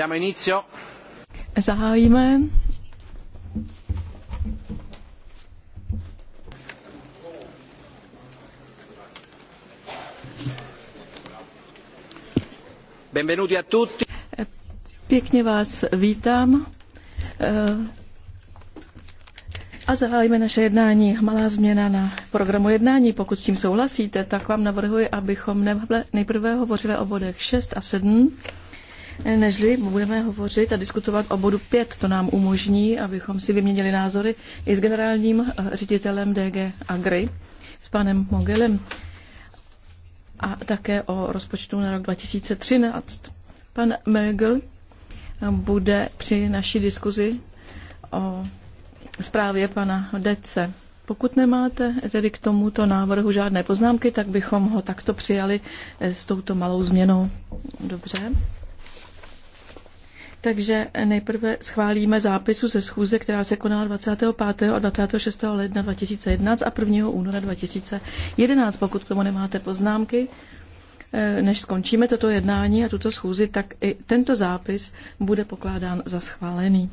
Diamo inizio. Zahájíme. Benvenuti a tutti. Pěkně vás vítám. A zahájíme naše jednání. Malá změna na programu jednání. Pokud s tím souhlasíte, tak vám navrhuji, abychom nejprve hovořili o bodech 6 a 7 nežli budeme hovořit a diskutovat o bodu 5. To nám umožní, abychom si vyměnili názory i s generálním eh, ředitelem DG Agri, s panem Mogelem a také o rozpočtu na rok 2013. Pan Mögel eh, bude při naší diskuzi o zprávě pana Dece. Pokud nemáte tedy k tomuto návrhu žádné poznámky, tak bychom ho takto přijali eh, s touto malou změnou. Dobře. Takže nejprve schválíme zápisu ze schůze, která se konala 25. a 26. ledna 2011 a 1. února 2011. Pokud k tomu nemáte poznámky, eh, než skončíme toto jednání a tuto schůzi, tak i tento zápis bude pokládán za schválený.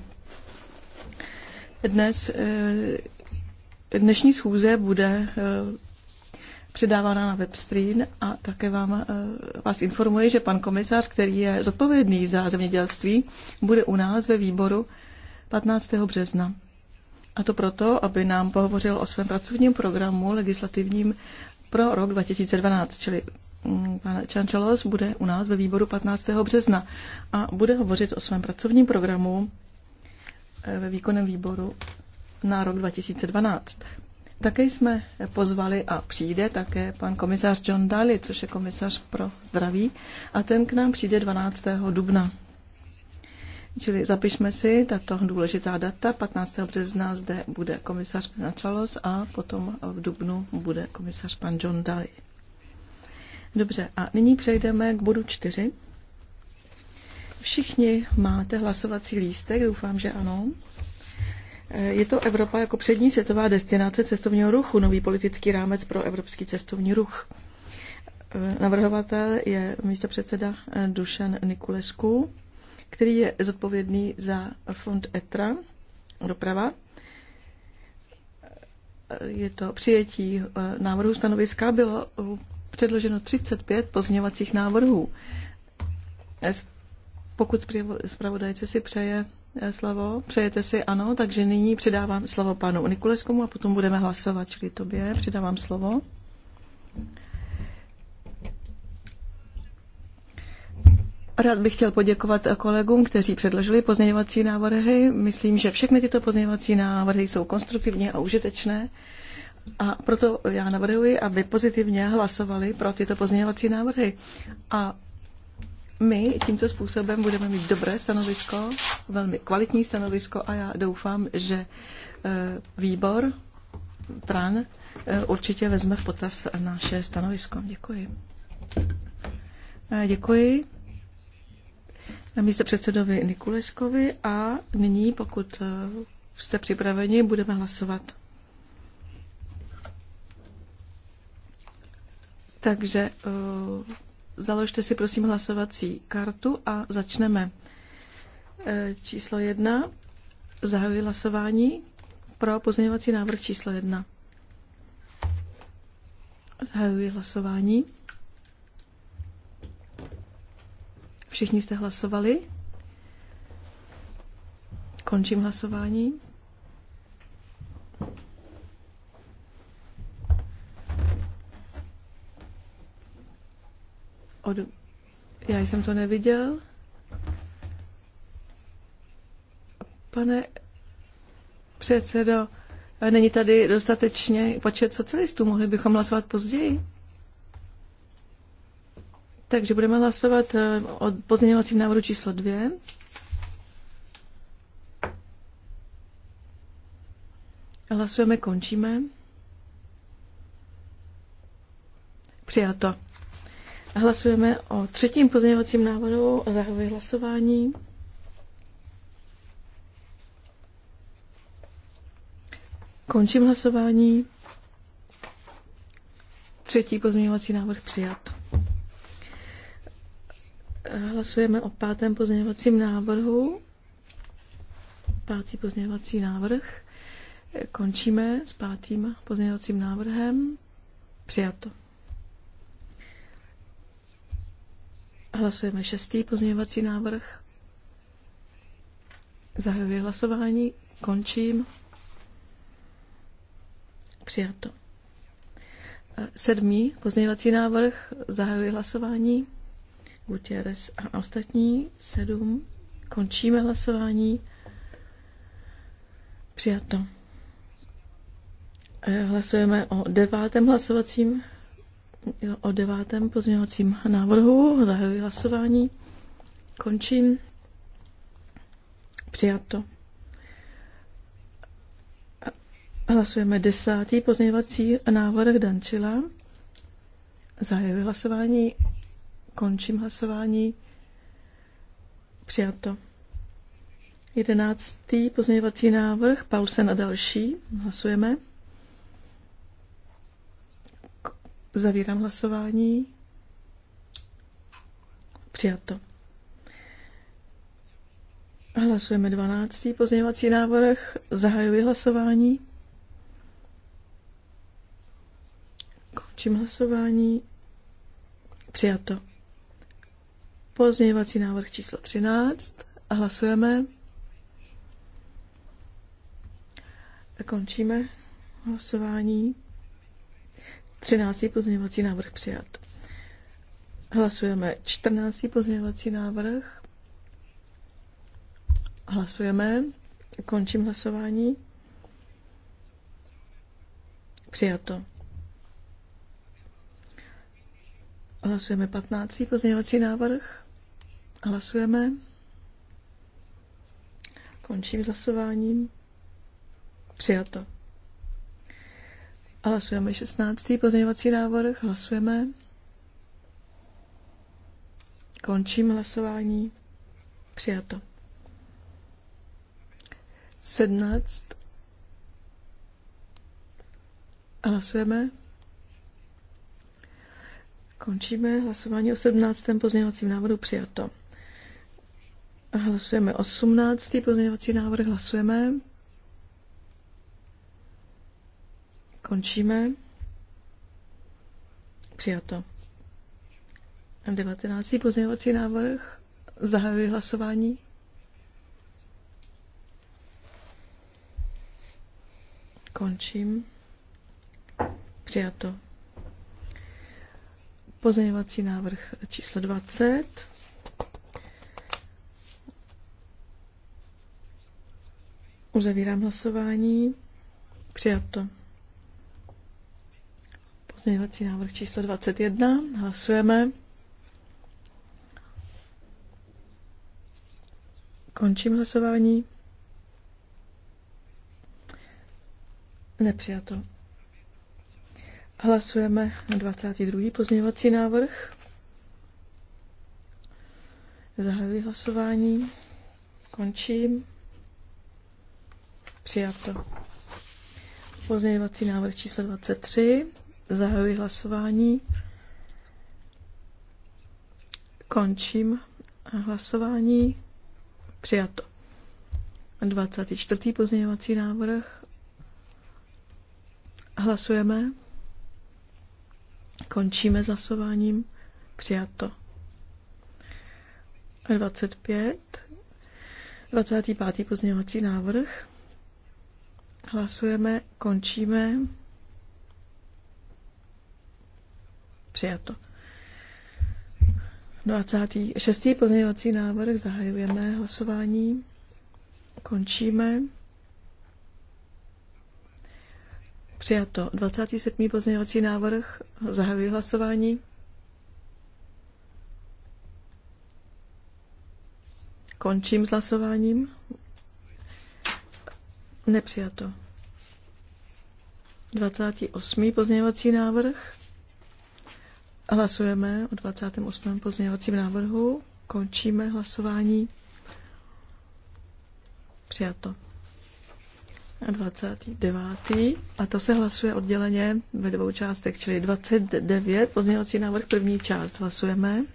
Dnes, eh, dnešní schůze bude eh, předávána na webstream a také vám, eh, vás informuji, že pan komisař, který je zodpovědný za zemědělství, bude u nás ve výboru 15. března. A to proto, aby nám pohovořil o svém pracovním programu legislativním pro rok 2012, čili mm, pan Čančalos bude u nás ve výboru 15. března a bude hovořit o svém pracovním programu eh, ve výkonném výboru na rok 2012. Také jsme pozvali a přijde také pan komisař John Daly, což je komisař pro zdraví, a ten k nám přijde 12. dubna. Čili zapišme si tato důležitá data. 15. března zde bude komisař Načalos a potom v dubnu bude komisař pan John Daly. Dobře, a nyní přejdeme k bodu 4. Všichni máte hlasovací lístek, doufám, že ano. Je to Evropa jako přední světová destinace cestovního ruchu, nový politický rámec pro evropský cestovní ruch. Navrhovatel je místo předseda Dušan Nikulesku, který je zodpovědný za fond ETRA, doprava. Je to přijetí eh, návrhu stanoviska, bylo předloženo 35 pozměňovacích návrhů. Pokud zpravodajce si přeje slovo? Přejete si ano, takže nyní předávám slovo panu Nikuleskomu a potom budeme hlasovat, čili tobě předávám slovo. Rád bych chtěl poděkovat kolegům, kteří předložili pozměňovací návrhy. Myslím, že všechny tyto pozměňovací návrhy jsou konstruktivní a užitečné. A proto já navrhuji, aby pozitivně hlasovali pro tyto pozměňovací návrhy. A my tímto způsobem budeme mít dobré stanovisko, velmi kvalitní stanovisko a já doufám, že eh, výbor TRAN eh, určitě vezme v potaz naše stanovisko. Děkuji. Eh, děkuji místo předsedovi Nikuleskovi a nyní, pokud jste připraveni, budeme hlasovat. Takže Založte si prosím hlasovací kartu a začneme. E, číslo jedna. Zahajuji hlasování pro pozměňovací návrh číslo jedna. Zahajuji hlasování. Všichni jste hlasovali. Končím hlasování. Od... Já jsem to neviděl. Pane předsedo, není tady dostatečně počet socialistů, mohli bychom hlasovat později. Takže budeme hlasovat eh, o pozměňovacím návrhu číslo dvě. Hlasujeme, končíme. Přijato. Hlasujeme o třetím pozměňovacím návrhu a zahajuji hlasování. Končím hlasování. Třetí pozměňovací návrh přijat. Hlasujeme o pátém pozměňovacím návrhu. Pátý pozměňovací návrh. Končíme s pátým pozměňovacím návrhem. Přijato. Hlasujeme šestý pozměňovací návrh. Zahajuji hlasování, končím. Přijato. Eh, sedmý pozměňovací návrh, zahajuji hlasování. Gutierrez a ostatní sedm. Končíme hlasování. Přijato. Eh, hlasujeme o devátém hlasovacím o devátém pozměňovacím návrhu. Zahajuji hlasování. Končím. Přijato. Hlasujeme desátý pozměňovací návrh Dančila. Zahajuji hlasování. Končím hlasování. Přijato. Jedenáctý pozměňovací návrh Paulsen a další. Hlasujeme. Zavírám hlasování. Přijato. Hlasujeme 12. pozměňovací návrh. Zahajuji hlasování. Končím hlasování. Přijato. Pozměňovací návrh číslo 13. Hlasujeme. Končíme hlasování. 13. pozměňovací návrh přijat. Hlasujeme 14. pozměňovací návrh. Hlasujeme. Končím hlasování. Přijato. Hlasujeme 15. pozměňovací návrh. Hlasujeme. Končím hlasováním. Přijato. Hlasujeme 16. pozměňovací návrh. Hlasujeme. Končím hlasování. Přijato. 17. Hlasujeme. Končíme hlasování o 17. pozměňovacím návrhu přijato. Hlasujeme 18. pozměňovací návrh. Hlasujeme. Končíme. Přijato. 19. pozměňovací návrh. Zahajuji hlasování. Končím. Přijato. Pozměňovací návrh číslo 20. Uzavírám hlasování. Přijato. Pozměňovací návrh číslo 21. Hlasujeme. Končím hlasování. Nepřijato. Hlasujeme na 22. pozměňovací návrh. Zahajuji hlasování. Končím. Přijato. Pozměňovací návrh číslo 23. Zahajuji hlasování. Končím hlasování. Přijato. 24. pozměňovací návrh. Hlasujeme. Končíme s hlasováním. Přijato. 25. 25. pozměňovací návrh. Hlasujeme, končíme. Přijato. 26. pozměňovací návrh zahajujeme hlasování. Končíme. Přijato. 27. pozměňovací návrh zahajuje hlasování. Končím s hlasováním. Nepřijato. 28. pozměňovací návrh. Hlasujeme o 28. pozměňovacím návrhu. Končíme hlasování. Přijato. A 29. A to se hlasuje odděleně ve dvou částech, čili 29. Pozměňovací návrh první část hlasujeme.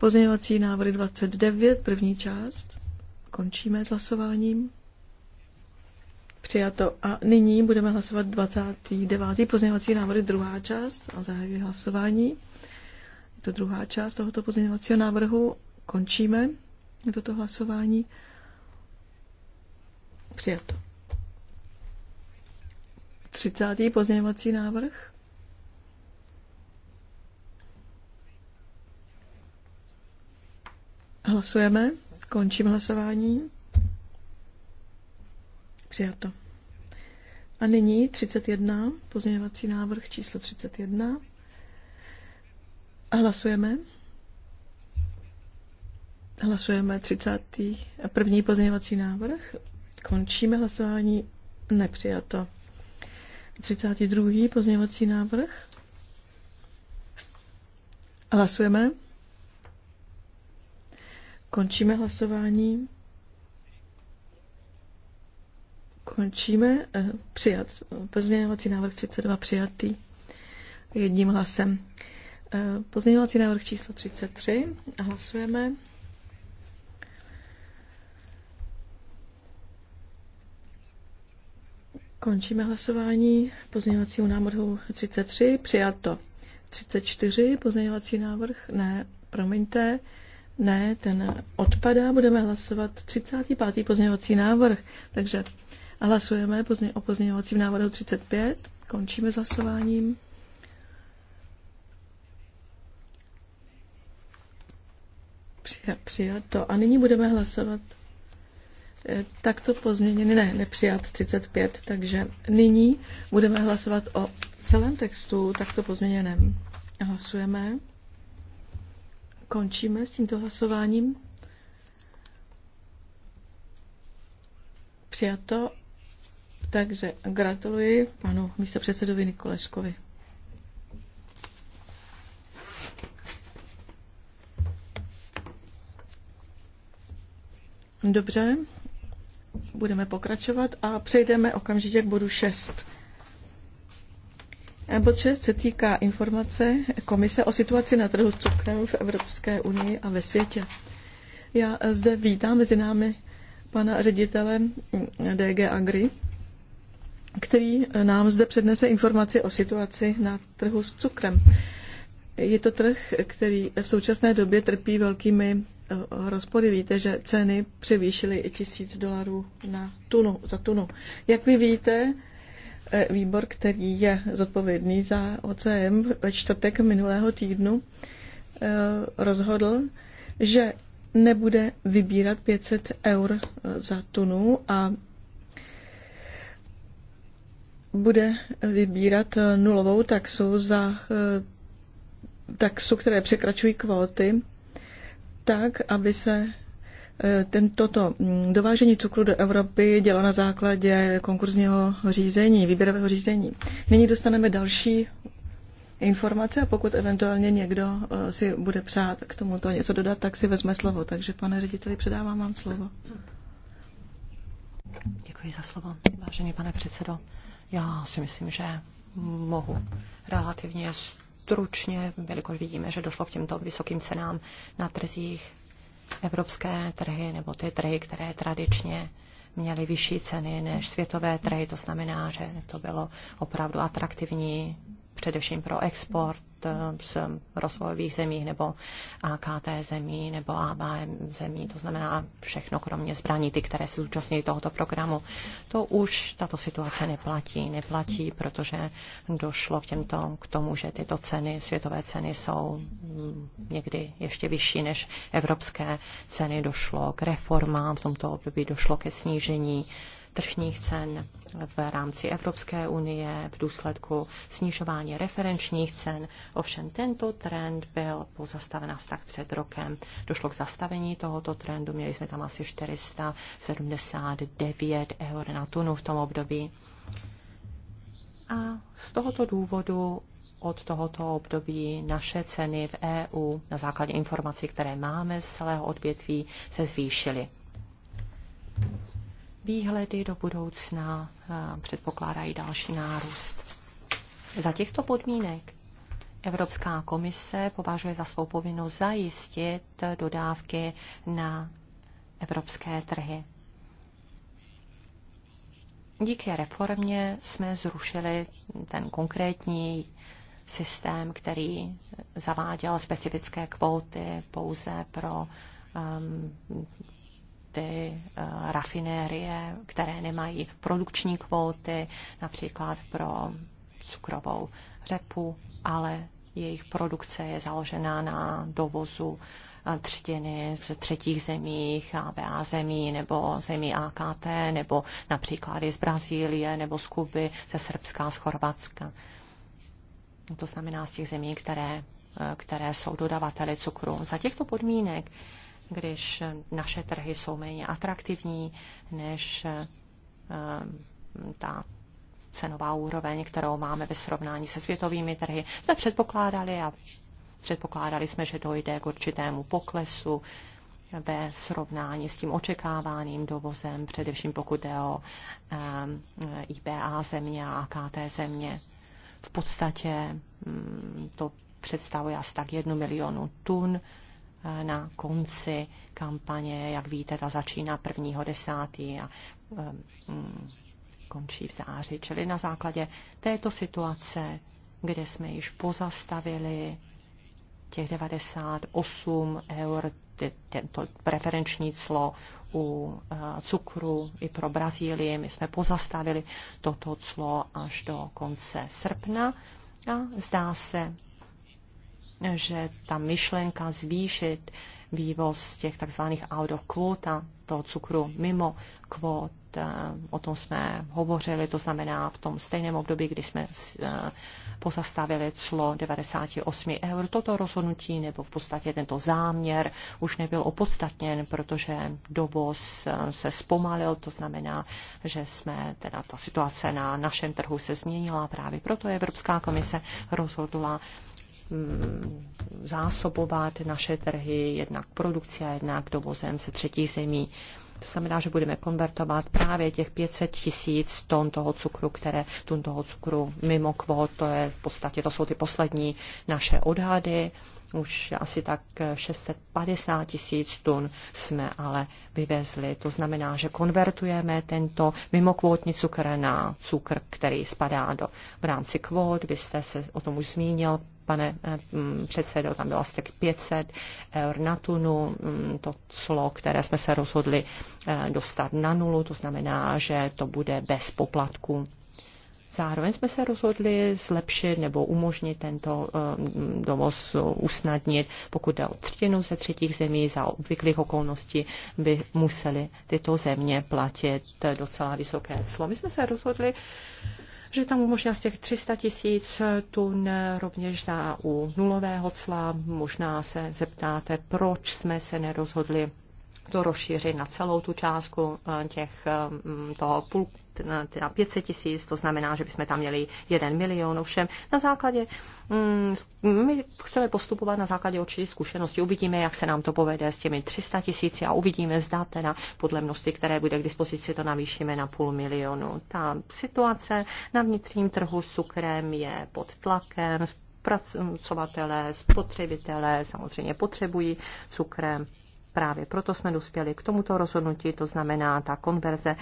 Pozměňovací návrh 29, první část. Končíme s hlasováním. Přijato. A nyní budeme hlasovat 29. pozměňovací návrh, druhá část. A zahajuji hlasování. Je to druhá část tohoto pozměňovacího návrhu. Končíme toto hlasování. Přijato. 30. pozměňovací návrh. Hlasujeme. Končím hlasování. Přijato. A nyní 31, pozměňovací návrh číslo 31. A hlasujeme. Hlasujeme 30. první pozměňovací návrh. Končíme hlasování. Nepřijato. 32. pozměňovací návrh. Hlasujeme. Končíme hlasování. Končíme. Eh, přijat. Pozměňovací návrh 32 přijatý jedním hlasem. Eh, pozměňovací návrh číslo 33. Hlasujeme. Končíme hlasování pozměňovacího návrhu 33. Přijato 34. Pozměňovací návrh. Ne, promiňte. Ne, ten odpadá. Budeme hlasovat 35. pozměňovací návrh. Takže Hlasujeme o pozměňovacím návrhu 35. Končíme s hlasováním. Přijato. A nyní budeme hlasovat eh, takto pozměněný, ne, nepřijat 35, takže nyní budeme hlasovat o celém textu takto pozměněném. Hlasujeme. Končíme s tímto hlasováním. Přijato takže gratuluji panu místopředsedovi Nikoleškovi. Dobře, budeme pokračovat a přejdeme okamžitě k bodu 6. Bod 6 se týká informace Komise o situaci na trhu s cukrem v Evropské unii a ve světě. Já zde vítám mezi námi pana ředitele DG Agri který eh, nám zde přednese informaci o situaci na trhu s cukrem. Je to trh, který v současné době trpí velkými eh, rozpory. Víte, že ceny převýšily i tisíc dolarů na tunu, za tunu. Jak vy víte, eh, výbor, který je zodpovědný za OCM ve čtvrtek minulého týdnu, rozhodl, že nebude vybírat 500 eur za tunu a bude vybírat eh, nulovou taxu za eh, taxu, které překračují kvóty, tak, aby se eh, tento mm, dovážení cukru do Evropy dělo na základě konkurzního řízení, výběrového řízení. Nyní dostaneme další informace a pokud eventuálně někdo si bude přát k tomuto něco dodat, tak si vezme slovo. Takže, pane řediteli, předávám vám slovo. Děkuji za slovo, vážený pane předsedo. Já si myslím, že mohu relativně stručně, jelikož vidíme, že došlo k těmto vysokým cenám na trzích evropské trhy nebo ty trhy, které tradičně měly vyšší ceny než světové trhy. To znamená, že to bylo opravdu atraktivní především pro export s rozvojových zemí nebo AKT zemí nebo ABM zemí, to znamená všechno kromě zbraní, ty, které se zúčastní tohoto programu. To už tato situace neplatí. Neplatí, protože došlo k, těmto, k tomu, že tyto ceny, světové ceny jsou mm, někdy ještě vyšší než evropské ceny. Došlo k reformám, v tomto období došlo ke snížení tržních cen v rámci Evropské unie v důsledku snižování referenčních cen. Ovšem tento trend byl pozastaven asi tak před rokem. Došlo k zastavení tohoto trendu, měli jsme tam asi 479 eur na tunu v tom období. A z tohoto důvodu od tohoto období naše ceny v EU na základě informací, které máme z celého odvětví, se zvýšily výhledy do budoucna eh, předpokládají další nárůst. Za těchto podmínek Evropská komise považuje za svou povinnost zajistit dodávky na evropské trhy. Díky reformě jsme zrušili ten konkrétní systém, který zaváděl specifické kvóty pouze pro um, ty eh, rafinérie, které nemají produkční kvóty, například pro cukrovou řepu, ale jejich produkce je založená na dovozu eh, třtiny z třetích zemích, ABA zemí nebo zemí AKT, nebo například i z Brazílie, nebo z Kuby, ze Srbska, z Chorvatska. To znamená z těch zemí, které, eh, které jsou dodavateli cukru. Za těchto podmínek když naše trhy jsou méně atraktivní než eh, ta cenová úroveň, kterou máme ve srovnání se světovými trhy. Jsme předpokládali a předpokládali jsme, že dojde k určitému poklesu ve srovnání s tím očekávaným dovozem, především pokud jde o eh, IBA země a AKT země. V podstatě mm, to představuje asi tak jednu milionu tun Eh, na konci kampaně, jak víte, ta začíná 1.10. a um, končí v září. Čili na základě této situace, kde jsme již pozastavili těch 98 eur, tento preferenční clo u eh, cukru i pro Brazílii. My jsme pozastavili toto clo až do konce srpna a zdá se, že ta myšlenka zvýšit vývoz těch takzvaných out of quota, toho cukru mimo kvót, eh, o tom jsme hovořili, to znamená v tom stejném období, kdy jsme eh, pozastavili clo 98 eur. Toto rozhodnutí nebo v podstatě tento záměr už nebyl opodstatněn, protože dovoz eh, se zpomalil, to znamená, že jsme, teda ta situace na našem trhu se změnila, právě proto Evropská komise rozhodla Mm, zásobovat naše trhy jednak produkcí a jednak dovozem ze třetích zemí. To znamená, že budeme konvertovat právě těch 500 tisíc ton toho cukru, které tun toho cukru mimo kvót, to je v podstatě, to jsou ty poslední naše odhady. Už asi tak 650 tisíc tun jsme ale vyvezli. To znamená, že konvertujeme tento mimokvótní cukr na cukr, který spadá do v rámci kvót. Vy jste se o tom už zmínil, pane eh, mm, předsedo, tam bylo asi tak 500 eur na tunu, mm, to clo, které jsme se rozhodli eh, dostat na nulu, to znamená, že to bude bez poplatku. Zároveň jsme se rozhodli zlepšit nebo umožnit tento eh, mm, dovoz usnadnit. Pokud jde o třetinu ze třetích zemí, za obvyklých okolností by museli tyto země platit docela vysoké slo. My jsme se rozhodli že tam možná z těch 300 tisíc tun rovněž za u nulového cla. Možná se zeptáte, proč jsme se nerozhodli to rozšířit na celou tu částku eh, těch, mm, toho půl, na 500 tisíc, to znamená, že bychom tam měli 1 milion, ovšem na základě mm, my chceme postupovat na základě určitých zkušenosti. Uvidíme, jak se nám to povede s těmi 300 tisíci a uvidíme, zda teda podle množství, které bude k dispozici, to navýšíme na půl milionu. Ta situace na vnitřním trhu s cukrem je pod tlakem, pracovatelé, spotřebitelé samozřejmě potřebují cukrem právě proto jsme dospěli k tomuto rozhodnutí, to znamená ta konverze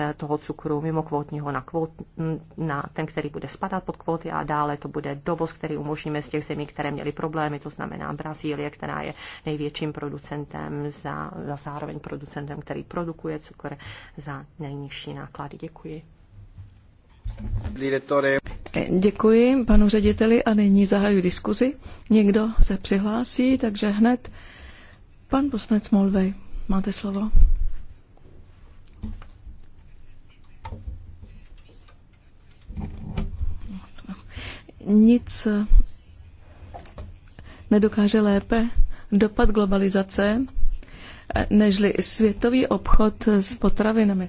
eh, toho cukru mimo kvótního na, kvót, mm, na ten, který bude spadat pod kvóty a dále to bude dovoz, který umožníme z těch zemí, které měly problémy, to znamená Brazílie, která je největším producentem za, za zároveň producentem, který produkuje cukr za nejnižší náklady. Děkuji. Eh, děkuji panu řediteli a nyní zahajuji diskuzi. Někdo se přihlásí, takže hned Pan poslanec Molvej, máte slovo. Nic eh, nedokáže lépe dopad globalizace eh, nežli světový obchod s potravinami.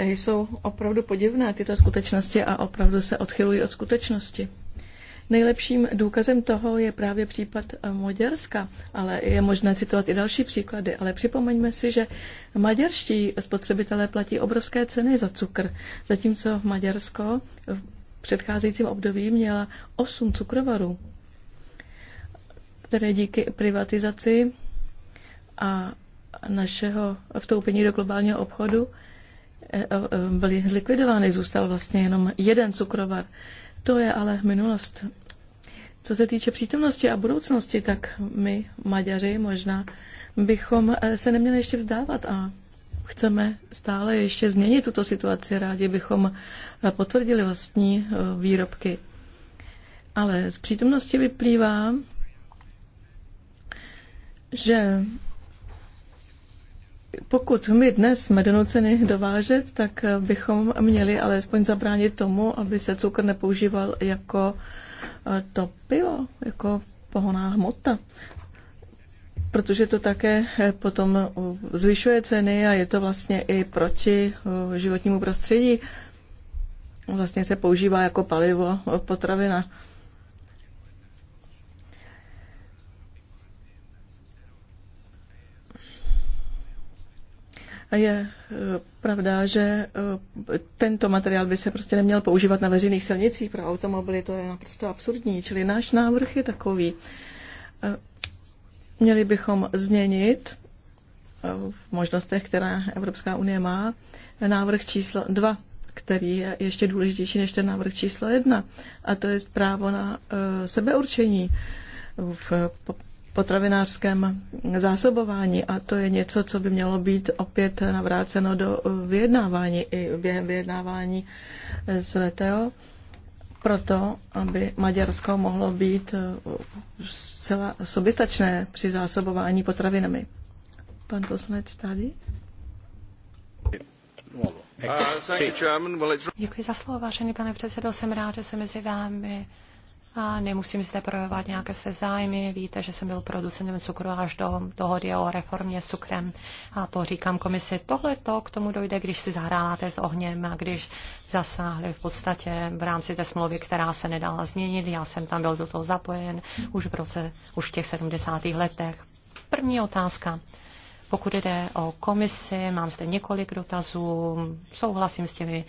Eh, jsou opravdu podivné tyto skutečnosti a opravdu se odchylují od skutečnosti. Nejlepším důkazem toho je právě případ eh, Maďarska, ale je možné citovat i další příklady. Ale připomeňme si, že maďarští spotřebitelé platí obrovské ceny za cukr, zatímco v Maďarsko v předcházejícím období měla 8 cukrovarů, které díky privatizaci a našeho vstoupení do globálního obchodu eh, eh, byly zlikvidovány. Zůstal vlastně jenom jeden cukrovar. To je ale minulost. Co se týče přítomnosti a budoucnosti, tak my, Maďaři, možná bychom eh, se neměli ještě vzdávat a chceme stále ještě změnit tuto situaci. Rádi bychom eh, potvrdili vlastní eh, výrobky. Ale z přítomnosti vyplývá, že pokud my dnes jsme donuceni dovážet, tak bychom měli alespoň zabránit tomu, aby se cukr nepoužíval jako eh, to pivo, jako pohoná hmota. Protože to také eh, potom eh, zvyšuje ceny a je to vlastně i proti životnímu prostředí. Vlastně se používá jako palivo potravina. A je e, pravda, že e, tento materiál by se prostě neměl používat na veřejných silnicích pro automobily, to je naprosto absurdní. Čili náš návrh je takový. E, měli bychom změnit v možnostech, které Evropská unie má, návrh číslo 2, který je ještě důležitější než ten návrh číslo 1, a to je právo na sebeurčení v potravinářském zásobování a to je něco, co by mělo být opět navráceno do vyjednávání i během vyjednávání s VTO proto, aby Maďarsko mohlo být zcela soběstačné při zásobování potravinami. Pan poslanec tady. Uh, Děkuji za slovo, vážený pane předsedo. Jsem rád, že se mezi vámi a nemusím zde projevovat nějaké své zájmy. Víte, že jsem byl producentem cukru až do dohody o reformě s cukrem. A to říkám komisi, tohle to k tomu dojde, když si zahráte s ohněm a když zasáhli v podstatě v rámci té smlouvy, která se nedala změnit. Já jsem tam byl do toho zapojen už v roce, už v těch 70. letech. První otázka. Pokud jde o komisi, mám zde několik dotazů, souhlasím s těmi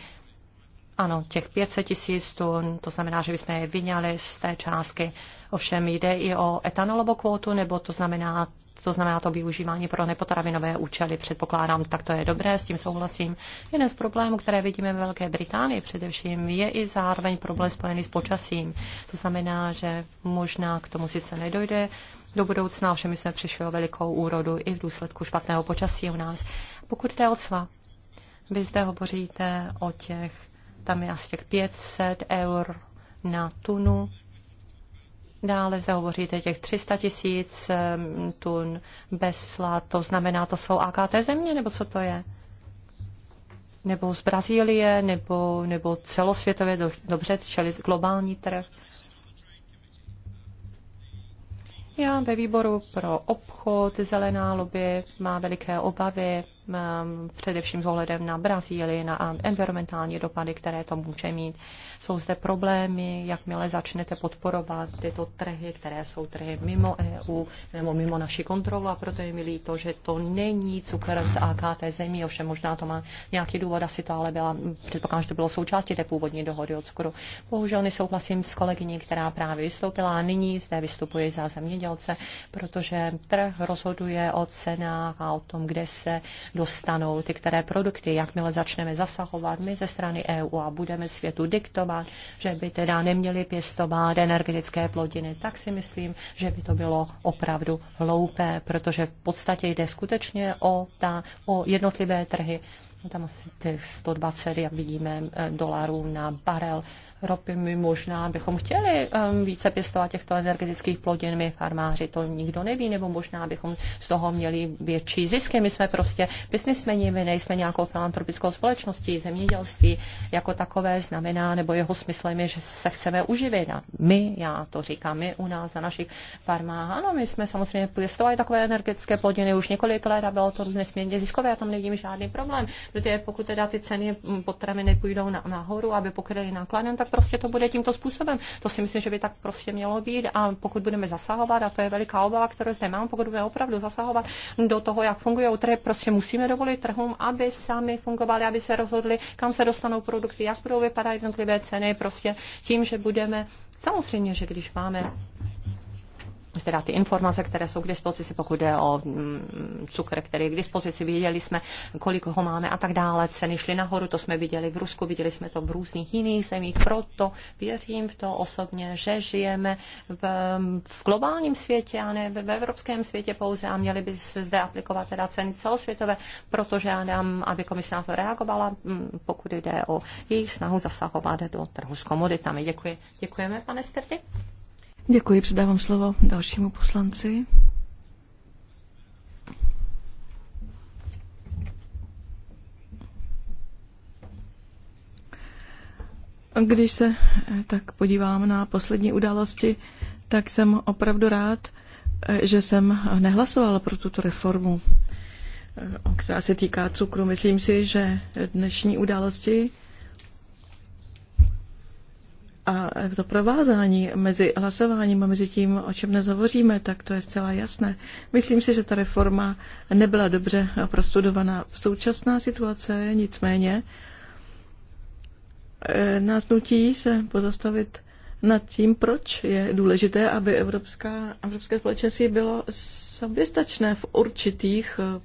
ano, těch 500 tisíc tun, to znamená, že bychom je vyňali z té částky. Ovšem jde i o etanolovou kvótu, nebo to znamená, to znamená to využívání pro nepotravinové účely. Předpokládám, tak to je dobré, s tím souhlasím. Jeden z problémů, které vidíme ve Velké Británii především, je i zároveň problém spojený s počasím. To znamená, že možná k tomu sice nedojde, do budoucna, ovšem jsme přišli o velikou úrodu i v důsledku špatného počasí u nás. Pokud jde o cla, vy zde hovoříte o těch tam je asi těch 500 eur na tunu. Dále zde těch 300 tisíc tun bez sla, to znamená, to jsou AKT země, nebo co to je? Nebo z Brazílie, nebo, nebo celosvětově, do, dobře, čili globální trh. Já ve výboru pro obchod Zelená lobby má veliké obavy Ehm, především s ohledem na Brazílii, na environmentální dopady, které to může mít. Jsou zde problémy, jakmile začnete podporovat tyto trhy, které jsou trhy mimo EU nebo mimo naši kontrolu a proto je mi líto, že to není cukr z AKT zemí, ovšem možná to má nějaký důvod, asi to ale byla, předpokládám, že to bylo součástí té původní dohody o cukru. Bohužel nesouhlasím s kolegyní, která právě vystoupila a nyní zde vystupuji za zemědělce, protože trh rozhoduje o cenách a o tom, kde se dostanou ty které produkty. Jakmile začneme zasahovat my ze strany EU a budeme světu diktovat, že by teda neměli pěstovat energetické plodiny, tak si myslím, že by to bylo opravdu hloupé, protože v podstatě jde skutečně o, ta, o jednotlivé trhy tam asi těch 120, jak vidíme, eh, dolarů na barel ropy. My možná bychom chtěli ehm, více pěstovat těchto energetických plodin, my farmáři to nikdo neví, nebo možná bychom z toho měli větší zisky. My jsme prostě businessmeni, my nejsme nějakou filantropickou společností, zemědělství jako takové znamená, nebo jeho smyslem je, že se chceme uživit. A my, já to říkám, my u nás na našich farmách, ano, my jsme samozřejmě pěstovali takové energetické plodiny už několik let a bylo to nesmírně ziskové, já tam nevidím žádný problém protože pokud teda ty ceny potraviny půjdou na, nahoru, aby pokryly nákladem, tak prostě to bude tímto způsobem. To si myslím, že by tak prostě mělo být a pokud budeme zasahovat, a to je veliká obava, kterou zde mám, pokud budeme opravdu zasahovat do toho, jak fungují trhy, prostě musíme dovolit trhům, aby sami fungovali, aby se rozhodli, kam se dostanou produkty, jak budou vypadat jednotlivé ceny, prostě tím, že budeme Samozřejmě, že když máme teda ty informace, které jsou k dispozici, pokud jde o mm, cukr, který je k dispozici, viděli jsme, kolik ho máme a tak dále, ceny šly nahoru, to jsme viděli v Rusku, viděli jsme to v různých jiných zemích, proto věřím v to osobně, že žijeme v, v globálním světě a ne v evropském světě pouze a měli by se zde aplikovat teda ceny celosvětové, protože já dám, aby komise na to reagovala, mm, pokud jde o jejich snahu zasahovat do trhu s komoditami. Děkuji. Děkujeme, pane Sterdy. Děkuji, předávám slovo dalšímu poslanci. Když se eh, tak podívám na poslední události, tak jsem opravdu rád, eh, že jsem nehlasovala pro tuto reformu, eh, která se týká cukru. Myslím si, že dnešní události a to provázání mezi hlasováním a mezi tím, o čem dnes hovoříme, tak to je zcela jasné. Myslím si, že ta reforma nebyla dobře prostudovaná. V současná situace nicméně eh, nás nutí se pozastavit nad tím, proč je důležité, aby Evropská, Evropské společenství bylo soběstačné v určitých eh,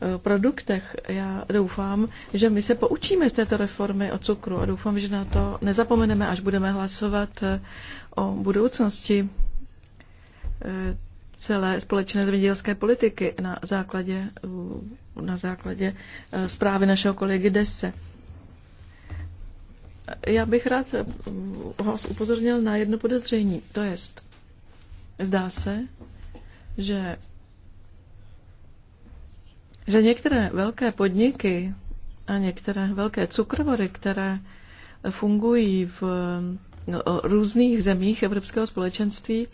Eh, produktech. Já doufám, že my se poučíme z této reformy o cukru a doufám, že na to nezapomeneme, až budeme hlasovat eh, o budoucnosti eh, celé společné zemědělské politiky na základě, na základě zprávy našeho kolegy Desse. Já bych rád vás upozornil na jedno podezření. To jest, zdá se, že že některé velké podniky a některé velké cukrovory, které fungují v no, různých zemích Evropského společenství,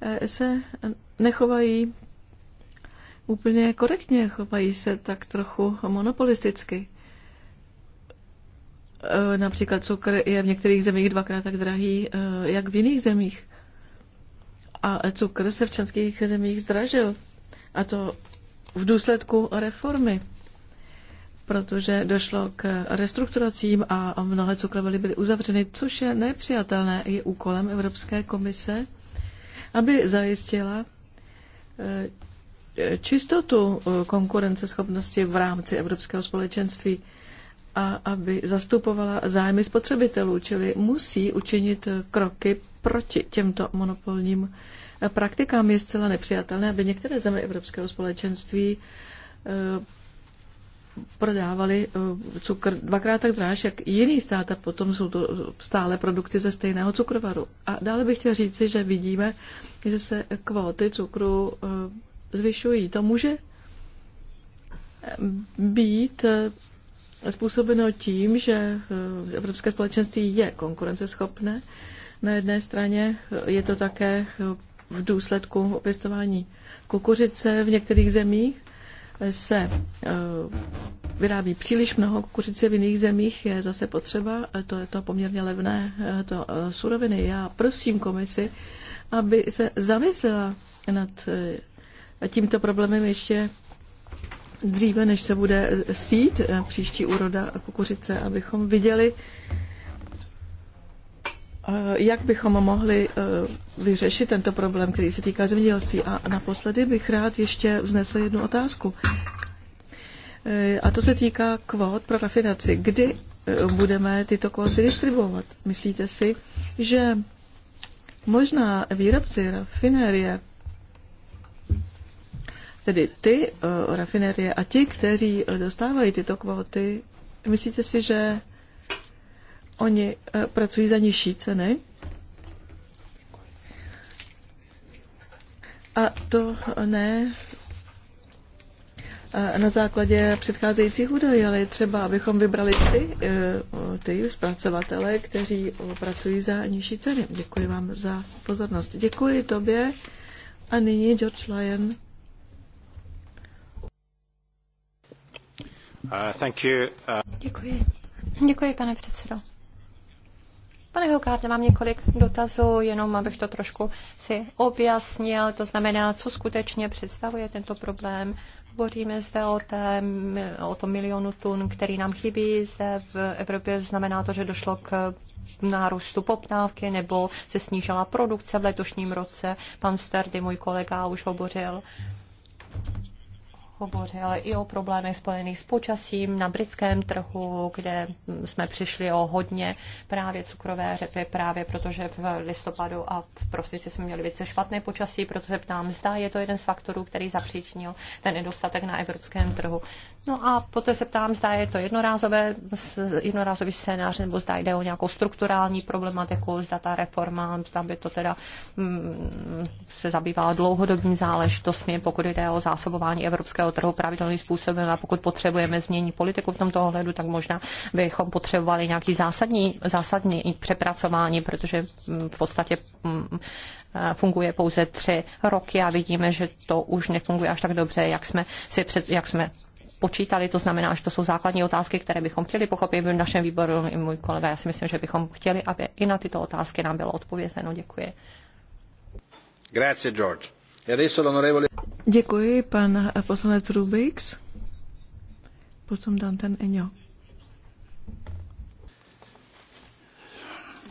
eh, se nechovají úplně korektně, chovají se tak trochu monopolisticky. Eh, například cukr je v některých zemích dvakrát tak drahý, eh, jak v jiných zemích. A cukr se v českých zemích zdražil. A to v důsledku reformy, protože došlo k restrukturacím a mnohé cukrovely byly uzavřeny, což je nepřijatelné i úkolem Evropské komise, aby zajistila e, čistotu e, konkurenceschopnosti v rámci Evropského společenství a aby zastupovala zájmy spotřebitelů, čili musí učinit kroky proti těmto monopolním praktikám je zcela nepřijatelné, aby některé země Evropského společenství eh, prodávali eh, cukr dvakrát tak dráž, jak jiný stát a potom jsou to stále produkty ze stejného cukrovaru. A dále bych chtěl říci, že vidíme, že se kvóty cukru eh, zvyšují. To může být způsobeno tím, že Evropské společenství je konkurenceschopné. Na jedné straně je to také v důsledku opěstování kukuřice v některých zemích se eh, vyrábí příliš mnoho kukuřice, v jiných zemích je zase potřeba, to je to poměrně levné eh, to eh, suroviny. Já prosím komisi, aby se zamyslela nad tímto problémem ještě dříve, než se bude sít příští úroda kukuřice, abychom viděli, jak bychom mohli e, vyřešit tento problém, který se týká zemědělství. A naposledy bych rád ještě vznesl jednu otázku. E, a to se týká kvót pro rafinaci. Kdy e, budeme tyto kvóty distribuovat? Myslíte si, že možná výrobci rafinérie, tedy ty rafinérie a ti, kteří dostávají tyto kvóty, myslíte si, že Oni eh, pracují za nižší ceny. A to ne eh, na základě předcházejících údajů, ale třeba, abychom vybrali ty, eh, ty zpracovatele, kteří pracují za nižší ceny. Děkuji vám za pozornost. Děkuji tobě. A nyní George Lyon. Uh, thank you. Uh, Děkuji. Děkuji, pane předsedo. Pane Hilkárde, mám několik dotazů, jenom abych to trošku si objasnil, to znamená, co skutečně představuje tento problém. Hovoříme zde o, té, o tom milionu tun, který nám chybí zde v Evropě. Znamená to, že došlo k nárůstu poptávky nebo se snížila produkce v letošním roce. Pan Sterdy, můj kolega, už hovořil hovořil i o problémech spojených s počasím na britském trhu, kde jsme přišli o hodně právě cukrové řepy, právě protože v listopadu a v prosinci jsme měli více špatné počasí, proto se ptám, zda je to jeden z faktorů, který zapříčinil ten nedostatek na evropském trhu. No a poté se ptám, zda je to jednorázové, jednorázový scénář, nebo zda jde o nějakou strukturální problematiku, zda ta reforma, zda by to teda mm, se zabývala dlouhodobým záležitostmi, pokud jde o zásobování evropského vnitřního trhu pravidelným způsobem a pokud potřebujeme změnit politiku v tomto ohledu, tak možná bychom potřebovali nějaký zásadní, zásadní přepracování, protože mm, v podstatě mm, eh, funguje pouze tři roky a vidíme, že to už nefunguje až tak dobře, jak jsme, si před, jak jsme počítali. To znamená, že to jsou základní otázky, které bychom chtěli pochopit v našem výboru i můj kolega. Já si myslím, že bychom chtěli, aby i na tyto otázky nám bylo odpovězeno. Děkuji. Grazie, George. E Děkuji, pan poslanec Rubiks. Potom Danten Eňo.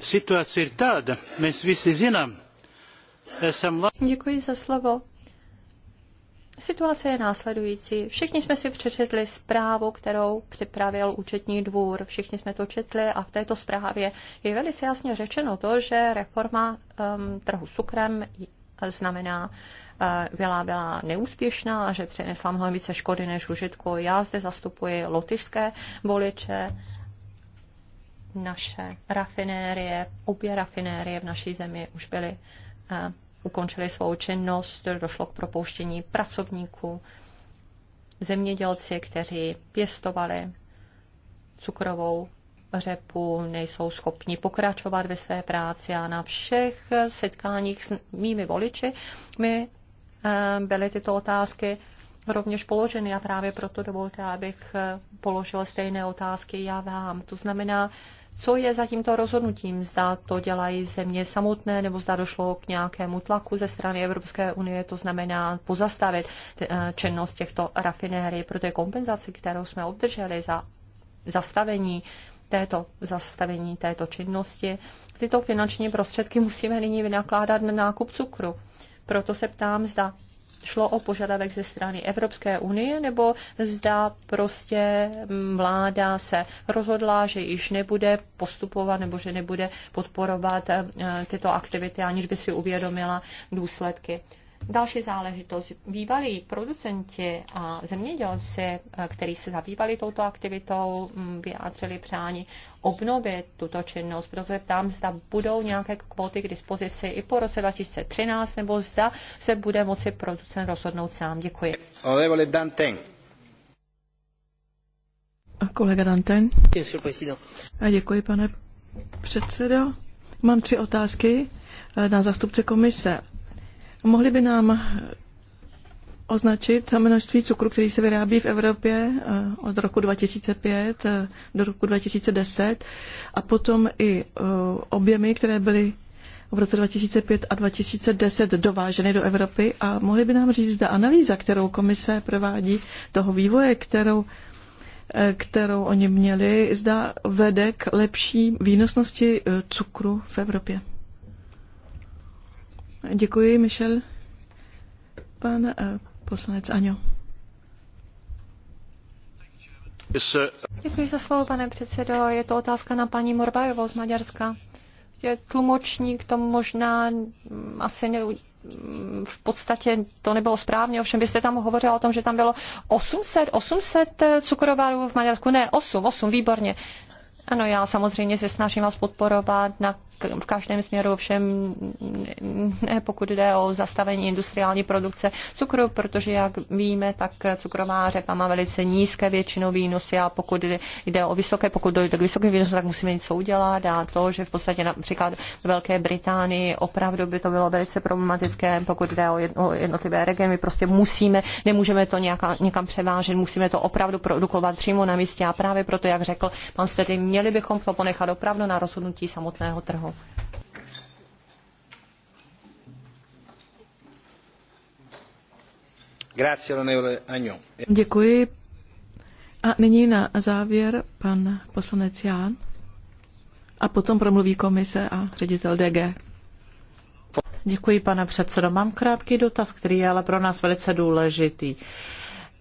Situace je Děkuji za slovo. Situace je následující. Všichni jsme si přečetli zprávu, kterou připravil účetní dvůr. Všichni jsme to četli a v této zprávě je velice jasně řečeno to, že reforma um, trhu s cukrem znamená Eh, byla, byla neúspěšná, že přinesla mnohem více škody než užitku. Já zde zastupuji lotyšské voliče, naše rafinérie, obě rafinérie v naší zemi už byly, uh, ukončily svou činnost, došlo k propouštění pracovníků, zemědělci, kteří pěstovali cukrovou řepu, nejsou schopni pokračovat ve své práci a na všech setkáních s mými voliči mi Eh, byly tyto otázky rovněž položeny a právě proto dovolte, abych eh, položila stejné otázky já vám. To znamená, co je za tímto rozhodnutím? Zda to dělají země samotné, nebo zda došlo k nějakému tlaku ze strany Evropské unie, to znamená pozastavit eh, činnost těchto rafinérií, protože kompenzaci, kterou jsme obdrželi za zastavení této zastavení této činnosti. Tyto finanční prostředky musíme nyní vynakládat na nákup cukru. Proto se ptám, zda šlo o požadavek ze strany Evropské unie, nebo zda prostě vláda se rozhodla, že již nebude postupovat nebo že nebude podporovat eh, tyto aktivity, aniž by si uvědomila důsledky. Další záležitost. Bývalí producenti a zemědělci, eh, kteří se zabývali touto aktivitou, mm, vyjádřili přání obnovit tuto činnost, protože ptám, zda budou nějaké kvóty k dispozici i po roce 2013, nebo zda se bude moci producent rozhodnout sám. Děkuji. A kolega Danten. A děkuji, pane předsedo. Mám tři otázky eh, na zástupce komise. Mohli by nám označit množství cukru, který se vyrábí v Evropě eh, od roku 2005 eh, do roku 2010 a potom i eh, objemy, které byly v roce 2005 a 2010 dováženy do Evropy a mohli by nám říct, zda analýza, kterou komise provádí toho vývoje, kterou, kterou oni měli, zda vede k lepší výnosnosti cukru v Evropě. Děkuji, Michel. Pan uh, poslanec Aňo. Děkuji za slovo, pane předsedo. Je to otázka na paní Morbajovou z Maďarska. Je tlumočník to možná mm, asi ne, v podstatě to nebylo správně, ovšem byste jste tam hovořila o tom, že tam bylo 800, 800 eh, cukrovarů v Maďarsku. Ne, 8, 8, výborně. Ano, já samozřejmě se snažím vás podporovat na v každém směru, všem ne, pokud jde o zastavení industriální produkce cukru, protože jak víme, tak cukrová řepa má velice nízké většinou výnosy a pokud jde o vysoké, pokud dojde k vysokým výnosům, tak musíme něco udělat a to, že v podstatě například v Velké Británii opravdu by to bylo velice problematické, pokud jde o jednotlivé regiony, prostě musíme, nemůžeme to nějaká, někam převážet, musíme to opravdu produkovat přímo na místě a právě proto, jak řekl pan Stedy, měli bychom to ponechat opravdu na rozhodnutí samotného trhu snahu. Děkuji. A nyní na závěr pan poslanec Ján. A potom promluví komise a ředitel DG. Děkuji, pane předsedo. Mám krátký dotaz, který je ale pro nás velice důležitý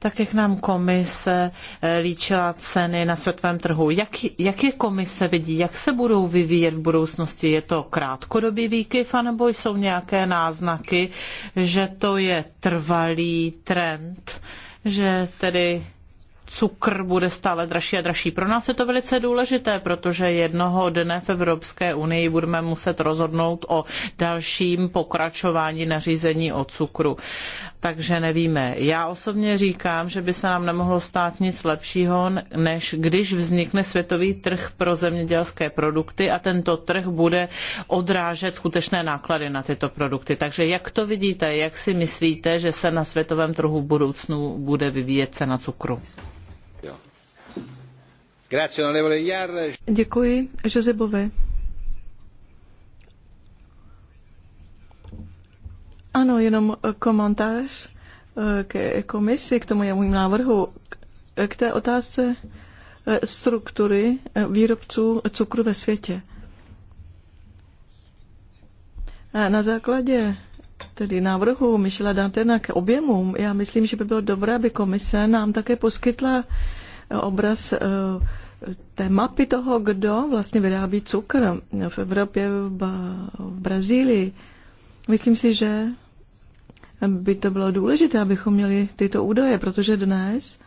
tak jak nám komise eh, líčila ceny na světovém trhu. Jak, jak je komise vidí, jak se budou vyvíjet v budoucnosti? Je to krátkodobý výkyv, anebo jsou nějaké náznaky, že to je trvalý trend, že tedy cukr bude stále dražší a dražší. Pro nás je to velice důležité, protože jednoho dne v Evropské unii budeme muset rozhodnout o dalším pokračování nařízení o cukru. Takže nevíme. Já osobně říkám, že by se nám nemohlo stát nic lepšího, než když vznikne světový trh pro zemědělské produkty a tento trh bude odrážet skutečné náklady na tyto produkty. Takže jak to vidíte, jak si myslíte, že se na světovém trhu v budoucnu bude vyvíjet cena cukru? Děkuji Josebovi. Ano, jenom komentář eh, k komisi, k tomu je můj návrhu. K té otázce eh, struktury eh, výrobců cukru ve světě. Na základě tedy návrhu Michela Dantena k objemům, já myslím, že by bylo dobré, aby komise nám také poskytla obraz eh, té mapy toho, kdo vlastně vyrábí cukr v Evropě, v Brazílii. Myslím si, že by to bylo důležité, abychom měli tyto údaje, protože dnes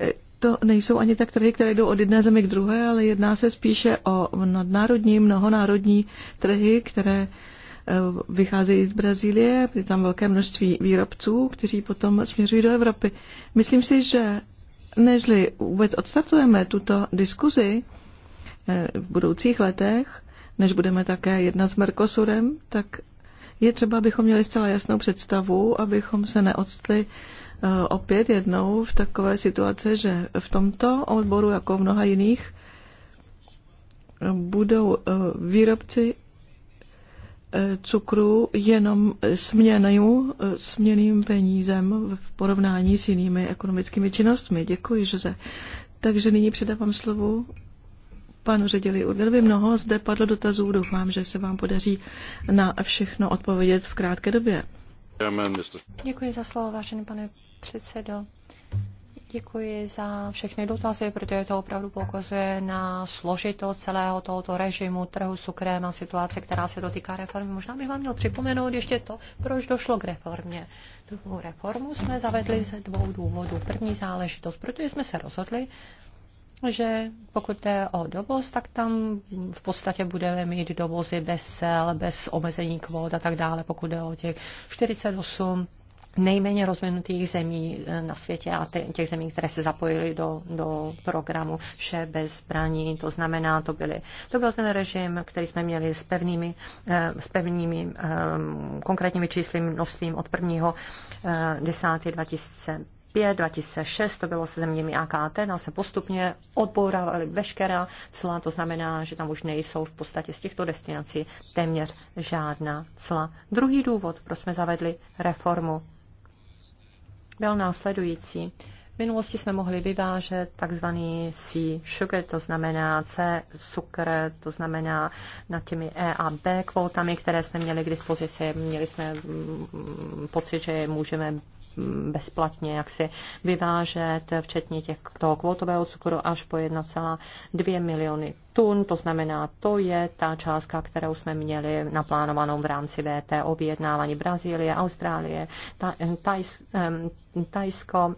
eh, to nejsou ani tak trhy, které jdou od jedné země k druhé, ale jedná se spíše o nadnárodní, mnohonárodní trhy, které eh, vycházejí z Brazílie, je tam velké množství výrobců, kteří potom směřují do Evropy. Myslím si, že nežli vůbec odstartujeme tuto diskuzi eh, v budoucích letech, než budeme také jedna s Mercosurem, tak je třeba, abychom měli zcela jasnou představu, abychom se neodstli eh, opět jednou v takové situaci, že v tomto odboru, jako v mnoha jiných, budou eh, výrobci cukru jenom směným, směným penízem v porovnání s jinými ekonomickými činnostmi. Děkuji, Jose. Takže nyní předávám slovo panu ředili Urdelovi. Mnoho zde padlo dotazů. Doufám, že se vám podaří na všechno odpovědět v krátké době. Děkuji za slovo, vážený pane předsedo. Děkuji za všechny dotazy, protože to opravdu pokazuje na složitost celého tohoto režimu trhu s cukrem a situace, která se dotýká reformy. Možná bych vám měl připomenout ještě to, proč došlo k reformě. Tu reformu jsme zavedli ze dvou důvodů. První záležitost, protože jsme se rozhodli, že pokud jde o dovoz, tak tam v podstatě budeme mít dovozy bez sel, bez omezení kvót a tak dále, pokud jde o těch 48 nejméně rozvinutých zemí eh, na světě a těch zemí, které se zapojily do, do programu vše bez zbraní. To znamená, to, byly, to byl ten režim, který jsme měli s pevnými, eh, s pevnými eh, konkrétními čísly množstvím od 1. 10. 2005, 2006, to bylo se zeměmi AKT, Nám se postupně odbourávaly veškerá cla, to znamená, že tam už nejsou v podstatě z těchto destinací téměř žádná cla. Druhý důvod, proč jsme zavedli reformu byl následující. V minulosti jsme mohli vyvážet takzvaný C sugar, to znamená C cukr, to znamená nad těmi E a B kvótami, které jsme měli k dispozici. Měli jsme mm, mm, pocit, že můžeme mm, bezplatně jak si vyvážet, včetně těch, toho kvótového cukru až po 1,2 miliony tun, to znamená, to je ta částka, kterou jsme měli naplánovanou v rámci VTO vyjednávání Brazílie, Austrálie, Tajs, Tajsko,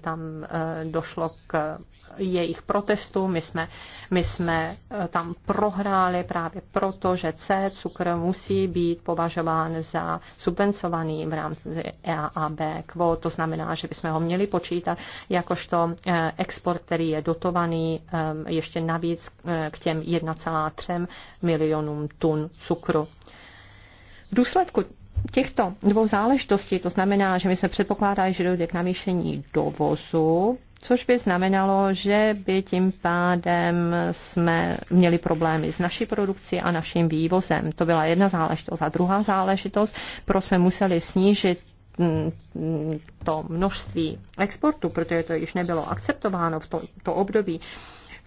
tam eh, došlo k jejich protestu, My jsme, my jsme eh, tam prohráli právě proto, že C, cukr musí být považován za subvencovaný v rámci EAB kvót. To znamená, že bychom ho měli počítat jakožto eh, export, který je dotovaný ještě navíc navíc k těm 1,3 milionům tun cukru. V důsledku těchto dvou záležitostí, to znamená, že my jsme předpokládali, že dojde k navýšení dovozu, což by znamenalo, že by tím pádem jsme měli problémy s naší produkcí a naším vývozem. To byla jedna záležitost. A druhá záležitost, proč jsme museli snížit mm, to množství exportu, protože to již nebylo akceptováno v to, to období,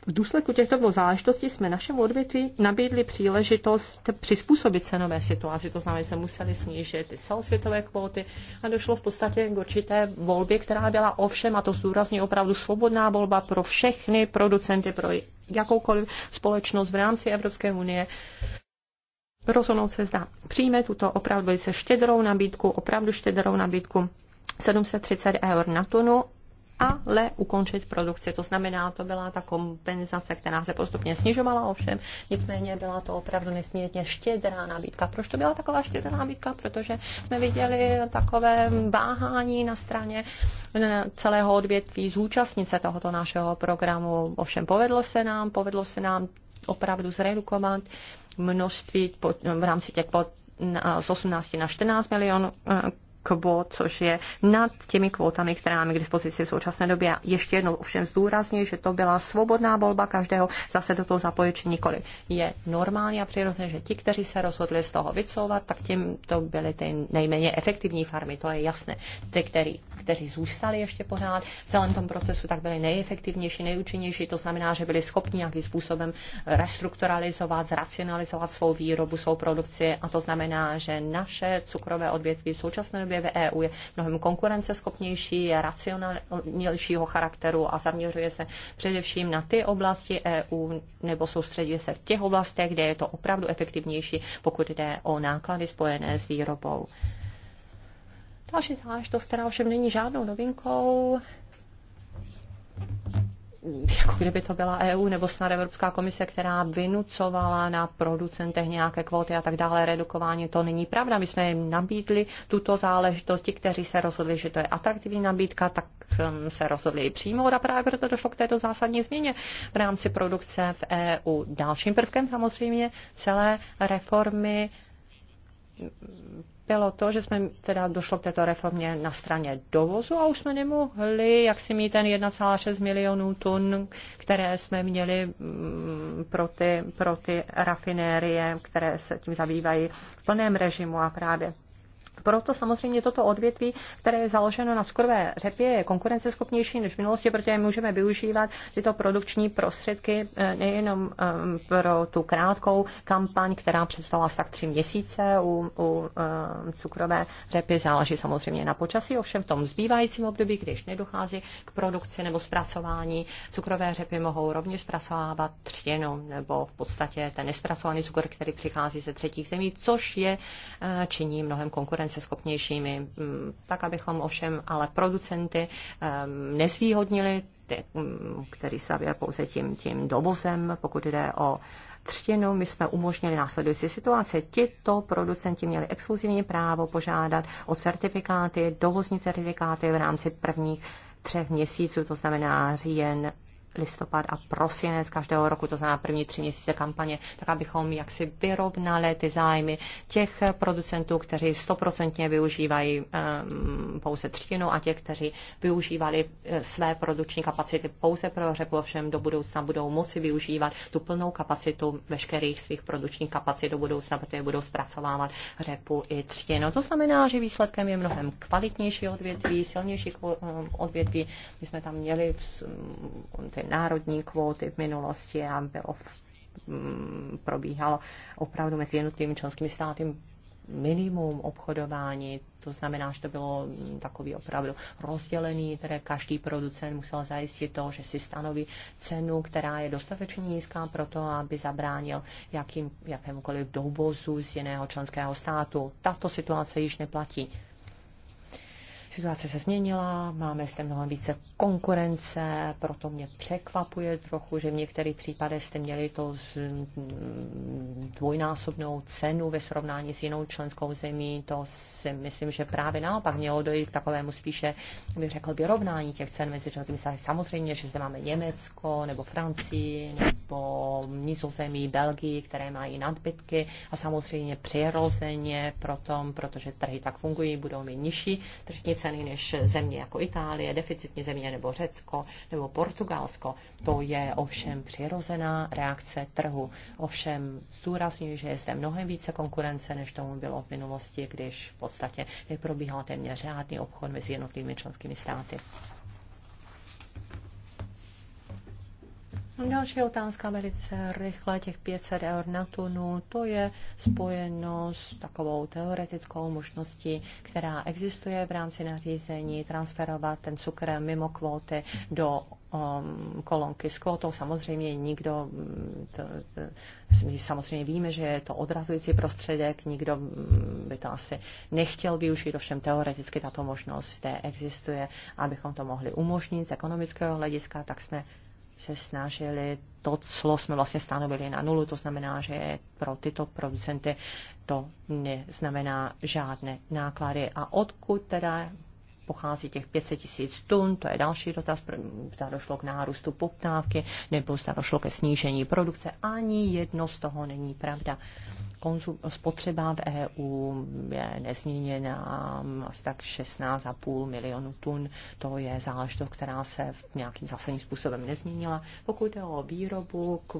v důsledku těchto dvou záležitostí jsme našemu odvětví nabídli příležitost přizpůsobit se nové situaci, to znamená, že se museli snížit ty celosvětové kvóty a došlo v podstatě k určité volbě, která byla ovšem, a to zdůrazně opravdu svobodná volba pro všechny producenty, pro jakoukoliv společnost v rámci Evropské unie rozhodnout se zda přijme tuto opravdu se štědrou nabídku, opravdu štědrou nabídku 730 eur na tunu ale ukončit produkci. To znamená, to byla ta kompenzace, která se postupně snižovala, ovšem nicméně byla to opravdu nesmírně štědrá nabídka. Proč to byla taková štědrá nabídka? Protože jsme viděli takové váhání na straně eh, celého odvětví zúčastnice tohoto našeho programu. Ovšem povedlo se nám, povedlo se nám opravdu zredukovat množství v rámci těch pod, z 18 na 14 milionů. Eh, kvót, což je nad těmi kvótami, které máme k dispozici v současné době. A Ještě jednou ovšem zdůrazně, že to byla svobodná volba každého zase do toho zapojit či nikoli. Je normální a přirozené, že ti, kteří se rozhodli z toho vycouvat, tak tím to byly ty nejméně efektivní farmy, to je jasné. Ty, který, kteří zůstali ještě pořád v celém tom procesu, tak byly nejefektivnější, nejúčinnější, to znamená, že byli schopni nějakým způsobem restrukturalizovat, zracionalizovat svou výrobu, svou produkci a to znamená, že naše cukrové odvětví v současné době v EU je mnohem konkurenceschopnější, je racionálnějšího charakteru a zaměřuje se především na ty oblasti EU nebo soustředuje se v těch oblastech, kde je to opravdu efektivnější, pokud jde o náklady spojené s výrobou. Další záležitost, která ovšem není žádnou novinkou, jako kdyby to byla EU nebo snad Evropská komise, která vynucovala na producentech nějaké kvóty a tak dále, redukování, to není pravda. My jsme jim nabídli tuto záležitost, ti, kteří se rozhodli, že to je atraktivní nabídka, tak um, se rozhodli ji přijmout a právě proto došlo k této zásadní změně v rámci produkce v EU. Dalším prvkem samozřejmě celé reformy bylo to, že jsme teda došlo k této reformě na straně dovozu a už jsme nemohli, jak si mít ten 1,6 milionů tun, které jsme měli mm, pro ty, pro ty rafinérie, které se tím zabývají v plném režimu a právě proto samozřejmě toto odvětví, které je založeno na cukrové řepě, je konkurenceschopnější než v minulosti, protože můžeme využívat tyto produkční prostředky eh, nejenom eh, pro tu krátkou kampaň, která představila tak tři měsíce u, u eh, cukrové řepy, záleží samozřejmě na počasí, ovšem v tom zbývajícím období, když nedochází k produkci nebo zpracování, cukrové řepy mohou rovněž zpracovávat třtinu nebo v podstatě ten nespracovaný cukr, který přichází ze třetích zemí, což je činí mnohem konkurenceschopnější schopnějšími. Mm, tak abychom ovšem ale producenty ehm, nezvýhodnili, mm, který se pouze tím, tím dovozem, pokud jde o třtinu, my jsme umožnili následující situaci. Tito producenti měli exkluzivní právo požádat o certifikáty, dovozní certifikáty v rámci prvních třech měsíců, to znamená říjen, listopad a prosinec každého roku, to znamená první tři měsíce kampaně, tak abychom jaksi vyrovnali ty zájmy těch producentů, kteří stoprocentně využívají ehm, pouze třtinu a těch, kteří využívali eh, své produkční kapacity pouze pro řepu, ovšem do budoucna budou moci využívat tu plnou kapacitu veškerých svých produkčních kapacit do budoucna, protože budou zpracovávat řepu i třtinu. To znamená, že výsledkem je mnohem kvalitnější odvětví, silnější ehm, odvětví. My jsme tam měli ty národní kvóty v minulosti a bylo mm, probíhalo opravdu mezi jednotlivými členskými státy minimum obchodování, to znamená, že to bylo mm, takový opravdu rozdělený, které každý producent musel zajistit to, že si stanoví cenu, která je dostatečně nízká pro to, aby zabránil jakým, jakémukoliv dovozu z jiného členského státu. Tato situace již neplatí. Situace se změnila, máme jste mnohem více konkurence, proto mě překvapuje trochu, že v některých případech jste měli to mm, dvojnásobnou cenu ve srovnání s jinou členskou zemí. To si myslím, že právě naopak mělo dojít k takovému spíše, bych řekl, vyrovnání těch cen mezi členskými státy. Samozřejmě, že zde máme Německo nebo Francii nebo Nizozemí, Belgii, které mají nadbytky a samozřejmě přirozeně proto, protože trhy tak fungují, budou mít nižší tržní ceny než země jako Itálie, deficitní země nebo Řecko nebo Portugalsko. To je ovšem přirozená reakce trhu. Ovšem zdůrazňuji, že je zde mnohem více konkurence, než tomu bylo v minulosti, když v podstatě neprobíhal téměř žádný obchod mezi jednotlivými členskými státy. Další otázka velice rychle, těch 500 eur na tunu, to je spojeno s takovou teoretickou možností, která existuje v rámci nařízení transferovat ten cukr mimo kvóty do um, kolonky s kvótou. Samozřejmě nikdo, to, to, my samozřejmě víme, že je to odrazující prostředek, nikdo mm, by to asi nechtěl využít, ovšem teoreticky tato možnost zde existuje, abychom to mohli umožnit z ekonomického hlediska, tak jsme se snažili to clo jsme vlastně stanovili na nulu, to znamená, že pro tyto producenty to neznamená žádné náklady. A odkud teda pochází těch 500 tisíc tun, to je další dotaz, zda došlo k nárůstu poptávky nebo zda došlo ke snížení produkce. Ani jedno z toho není pravda konzum, spotřeba v EU je nezměněná, asi tak 16,5 milionu tun. To je záležitost, která se v nějakým zásadním způsobem nezměnila. Pokud jde o výrobu k,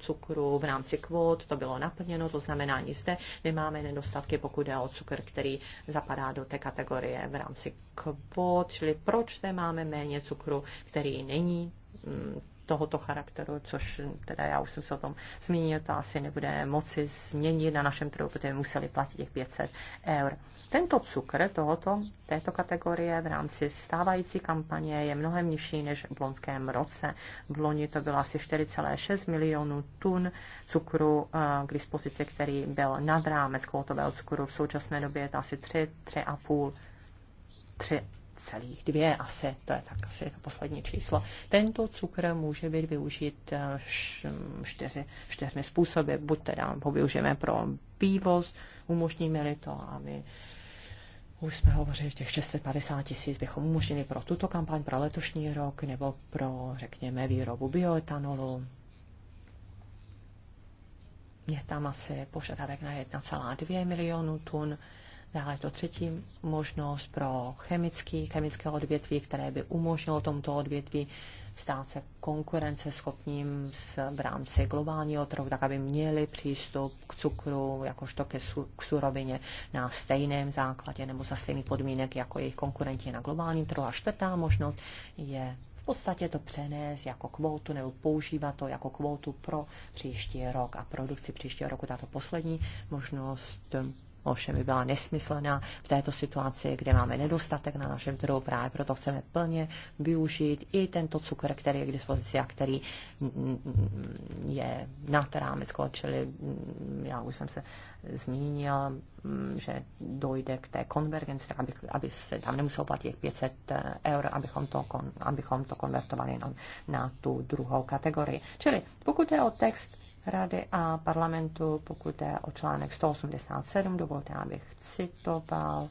cukru v rámci kvót, to bylo naplněno, to znamená, že zde nemáme nedostatky, pokud jde o cukr, který zapadá do té kategorie v rámci kvót, čili proč zde máme méně cukru, který není mm, tohoto charakteru, což teda já už jsem se o tom zmínil, to asi nebude moci změnit na našem trhu, protože museli platit těch 500 eur. Tento cukr tohoto, této kategorie v rámci stávající kampaně je mnohem nižší než v loňském roce. V loni to bylo asi 4,6 milionů tun cukru eh, k dispozici, který byl nad rámec kvotového cukru. V současné době je to asi 3, 3,5 3 celých dvě asi, to je tak asi poslední číslo. Tento cukr může být využit eh, čtyři, čtyřmi způsoby. Buď teda ho využijeme pro vývoz, umožníme-li to, my už jsme hovořili, že těch 650 tisíc bychom umožnili pro tuto kampaň, pro letošní rok, nebo pro, řekněme, výrobu bioetanolu. Je tam asi požadavek na 1,2 milionu tun Dále je to třetí možnost pro chemický, chemické odvětví, které by umožnilo tomuto odvětví stát se konkurenceschopným v rámci globálního trhu, tak aby měli přístup k cukru, jakožto ke su, k surovině na stejném základě nebo za stejných podmínek jako jejich konkurenti na globálním trhu. A čtvrtá možnost je v podstatě to přenést jako kvótu nebo používat to jako kvótu pro příští rok a produkci příštího roku. Tato poslední možnost ovšem by byla nesmyslná v této situaci, kde máme nedostatek na našem trhu. Právě proto chceme plně využít i tento cukr, který je k dispozici a který je na rámec, čili já už jsem se zmínil, že dojde k té konvergenci, aby, aby se tam nemuselo platit 500 eh, eur, abychom to, kon, abychom to konvertovali na, na tu druhou kategorii. Čili pokud je o text Rady a parlamentu, pokud jde o článek 187, dovolte, abych citoval.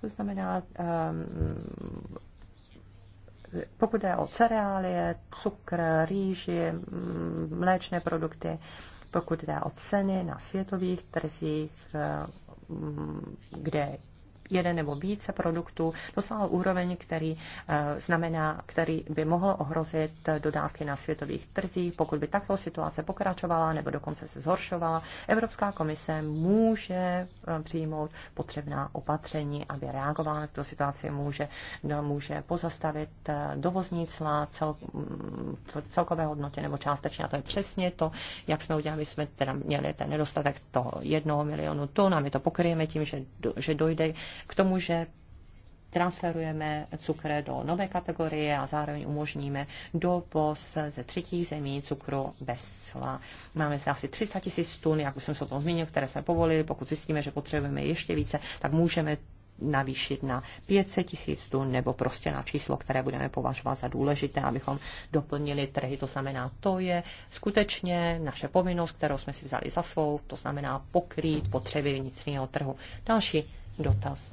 To znamená, um, pokud jde o cereálie, cukr, rýži, mm, mléčné produkty, pokud jde o ceny na světových trzích, ehm, kde jeden nebo více produktů dosáhl úroveň, který eh, znamená, který by mohl ohrozit dodávky na světových trzích. Pokud by takto situace pokračovala nebo dokonce se zhoršovala, Evropská komise může eh, přijmout potřebná opatření, aby reagovala na tuto situaci, může, no, může pozastavit eh, dovozní cla cel, mm, v celkové hodnotě nebo částečně. A to je přesně to, jak jsme udělali, jsme teda měli ten nedostatek toho jednoho milionu tun a my to pokryjeme tím, že, že dojde k tomu, že transferujeme cukr do nové kategorie a zároveň umožníme dovoz ze třetích zemí cukru bez sla. Máme zde asi 300 tisíc tun, jak už jsem se o tom zmínil, které jsme povolili. Pokud zjistíme, že potřebujeme ještě více, tak můžeme navýšit na 500 tisíc tun nebo prostě na číslo, které budeme považovat za důležité, abychom doplnili trhy. To znamená, to je skutečně naše povinnost, kterou jsme si vzali za svou, to znamená pokrýt potřeby vnitřního trhu. Další dotaz.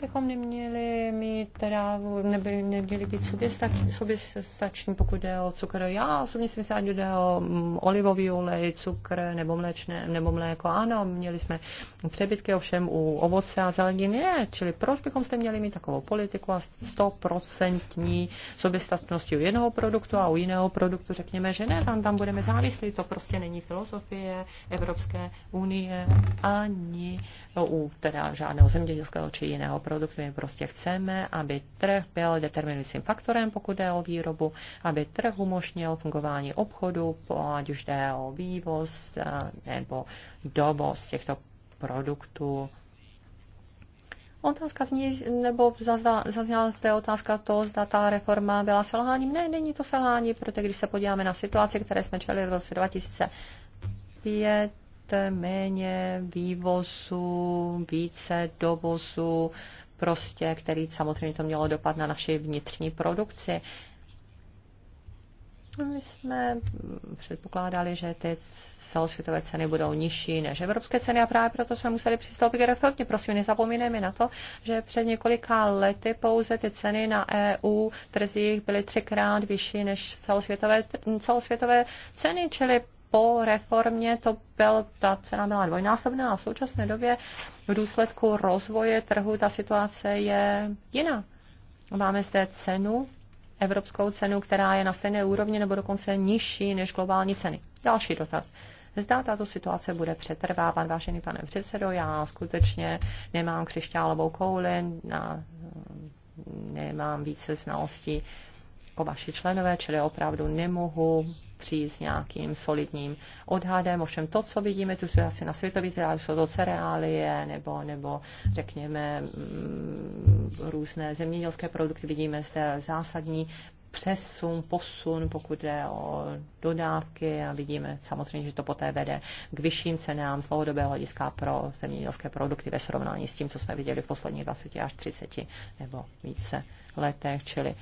bychom neměli mít teda, neby, neměli být soběstační, pokud jde o cukr. Já osobně si myslím, že jde o mm, olivový olej, cukr nebo, mléčné, nebo mléko. Ano, měli jsme přebytky ovšem u ovoce a zeleniny. Ne, čili proč bychom jste měli mít takovou politiku a stoprocentní soběstačnosti u jednoho produktu a u jiného produktu řekněme, že ne, tam, tam budeme závislí. To prostě není filozofie Evropské unie ani u teda žádného zemědělského či jiného produktu. My prostě chceme, aby trh byl determinujícím faktorem, pokud jde o výrobu, aby trh umožnil fungování obchodu, ať už jde o vývoz eh, nebo dovoz těchto produktů Otázka zní, nebo zazněla zde otázka to, zda ta reforma byla selháním. Ne, není to selhání, protože když se podíváme na situaci, které jsme čelili v roce 2005, méně vývozu, více dovozu, prostě, který samozřejmě to mělo dopad na naši vnitřní produkci. My jsme předpokládali, že ty celosvětové ceny budou nižší než evropské ceny a právě proto jsme museli přistoupit k reformě. Prosím, nezapomínejme na to, že před několika lety pouze ty ceny na EU trzích byly třikrát vyšší než celosvětové, celosvětové ceny, čili po reformě to byl, ta cena byla dvojnásobná a v současné době v důsledku rozvoje trhu ta situace je jiná. Máme zde cenu, evropskou cenu, která je na stejné úrovni nebo dokonce nižší než globální ceny. Další dotaz. Zda tato situace bude přetrvávat, vážený pane předsedo, já skutečně nemám křišťálovou kouli, na, nemám více znalostí jako vaši členové, čili opravdu nemohu přijít s nějakým solidním odhadem. Ovšem to, co vidíme, tu jsou asi na světový trhách, jsou to cereálie nebo, nebo řekněme mm, různé zemědělské produkty. Vidíme zde zásadní přesun, posun, pokud jde o dodávky a vidíme samozřejmě, že to poté vede k vyšším cenám z dlouhodobého hlediska pro zemědělské produkty ve srovnání s tím, co jsme viděli v posledních 20 až 30 nebo více letech, čili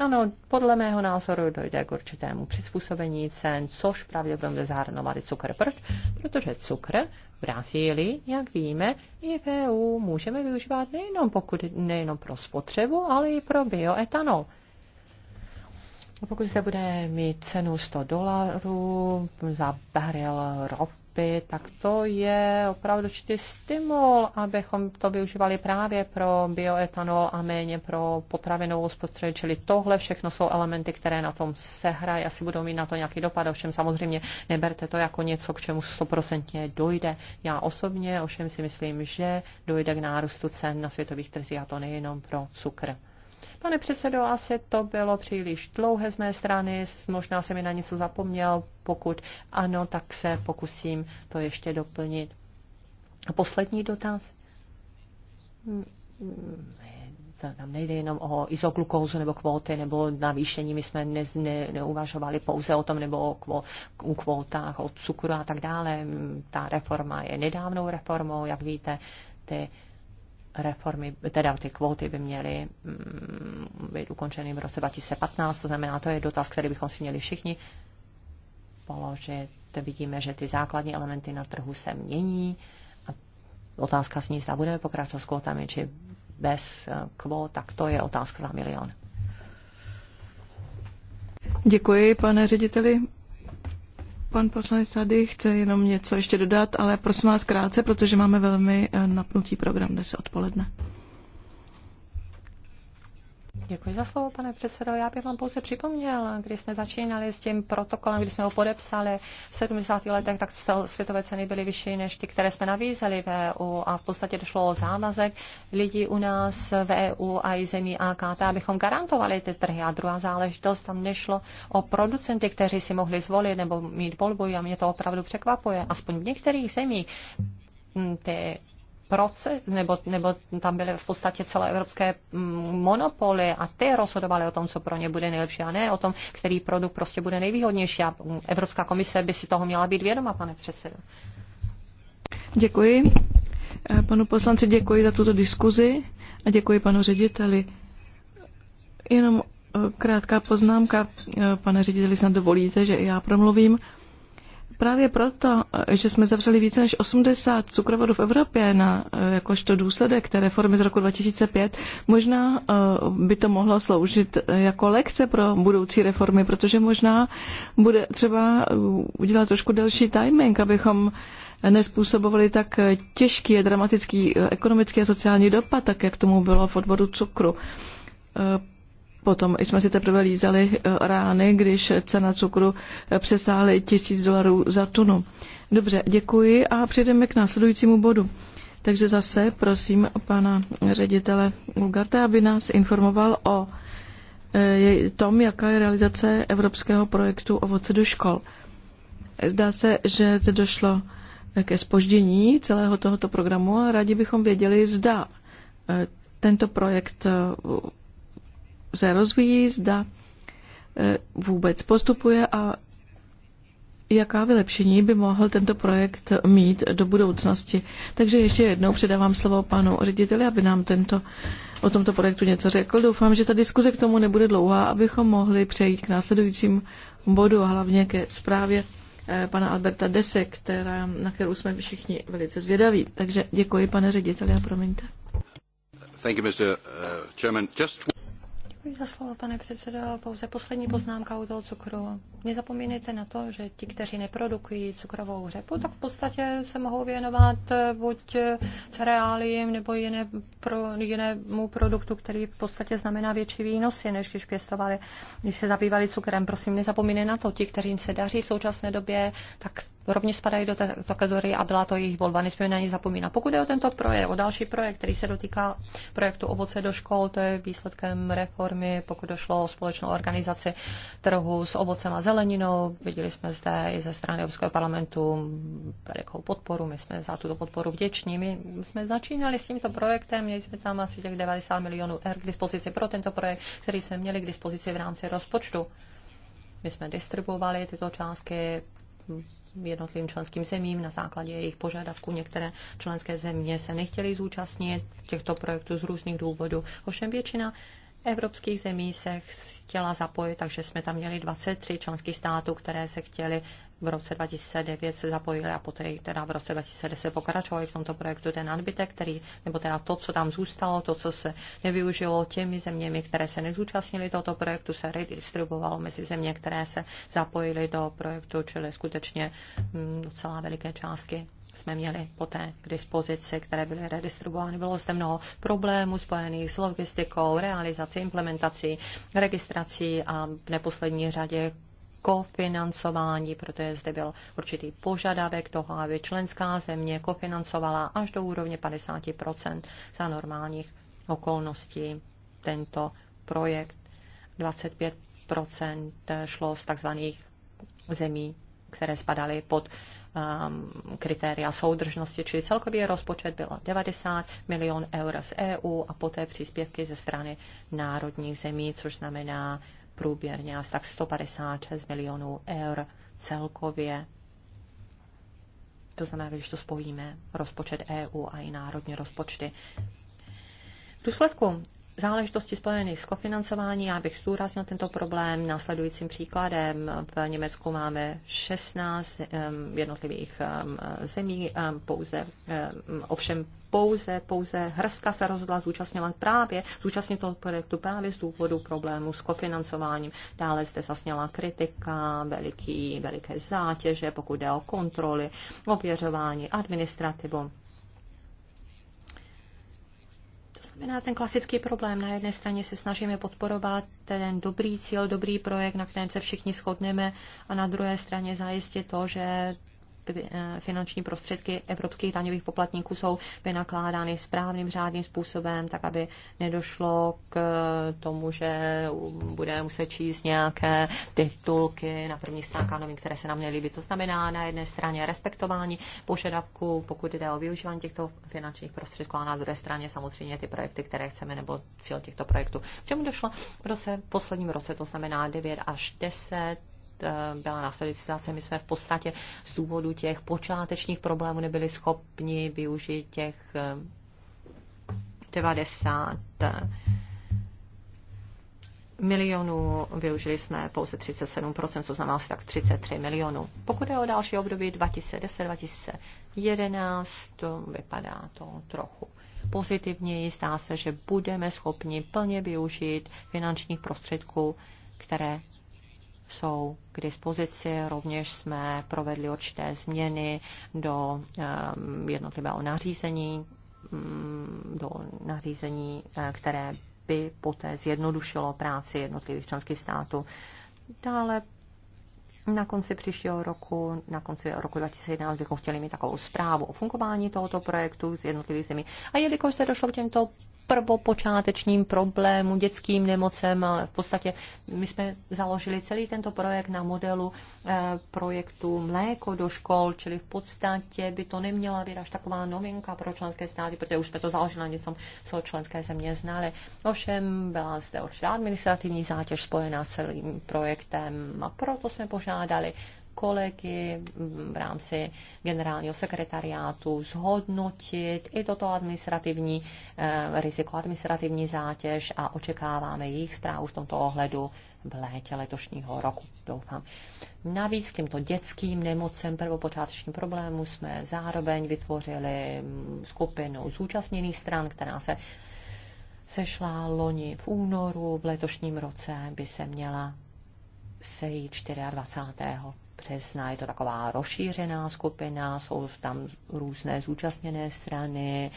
ano, podle mého názoru dojde k určitému přizpůsobení cen, což pravděpodobně zahrnovat i cukr. Proč? Protože cukr v Brazílii, jak víme, i v EU můžeme využívat nejenom, pokud, nejenom pro spotřebu, ale i pro bioetanol. A pokud zde bude mít cenu 100 dolarů za barel ropy, Evropy, tak to je opravdu určitý stimul, abychom to využívali právě pro bioetanol a méně pro potravinovou spotřebu. Čili tohle všechno jsou elementy, které na tom sehrají, asi budou mít na to nějaký dopad. Ovšem samozřejmě neberte to jako něco, k čemu stoprocentně dojde. Já osobně ovšem si myslím, že dojde k nárůstu cen na světových trzích a to nejenom pro cukr. Pane předsedo, asi to bylo příliš dlouhé z mé strany, možná jsem mi na něco zapomněl, pokud ano, tak se pokusím to ještě doplnit. A poslední dotaz. Tam nejde jenom o izoglukózu nebo kvóty nebo navýšení. My jsme ne, ne, neuvažovali pouze o tom nebo o kvo, u kvótách, o cukru a tak dále. Ta reforma je nedávnou reformou, jak víte. Ty reformy, teda ty kvóty by měly mm, být ukončeny v roce 2015, to znamená, to je dotaz, který bychom si měli všichni položit. Vidíme, že ty základní elementy na trhu se mění a otázka s ní, zda budeme pokračovat s kvótami, či bez eh, kvót, tak to je otázka za milion. Děkuji, pane řediteli. Pan poslanec tady chce jenom něco ještě dodat, ale prosím vás krátce, protože máme velmi eh, napnutý program dnes odpoledne. Děkuji za slovo, pane předsedo. Já bych vám pouze připomněl, když jsme začínali s tím protokolem, když jsme ho podepsali v 70. letech, tak světové ceny byly vyšší než ty, které jsme navízeli v EU a v podstatě došlo o závazek lidí u nás v EU a i zemí AKT, abychom garantovali ty trhy. A druhá záležitost, tam nešlo o producenty, kteří si mohli zvolit nebo mít volbu a mě to opravdu překvapuje. Aspoň v některých zemích ty proces, nebo, nebo tam byly v podstatě celé evropské mm, monopoly a ty rozhodovaly o tom, co pro ně bude nejlepší a ne o tom, který produkt prostě bude nejvýhodnější. A Evropská komise by si toho měla být vědoma, pane předsedo. Děkuji. Eh, panu poslanci děkuji za tuto diskuzi a děkuji panu řediteli. Jenom eh, krátká poznámka. Eh, pane řediteli, snad dovolíte, že i já promluvím. Právě proto, že jsme zavřeli více než 80 cukrovodů v Evropě na eh, jakožto důsledek té reformy z roku 2005, možná eh, by to mohlo sloužit eh, jako lekce pro budoucí reformy, protože možná bude třeba udělat trošku delší timing, abychom nespůsobovali tak těžký a dramatický ekonomický a sociální dopad, tak jak tomu bylo v odboru cukru Potom jsme si teprve lízali eh, rány, když cena cukru eh, přesáhly tisíc dolarů za tunu. Dobře, děkuji a přejdeme k následujícímu bodu. Takže zase prosím pana ředitele Ugarte, aby nás informoval o eh, tom, jaká je realizace evropského projektu Ovoce do škol. Zdá se, že zde došlo ke spoždění celého tohoto programu a rádi bychom věděli, zda tento projekt se rozvíjí, zda e, vůbec postupuje a jaká vylepšení by mohl tento projekt mít do budoucnosti. Takže ještě jednou předávám slovo panu řediteli, aby nám tento, o tomto projektu něco řekl. Doufám, že ta diskuze k tomu nebude dlouhá, abychom mohli přejít k následujícím bodu a hlavně ke zprávě e, pana Alberta Dese, která, na kterou jsme všichni velice zvědaví. Takže děkuji, pane řediteli, a promiňte. Thank you, Mr. Uh, Chairman. Just... Děkuji za slovo, pane předsedo. Pouze poslední poznámka u toho cukru nezapomínejte na to, že ti, kteří neprodukují cukrovou řepu, tak v podstatě se mohou věnovat eh, buď eh, cereáliím nebo jiné pro, jinému produktu, který v podstatě znamená větší výnosy, než když pěstovali, když se zabývali cukrem. Prosím, nezapomínejte na to, ti, kterým se daří v současné době, tak rovněž spadají do této kategorie a byla to jejich volba. Nesmíme na ně zapomínat. Pokud je o tento projekt, o další projekt, který se dotýká projektu Ovoce do škol, to je výsledkem reformy, pokud došlo o společnou organizaci trhu s ovocem a zelenou zeleninou. Viděli jsme zde i ze strany Evropského parlamentu velikou podporu. My jsme za tuto podporu vděční. My jsme začínali s tímto projektem, měli jsme tam asi těch 90 milionů R k dispozici pro tento projekt, který jsme měli k dispozici v rámci rozpočtu. My jsme distribuovali tyto částky jednotlivým členským zemím na základě jejich požadavků. Některé členské země se nechtěly zúčastnit těchto projektů z různých důvodů. Ovšem většina evropských zemí se chtěla zapojit, takže jsme tam měli 23 členských států, které se chtěly v roce 2009 se zapojili a poté teda v roce 2010 pokračovali v tomto projektu ten nadbytek, který, nebo teda to, co tam zůstalo, to, co se nevyužilo těmi zeměmi, které se nezúčastnili tohoto projektu, se redistribuovalo mezi země, které se zapojily do projektu, čili skutečně mm, docela veliké částky jsme měli poté k dispozici, které byly redistribuovány. Bylo zde mnoho problémů spojených s logistikou, realizací, implementací, registrací a v neposlední řadě kofinancování, protože zde byl určitý požadavek toho, aby členská země kofinancovala až do úrovně 50 za normálních okolností tento projekt. 25 šlo z takzvaných zemí, které spadaly pod um, kritéria soudržnosti, čili celkový rozpočet byl 90 milion eur z EU a poté příspěvky ze strany národních zemí, což znamená průběrně asi tak 156 milionů eur celkově. To znamená, když to spojíme, rozpočet EU a i národní rozpočty. V důsledku záležitosti spojené s kofinancování, já bych zdůraznil tento problém následujícím příkladem. V Německu máme 16 jednotlivých zemí, pouze, ovšem pouze, pouze hrstka se rozhodla zúčastňovat právě, zúčastnit toho projektu právě z důvodu problému s kofinancováním. Dále zde zasněla kritika, veliký, veliké zátěže, pokud jde o kontroly, ověřování, administrativu znamená ten klasický problém. Na jedné straně se snažíme podporovat ten dobrý cíl, dobrý projekt, na kterém se všichni shodneme a na druhé straně zajistit to, že Eh, finanční prostředky evropských daňových poplatníků jsou vynakládány správným řádným způsobem, tak aby nedošlo k eh, tomu, že bude muset číst nějaké titulky na první stránka novin, které se nám nelíbí. To znamená na jedné straně respektování požadavků, pokud jde o využívání těchto finančních prostředků, a na druhé straně samozřejmě ty projekty, které chceme, nebo cíl těchto projektů. K čemu došlo v roce, v posledním roce, to znamená 9 až 10 Eh, byla následující situace. My jsme v podstatě z důvodu těch počátečních problémů nebyli schopni využít těch 90 eh, eh, milionů, využili jsme pouze 37%, co znamená asi tak 33 milionů. Pokud je o další období 2010, 2011, to vypadá to trochu pozitivněji. Zdá se, že budeme schopni plně využít finančních prostředků, které jsou k dispozici. Rovněž jsme provedli určité změny do eh, jednotlivého nařízení, mm, do nařízení, eh, které by poté zjednodušilo práci jednotlivých členských států. Dále na konci příštího roku, na konci roku 2011 bychom chtěli mít takovou zprávu o fungování tohoto projektu z jednotlivých zemí. A jelikož se došlo k těmto prvopočátečním problému, dětským nemocem, ale v podstatě my jsme založili celý tento projekt na modelu eh, projektu Mléko do škol, čili v podstatě by to neměla být až taková novinka pro členské státy, protože už jsme to založili na něco, co členské země znali. Ovšem byla zde určitá administrativní zátěž spojená s celým projektem a proto jsme požádali kolegy v rámci generálního sekretariátu zhodnotit i toto administrativní eh, riziko, administrativní zátěž a očekáváme jejich zprávu v tomto ohledu v létě letošního roku, doufám. Navíc k těmto dětským nemocem prvopočátečním problému jsme zároveň vytvořili skupinu zúčastněných stran, která se sešla loni v únoru, v letošním roce by se měla sejít 24 přesná Je to taková rozšířená skupina, jsou tam různé zúčastněné strany,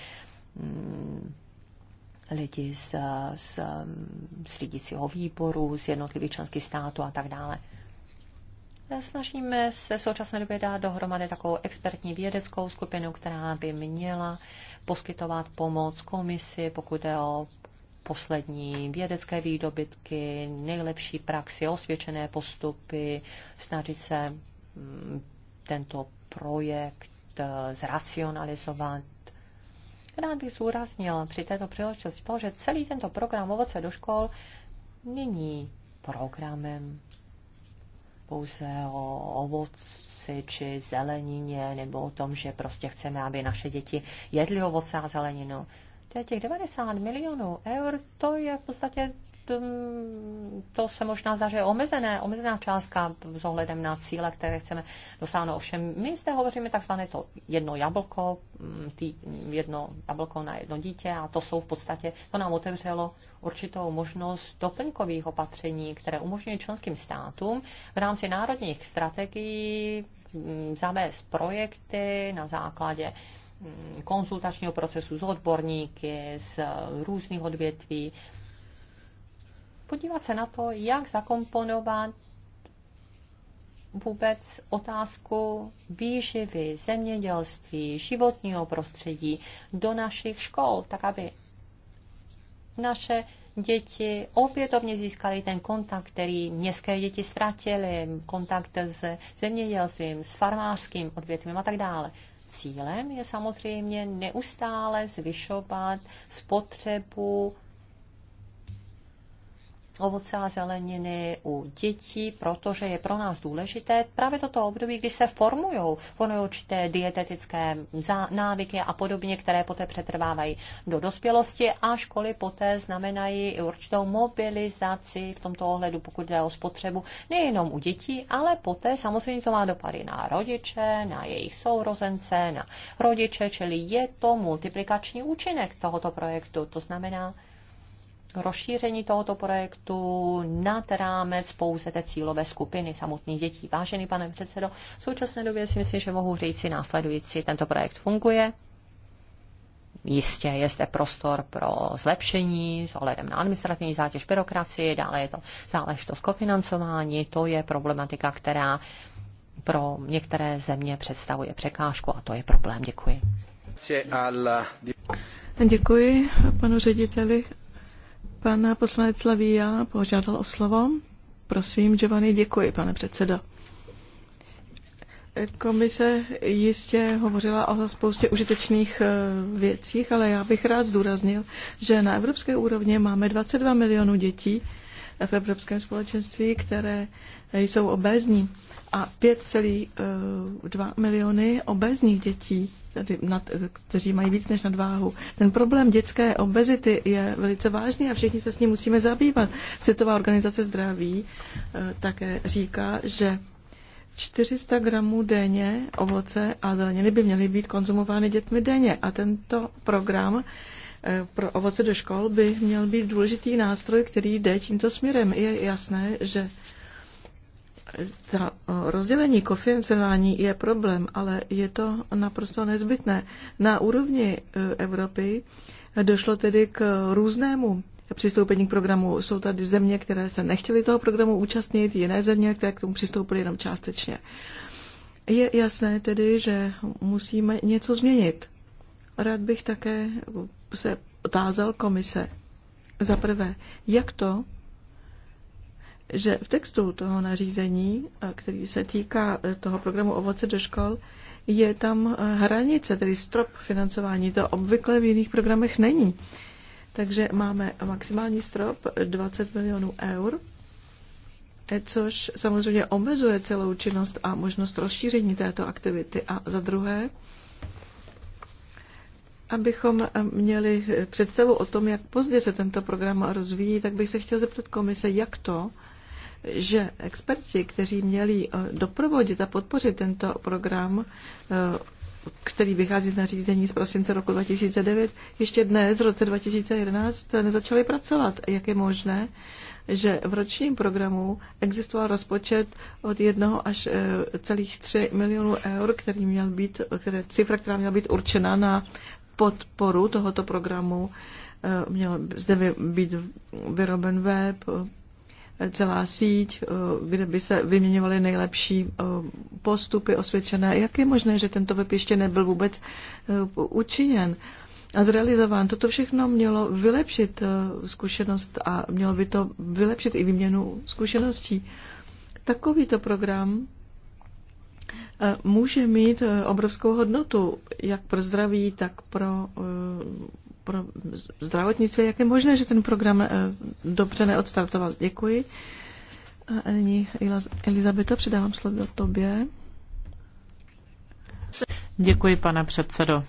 mm, lidi z, z, z řídícího výboru, z jednotlivých členských států a tak dále. Snažíme se v současné době dát dohromady takovou expertní vědeckou skupinu, která by měla poskytovat pomoc komisi, pokud je o poslední vědecké výdobytky, nejlepší praxi, osvědčené postupy, snažit se mm, tento projekt eh, zracionalizovat. Rád bych zúraznil při této příležitosti to, že celý tento program Ovoce do škol není programem pouze o ovoci či zelenině, nebo o tom, že prostě chceme, aby naše děti jedly ovoce a zeleninu těch 90 milionů eur, to je v podstatě mm, to se možná zdá, že je omezené, omezená částka s ohledem na cíle, které chceme dosáhnout. Ovšem, my zde hovoříme takzvané to jedno jablko, mm, tý, jedno jablko na jedno dítě a to jsou v podstatě, to nám otevřelo určitou možnost doplňkových opatření, které umožňují členským státům v rámci národních strategií mm, zavést projekty na základě Mm, konzultačního procesu s odborníky z eh, různých odvětví. Podívat se na to, jak zakomponovat vůbec otázku výživy, zemědělství, životního prostředí do našich škol, tak aby naše děti opětovně získaly ten kontakt, který městské děti ztratily, kontakt s zemědělstvím, s farmářským odvětvím a tak dále cílem je samozřejmě neustále zvyšovat spotřebu ovoce a zeleniny u dětí, protože je pro nás důležité právě toto období, když se formují, formují určité dietetické návyky a podobně, které poté přetrvávají do dospělosti a školy poté znamenají i určitou mobilizaci v tomto ohledu, pokud jde o spotřebu, nejenom u dětí, ale poté samozřejmě to má dopady na rodiče, na jejich sourozence, na rodiče, čili je to multiplikační účinek tohoto projektu. To znamená, rozšíření tohoto projektu nad rámec pouze té cílové skupiny samotných dětí. Vážený pane předsedo, v současné době si myslím, že mohu říct si následující, tento projekt funguje. Jistě je zde prostor pro zlepšení s ohledem na administrativní zátěž byrokracie, dále je to záležitost kofinancování, to je problematika, která pro některé země představuje překážku a to je problém. Děkuji. Děkuji panu řediteli Pan poslanec Lavia požádal o slovo. Prosím, Giovanni, děkuji, pane předsedo. Komise jistě hovořila o spoustě užitečných eh, věcí, ale já bych rád zdůraznil, že na evropské úrovni máme 22 milionů dětí v evropském společenství, které jsou obézní a 5,2 eh, miliony obezních dětí, tedy nad, eh, kteří mají víc než nadváhu. Ten problém dětské obezity je velice vážný a všichni se s ním musíme zabývat. Světová organizace zdraví eh, také říká, že 400 gramů denně ovoce a zeleniny by měly být konzumovány dětmi denně. A tento program pro ovoce do škol by měl být důležitý nástroj, který jde tímto směrem. Je jasné, že ta rozdělení kofinancování je problém, ale je to naprosto nezbytné. Na úrovni e, Evropy došlo tedy k různému přistoupení k programu. Jsou tady země, které se nechtěly toho programu účastnit, jiné země, které k tomu přistoupily jenom částečně. Je jasné tedy, že musíme něco změnit. Rád bych také se otázal komise. Za prvé, jak to, že v textu toho nařízení, eh, který se týká eh, toho programu Ovoce do škol, je tam eh, hranice, tedy strop financování. To obvykle v jiných programech není. Takže máme maximální strop 20 milionů eur, což samozřejmě omezuje celou činnost a možnost rozšíření této aktivity. A za druhé, Abychom měli představu o tom, jak pozdě se tento program rozvíjí, tak bych se chtěl zeptat komise, jak to, že experti, kteří měli eh, doprovodit a podpořit tento program, eh, který vychází z nařízení z prosince roku 2009, ještě dnes, v roce 2011, nezačali pracovat. Jak je možné, že v ročním programu existoval rozpočet od 1 až eh, celých 3 milionů eur, který měl být, které, cifra, která měla být určena na podporu tohoto programu, měl zde být vyroben web, celá síť, eh, kde by se vyměňovaly nejlepší eh, postupy osvědčené. Jak je možné, že tento web ještě nebyl vůbec eh, učiněn a zrealizován? Toto všechno mělo vylepšit zkušenost a mělo by to vylepšit i výměnu zkušeností. Takovýto program může mít obrovskou hodnotu, jak pro zdraví, tak pro pro zdravotnictví. Jak je možné, že ten program eh, dobře neodstartoval? Děkuji. A nyní Elizabeta, předávám slovo tobě. Děkuji, pane předsedo.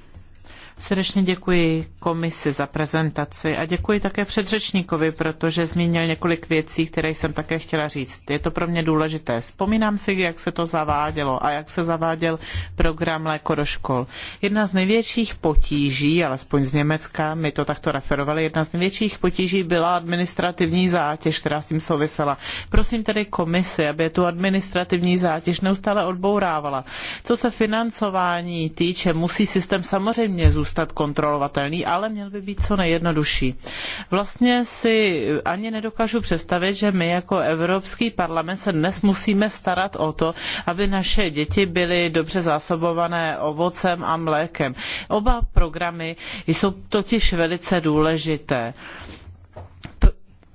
Srdečně děkuji komisi za prezentaci a děkuji také předřečníkovi, protože zmínil několik věcí, které jsem také chtěla říct. Je to pro mě důležité. Vzpomínám si, jak se to zavádělo a jak se zaváděl program Léko do škol. Jedna z největších potíží, alespoň z Německa, my to takto referovali, jedna z největších potíží byla administrativní zátěž, která s tím souvisela. Prosím tedy komisi, aby tu administrativní zátěž neustále odbourávala. Co se financování týče, musí systém samozřejmě zůstat zůstat kontrolovatelný, ale měl by být co nejjednodušší. Vlastně si ani nedokážu představit, že my jako Evropský parlament se dnes musíme starat o to, aby naše děti byly dobře zásobované ovocem a mlékem. Oba programy jsou totiž velice důležité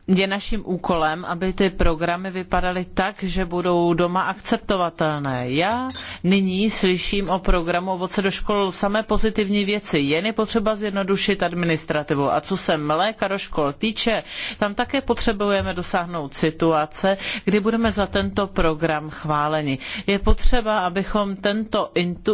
je naším úkolem, aby ty programy vypadaly tak, že budou doma akceptovatelné. Já nyní slyším o programu Ovoce do škol samé pozitivní věci. Jen je potřeba zjednodušit administrativu. A co se mléka do škol týče, tam také potřebujeme dosáhnout situace, kdy budeme za tento program chváleni. Je potřeba, abychom tento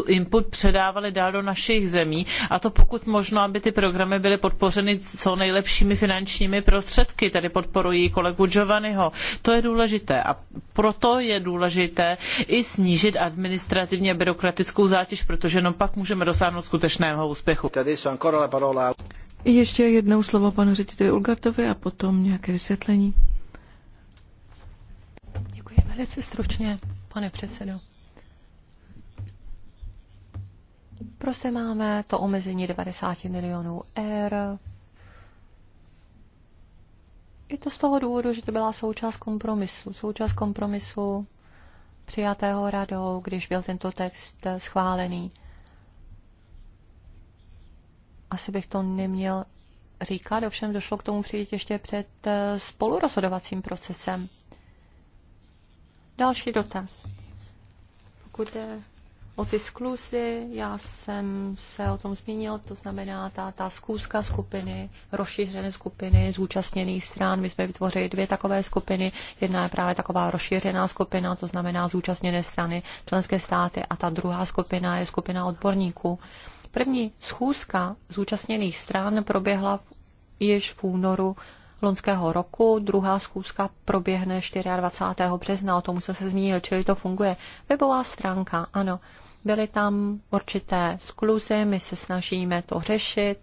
input předávali dál do našich zemí a to pokud možno, aby ty programy byly podpořeny co nejlepšími finančními prostředky, tedy podporuji kolegu Giovanniho. To je důležité a proto je důležité i snížit administrativně byrokratickou zátěž, protože no pak můžeme dosáhnout skutečného úspěchu. Ještě jednou slovo panu řediteli Ulgartovi a potom nějaké vysvětlení. Děkuji velice stručně, pane předsedo. Prostě máme to omezení 90 milionů eur je to z toho důvodu, že to byla součást kompromisu. Součást kompromisu přijatého radou, když byl tento text schválený. Asi bych to neměl říkat, ovšem došlo k tomu přijít ještě před eh, spolurozhodovacím procesem. Další dotaz. Pokud je o ty skluzy, já jsem se o tom zmínil, to znamená ta, ta zkouška skupiny, rozšířené skupiny zúčastněných stran. My jsme vytvořili dvě takové skupiny. Jedna je právě taková rozšířená skupina, to znamená zúčastněné strany, členské státy a ta druhá skupina je skupina odborníků. První schůzka zúčastněných stran proběhla již v únoru loňského roku, druhá schůzka proběhne 24. března, o tom jsem se zmínil, čili to funguje. Webová stránka, ano. Byly tam určité skluzy, my se snažíme to řešit.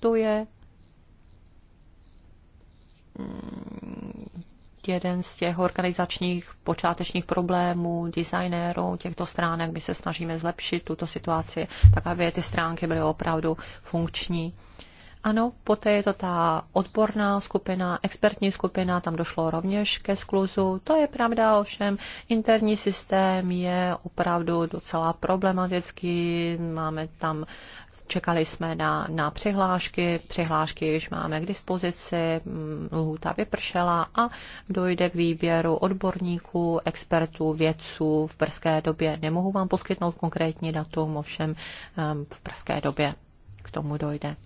To je mm, jeden z těch organizačních počátečních problémů designérů těchto stránek. My se snažíme zlepšit tuto situaci, tak aby ty stránky byly opravdu funkční. Ano, poté je to ta odborná skupina, expertní skupina, tam došlo rovněž ke skluzu. To je pravda, ovšem interní systém je opravdu docela problematický. Máme tam, čekali jsme na, na přihlášky, přihlášky již máme k dispozici, mm, lhůta vypršela a dojde k výběru odborníků, expertů, vědců v brzké době. Nemohu vám poskytnout konkrétní datum, ovšem ehm, v brzké době k tomu dojde.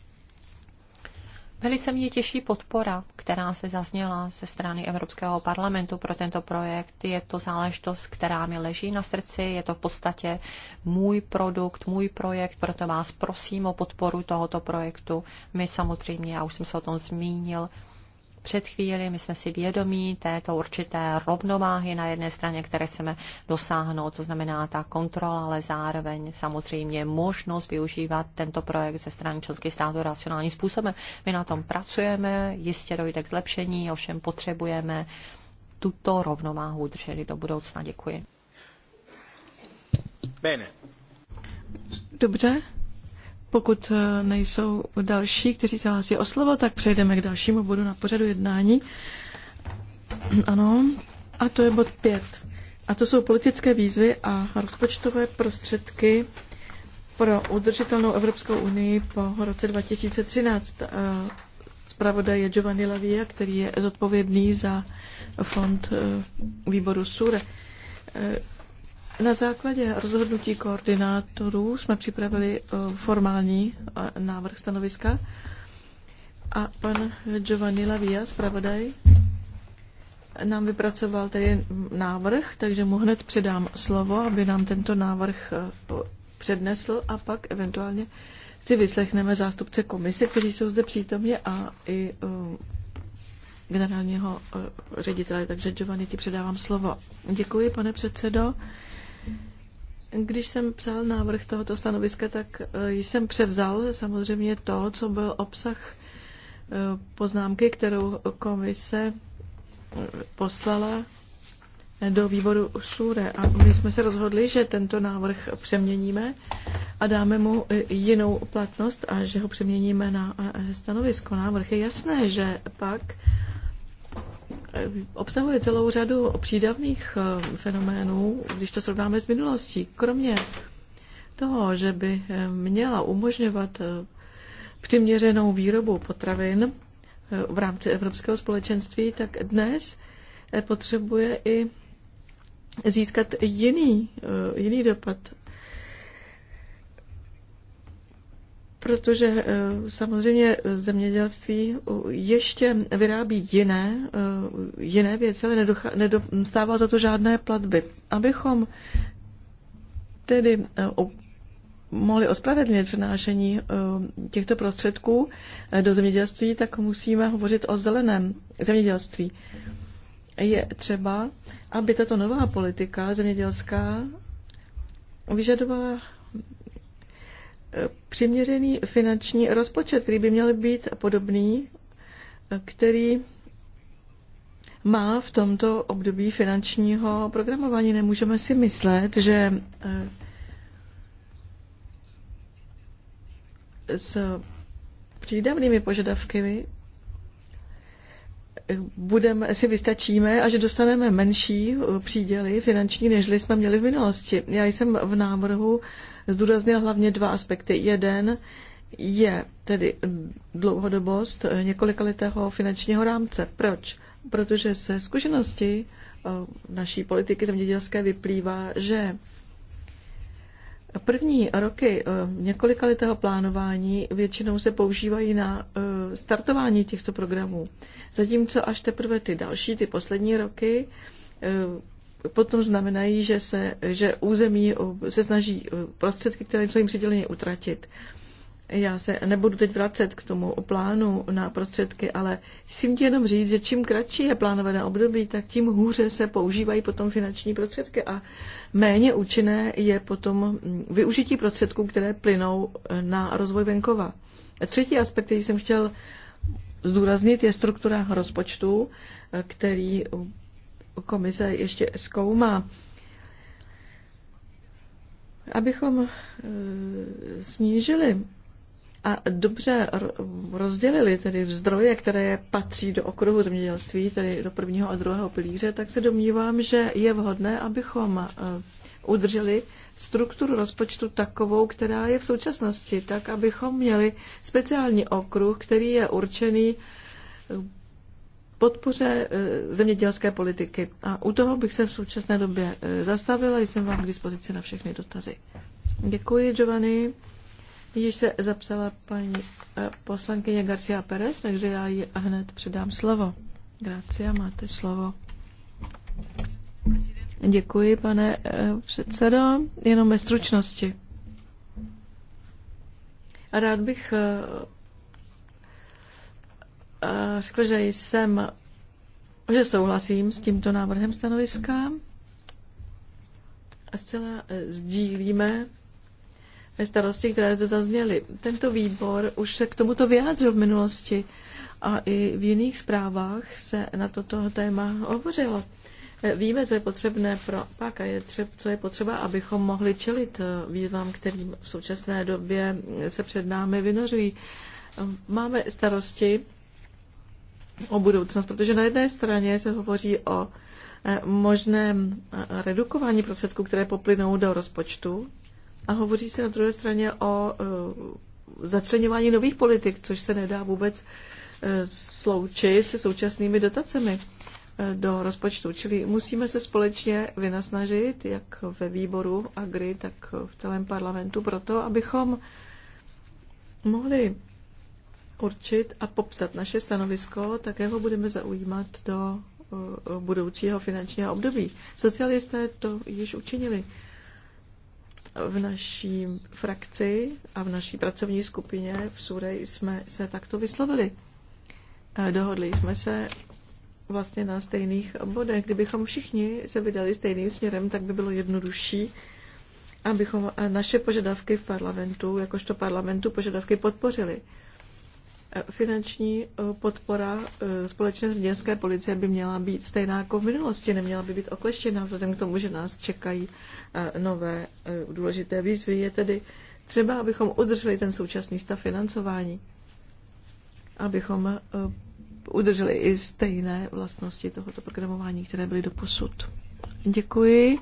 Velice mě těší podpora, která se zazněla ze strany Evropského parlamentu pro tento projekt. Je to záležitost, která mi leží na srdci, je to v podstatě můj produkt, můj projekt, proto vás prosím o podporu tohoto projektu. My samozřejmě, já už jsem se o tom zmínil, před chvíli. My jsme si vědomí této určité rovnováhy na jedné straně, které chceme dosáhnout, to znamená ta kontrola, ale zároveň samozřejmě možnost využívat tento projekt ze strany členských států racionálním způsobem. My na tom pracujeme, jistě dojde k zlepšení, ovšem potřebujeme tuto rovnováhu držet do budoucna. Děkuji. Bene. Dobře. Pokud eh, nejsou další, kteří se hlásí o slovo, tak přejdeme k dalšímu bodu na pořadu jednání. Ano, a to je bod 5. A to jsou politické výzvy a rozpočtové prostředky pro udržitelnou Evropskou unii po roce 2013. Eh, zpravodaj je Giovanni Lavia, který je zodpovědný za fond eh, výboru SURE. Na základě rozhodnutí koordinátorů jsme připravili eh, formální eh, návrh stanoviska a pan Giovanni Lavia, zpravodaj, nám vypracoval tedy návrh, takže mu hned předám slovo, aby nám tento návrh eh, přednesl a pak eventuálně si vyslechneme zástupce komise, kteří jsou zde přítomně a i generálního ředitele. Takže Giovanni, ti předávám slovo. Děkuji, pane předsedo. Když jsem psal návrh tohoto stanoviska, tak e, jsem převzal samozřejmě to, co byl obsah e, poznámky, kterou komise e, poslala do výboru SURE. A my jsme se rozhodli, že tento návrh přeměníme a dáme mu jinou platnost a že ho přeměníme na stanovisko. Návrh je jasné, že pak Eh, obsahuje celou řadu přídavných eh, fenoménů, když to srovnáme s minulostí. Kromě toho, že by eh, měla umožňovat přiměřenou výrobu potravin v rámci Evropského společenství, tak dnes potřebuje i získat jiný, jiný dopad protože eh, samozřejmě zemědělství eh, ještě vyrábí jiné, eh, jiné věci, ale nedostává za to žádné platby. Abychom tedy mohli ospravedlnit přenášení těchto prostředků do zemědělství, tak musíme hovořit o zeleném zemědělství. Je třeba, aby tato nová politika zemědělská vyžadovala přiměřený finanční rozpočet, který by měl být podobný, který má v tomto období finančního programování. Nemůžeme si myslet, že eh, s přídavnými požadavky budeme, si vystačíme a že dostaneme menší příděly finanční, než jsme měli v minulosti. Já jsem v návrhu zdůraznil hlavně dva aspekty. Jeden je tedy dlouhodobost několikaletého finančního rámce. Proč? Protože se zkušenosti eh, naší politiky zemědělské vyplývá, že První roky eh, několikaletého plánování většinou se používají na eh, startování těchto programů, zatímco až teprve ty další, ty poslední roky potom znamenají, že, se, že území eh, se snaží eh, prostředky, které jsou jim přiděleny, utratit. Já se nebudu teď vracet k tomu plánu na prostředky, ale chci ti jenom říct, že čím kratší je plánované období, tak tím hůře se používají potom finanční prostředky a méně účinné je potom mm, využití prostředků, které plynou eh, na rozvoj venkova. Třetí aspekt, který jsem chtěl zdůraznit, je struktura rozpočtu, který komise ještě zkoumá. Abychom eh, snížili a dobře rozdělili tedy zdroje, které patří do okruhu zemědělství, tedy do prvního a druhého pilíře, tak se domnívám, že je vhodné, abychom eh, udrželi strukturu rozpočtu takovou, která je v současnosti, tak abychom měli speciální okruh, který je určený eh, podpoře eh, zemědělské politiky. A u toho bych se v současné době eh, zastavila, jsem vám k dispozici na všechny dotazy. Děkuji, Giovanni. Již se zapsala paní eh, poslankyně Garcia Perez, takže já ji hned předám slovo. Gracia, máte slovo. Děkuji, pane předsedo. Jenom ve stručnosti. A rád bych řekl, že jsem, že souhlasím s tímto návrhem stanoviska a zcela eh, sdílíme starosti, které zde zazněly. Tento výbor už se k tomuto vyjádřil v minulosti a i v jiných zprávách se na toto téma hovořilo. Eh, víme, co je potřebné pro pak a je třeba, co je potřeba, abychom mohli čelit eh, výzvám, kterým v současné době se před námi vynořují. Máme starosti o budoucnost, protože na jedné straně se hovoří o eh, možném eh, redukování prostředků, které poplynou do rozpočtu a hovoří se na druhé straně o eh, začlenování nových politik, což se nedá vůbec sloučit se současnými dotacemi do rozpočtu. Čili musíme se společně vynasnažit, jak ve výboru Agri, tak v celém parlamentu, proto, abychom mohli určit a popsat naše stanovisko, také ho budeme zaujímat do eh, budoucího finančního období. Socialisté to již učinili. V naší frakci a v naší pracovní skupině v Surej jsme se takto vyslovili. Eh, dohodli jsme se vlastně na stejných bodech. Kdybychom všichni se vydali stejným směrem, tak by bylo jednodušší, abychom eh, naše požadavky v parlamentu, jakožto parlamentu požadavky podpořili. Finanční eh, podpora eh, společné městské policie by měla být stejná jako v minulosti, neměla by být okleštěna vzhledem k tomu, že nás čekají eh, nové důležité výzvy. Je tedy třeba, abychom udrželi ten současný stav financování, abychom udrželi i stejné vlastnosti tohoto programování, které byly do posud. Děkuji.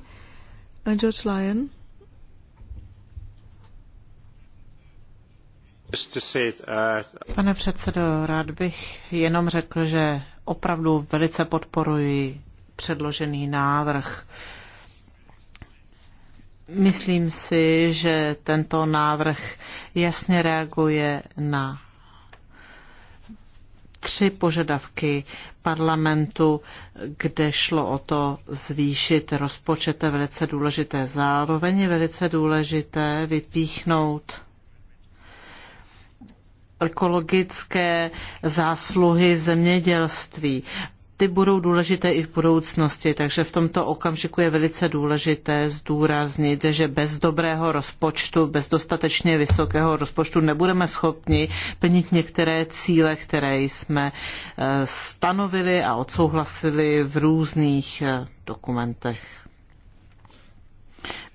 George Lyon. Uh, Pane předsedo, rád bych jenom řekl, že opravdu velice podporuji předložený návrh. Myslím si, že tento návrh jasně reaguje na tři požadavky parlamentu, kde šlo o to zvýšit rozpočet, je velice důležité. Zároveň je velice důležité vypíchnout ekologické zásluhy zemědělství. Ty budou důležité i v budoucnosti, takže v tomto okamžiku je velice důležité zdůraznit, že bez dobrého rozpočtu, bez dostatečně vysokého rozpočtu nebudeme schopni plnit některé cíle, které jsme eh, stanovili a odsouhlasili v různých eh, dokumentech.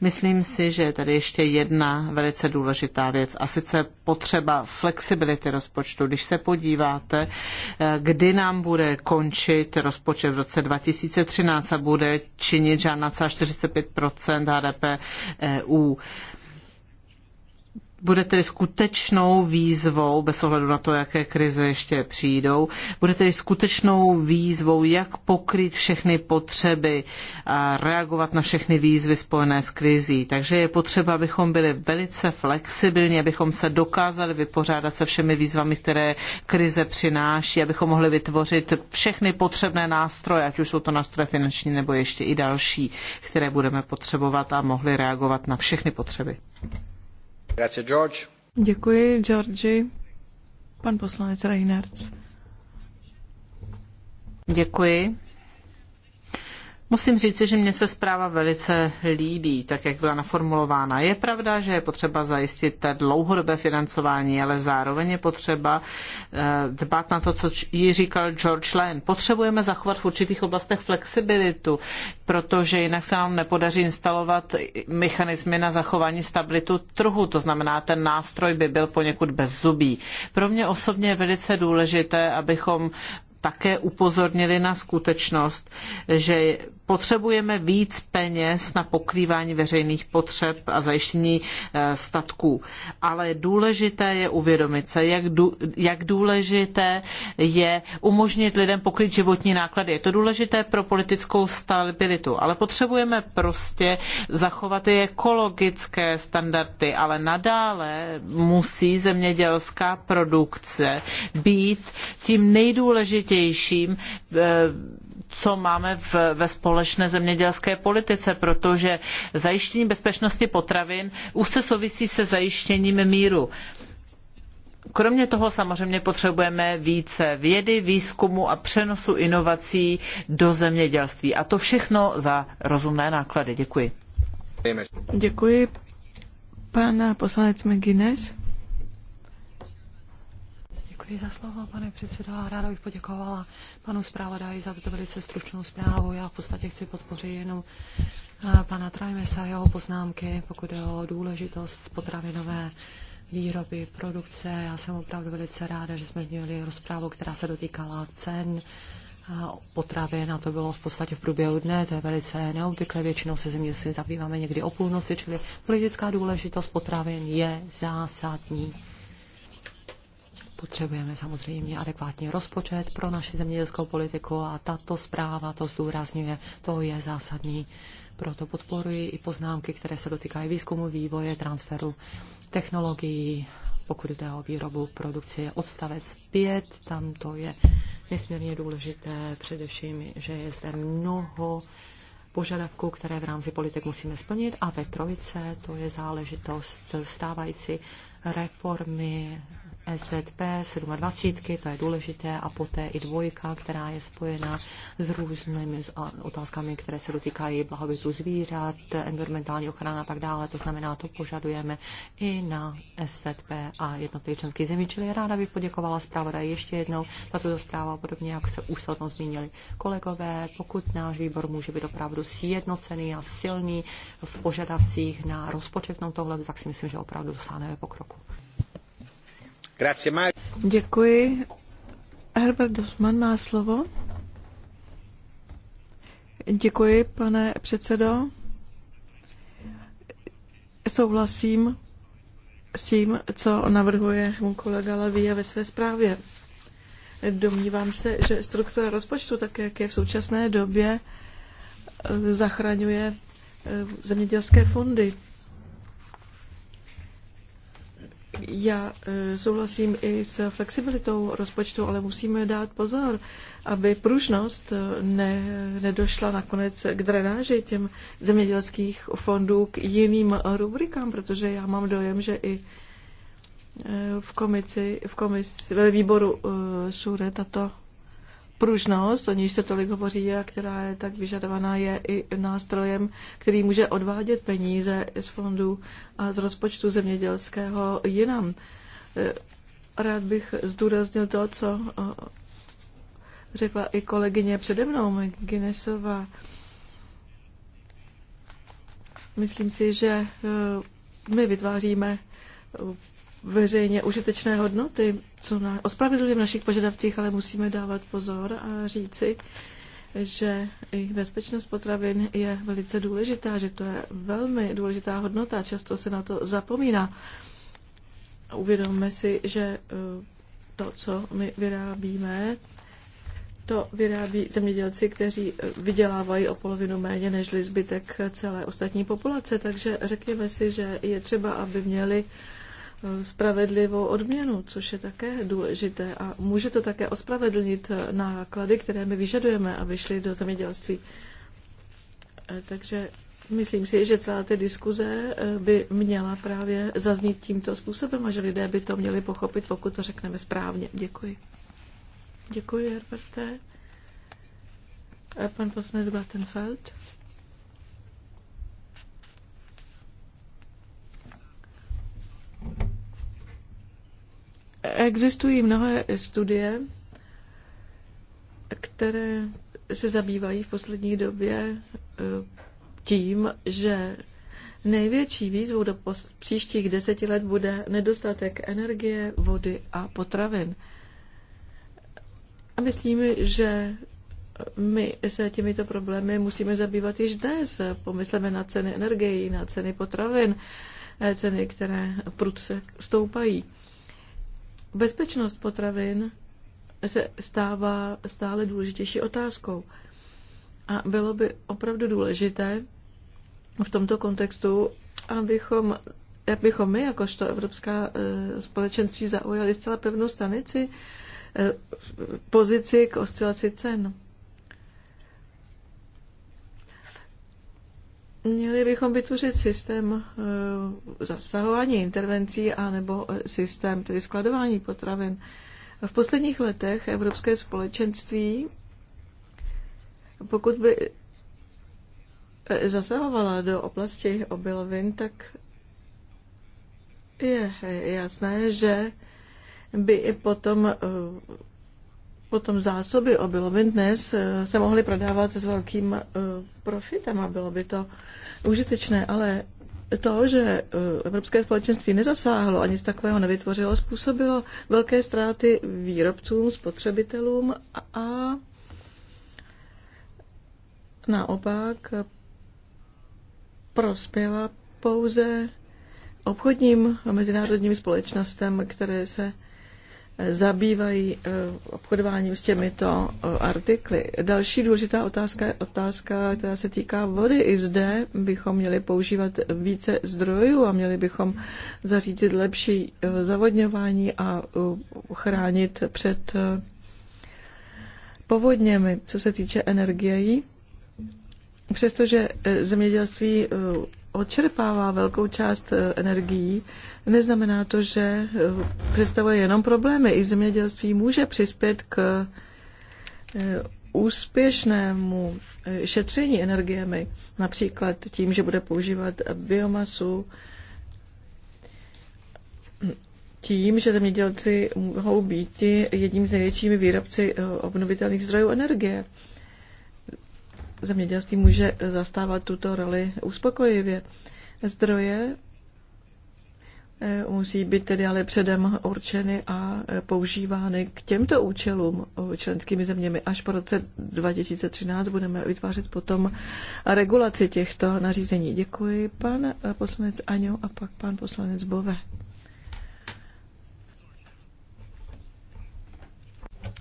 Myslím si, že je tady ještě jedna velice důležitá věc a sice potřeba flexibility rozpočtu. Když se podíváte, eh, kdy nám bude končit rozpočet v roce 2013 a bude činit žádná 45 HDP EU, bude tedy skutečnou výzvou, bez ohledu na to, jaké krize ještě přijdou, bude tedy skutečnou výzvou, jak pokryt všechny potřeby a reagovat na všechny výzvy spojené s krizí. Takže je potřeba, abychom byli velice flexibilní, abychom se dokázali vypořádat se všemi výzvami, které krize přináší, abychom mohli vytvořit všechny potřebné nástroje, ať už jsou to nástroje finanční nebo ještě i další, které budeme potřebovat a mohli reagovat na všechny potřeby. Grazie, George. Děkuji, Georgi. Pan poslanec Reinhardt. Děkuji. Musím říci, že mě se zpráva velice líbí, tak jak byla naformulována. Je pravda, že je potřeba zajistit té dlouhodobé financování, ale zároveň je potřeba eh, dbát na to, co ji říkal George Lane. Potřebujeme zachovat v určitých oblastech flexibilitu, protože jinak se nám nepodaří instalovat mechanismy na zachování stabilitu trhu. To znamená, ten nástroj by byl poněkud bezzubý. Pro mě osobně je velice důležité, abychom také upozornili na skutečnost, že potřebujeme víc peněz na pokrývání veřejných potřeb a zajištění eh, statků. Ale důležité je uvědomit se, jak, důležité je umožnit lidem pokryt životní náklady. Je to důležité pro politickou stabilitu, ale potřebujeme prostě zachovat i ekologické standardy, ale nadále musí zemědělská produkce být tím nejdůležitějším eh, co máme v, ve společné zemědělské politice, protože zajištění bezpečnosti potravin úzce souvisí se zajištěním míru. Kromě toho samozřejmě potřebujeme více vědy, výzkumu a přenosu inovací do zemědělství. A to všechno za rozumné náklady. Děkuji. Děkuji. Pan poslanec McGuinness. Děkuji za slovo, pane předsedo. Ráda bych poděkovala panu zpravodaji za tuto velice stručnou zprávu. Já v podstatě chci podpořit jenom eh, pana Trajmesa a jeho poznámky, pokud je o důležitost potravinové výroby, produkce. Já jsem opravdu velice ráda, že jsme měli rozprávu, která se dotýkala cen eh, potravin a to bylo v podstatě v průběhu dne, to je velice neobvyklé, většinou se země si zabýváme někdy o půlnoci, čili politická důležitost potravin je zásadní. Potřebujeme samozřejmě adekvátní rozpočet pro naši zemědělskou politiku a tato zpráva to zdůrazňuje, to je zásadní. Proto podporuji i poznámky, které se dotýkají výzkumu, vývoje, transferu technologií, pokud jde o výrobu, produkci. Odstavec 5, tam to je nesmírně důležité, především, že je zde mnoho požadavků, které v rámci politik musíme splnit. A ve trojce to je záležitost stávající reformy SZP 27, to je důležité, a poté i dvojka, která je spojena s různými otázkami, které se dotýkají blahobytu zvířat, environmentální ochrana a tak dále. To znamená, to požadujeme i na SZP a jednotlivých členských zemí. Čili ráda bych poděkovala zpravodaji ještě jednou za tuto zprávu, podobně jak se už o zmínili kolegové. Pokud náš výbor může být opravdu sjednocený a silný v požadavcích na rozpočet v tomto tak si myslím, že opravdu dosáhneme pokroku. Děkuji. Herbert Dosman má slovo. Děkuji, pane předsedo. Souhlasím s tím, co navrhuje můj kolega Lavia ve své zprávě. Domnívám se, že struktura rozpočtu, tak jak je v současné době, zachraňuje eh, zemědělské fondy. Já e, souhlasím i s flexibilitou rozpočtu, ale musíme dát pozor, aby pružnost e, ne, nedošla nakonec k drenáži těm zemědělských fondů k jiným rubrikám, protože já mám dojem, že i e, v komisi, v komisi, ve výboru uh, SURE tato pružnost, o níž se tolik hovoří a která je tak vyžadovaná, je i nástrojem, který může odvádět peníze z fondů a z rozpočtu zemědělského jinam. Eh, rád bych zdůraznil to, co eh, řekla i kolegyně přede mnou, Guinnessová. Myslím si, že eh, my vytváříme veřejně užitečné hodnoty, co na, ospravedlňuje v našich požadavcích, ale musíme dávat pozor a říci, že i bezpečnost potravin je velice důležitá, že to je velmi důležitá hodnota, často se na to zapomíná. Uvědomme si, že e, to, co my vyrábíme, to vyrábí zemědělci, kteří e, vydělávají o polovinu méně než zbytek celé ostatní populace. Takže řekněme si, že je třeba, aby měli spravedlivou odměnu, což je také důležité a může to také ospravedlnit náklady, které my vyžadujeme, aby šly do zemědělství. E, takže myslím si, že celá ta diskuze e, by měla právě zaznít tímto způsobem a že lidé by to měli pochopit, pokud to řekneme správně. Děkuji. Děkuji, Herberte. E, pan poslanec Glattenfeld. Existují mnohé studie, které se zabývají v poslední době eh, tím, že největší výzvou do příštích deseti let bude nedostatek energie, vody a potravin. A myslím, že my se těmito problémy musíme zabývat již dnes. Pomysleme na ceny energie, na ceny potravin, eh, ceny, které prudce stoupají. Bezpečnost potravin se stává stále důležitější otázkou. A bylo by opravdu důležité v tomto kontextu, abychom, abychom my, jakožto Evropská eh, společenství, zaujali zcela pevnou stanici eh, pozici k oscilaci cen. Měli bychom vytvořit systém eh, zasahování intervencí a nebo eh, systém tedy skladování potravin. V posledních letech Evropské společenství, pokud by eh, zasahovala do oblasti obilovin, tak je jasné, že by potom Potom zásoby obilovin dnes eh, se mohly prodávat s velkým eh, profitem a bylo by to užitečné, ale to, že eh, Evropské společenství nezasáhlo a nic takového nevytvořilo, způsobilo velké ztráty výrobcům, spotřebitelům a naopak prospěla pouze obchodním a mezinárodním společnostem, které se zabývají eh, obchodování s těmito eh, artikly. Další důležitá otázka je otázka, která se týká vody. I zde bychom měli používat více zdrojů a měli bychom zařídit lepší eh, zavodňování a chránit před povodněmi, co se týče energií. Přestože zemědělství odčerpává velkou část eh, energií, neznamená to, že eh, představuje jenom problémy. I zemědělství může přispět k eh, úspěšnému šetření energiemi, například tím, že bude používat biomasu, tím, že zemědělci mohou být jedním z největšími výrobci obnovitelných zdrojů energie zemědělství může zastávat tuto roli uspokojivě. Zdroje eh, musí být tedy ale předem určeny a eh, používány k těmto účelům členskými zeměmi. Až po roce 2013 budeme vytvářet potom regulaci těchto nařízení. Děkuji pan eh, poslanec Aňo a pak pan poslanec Bove.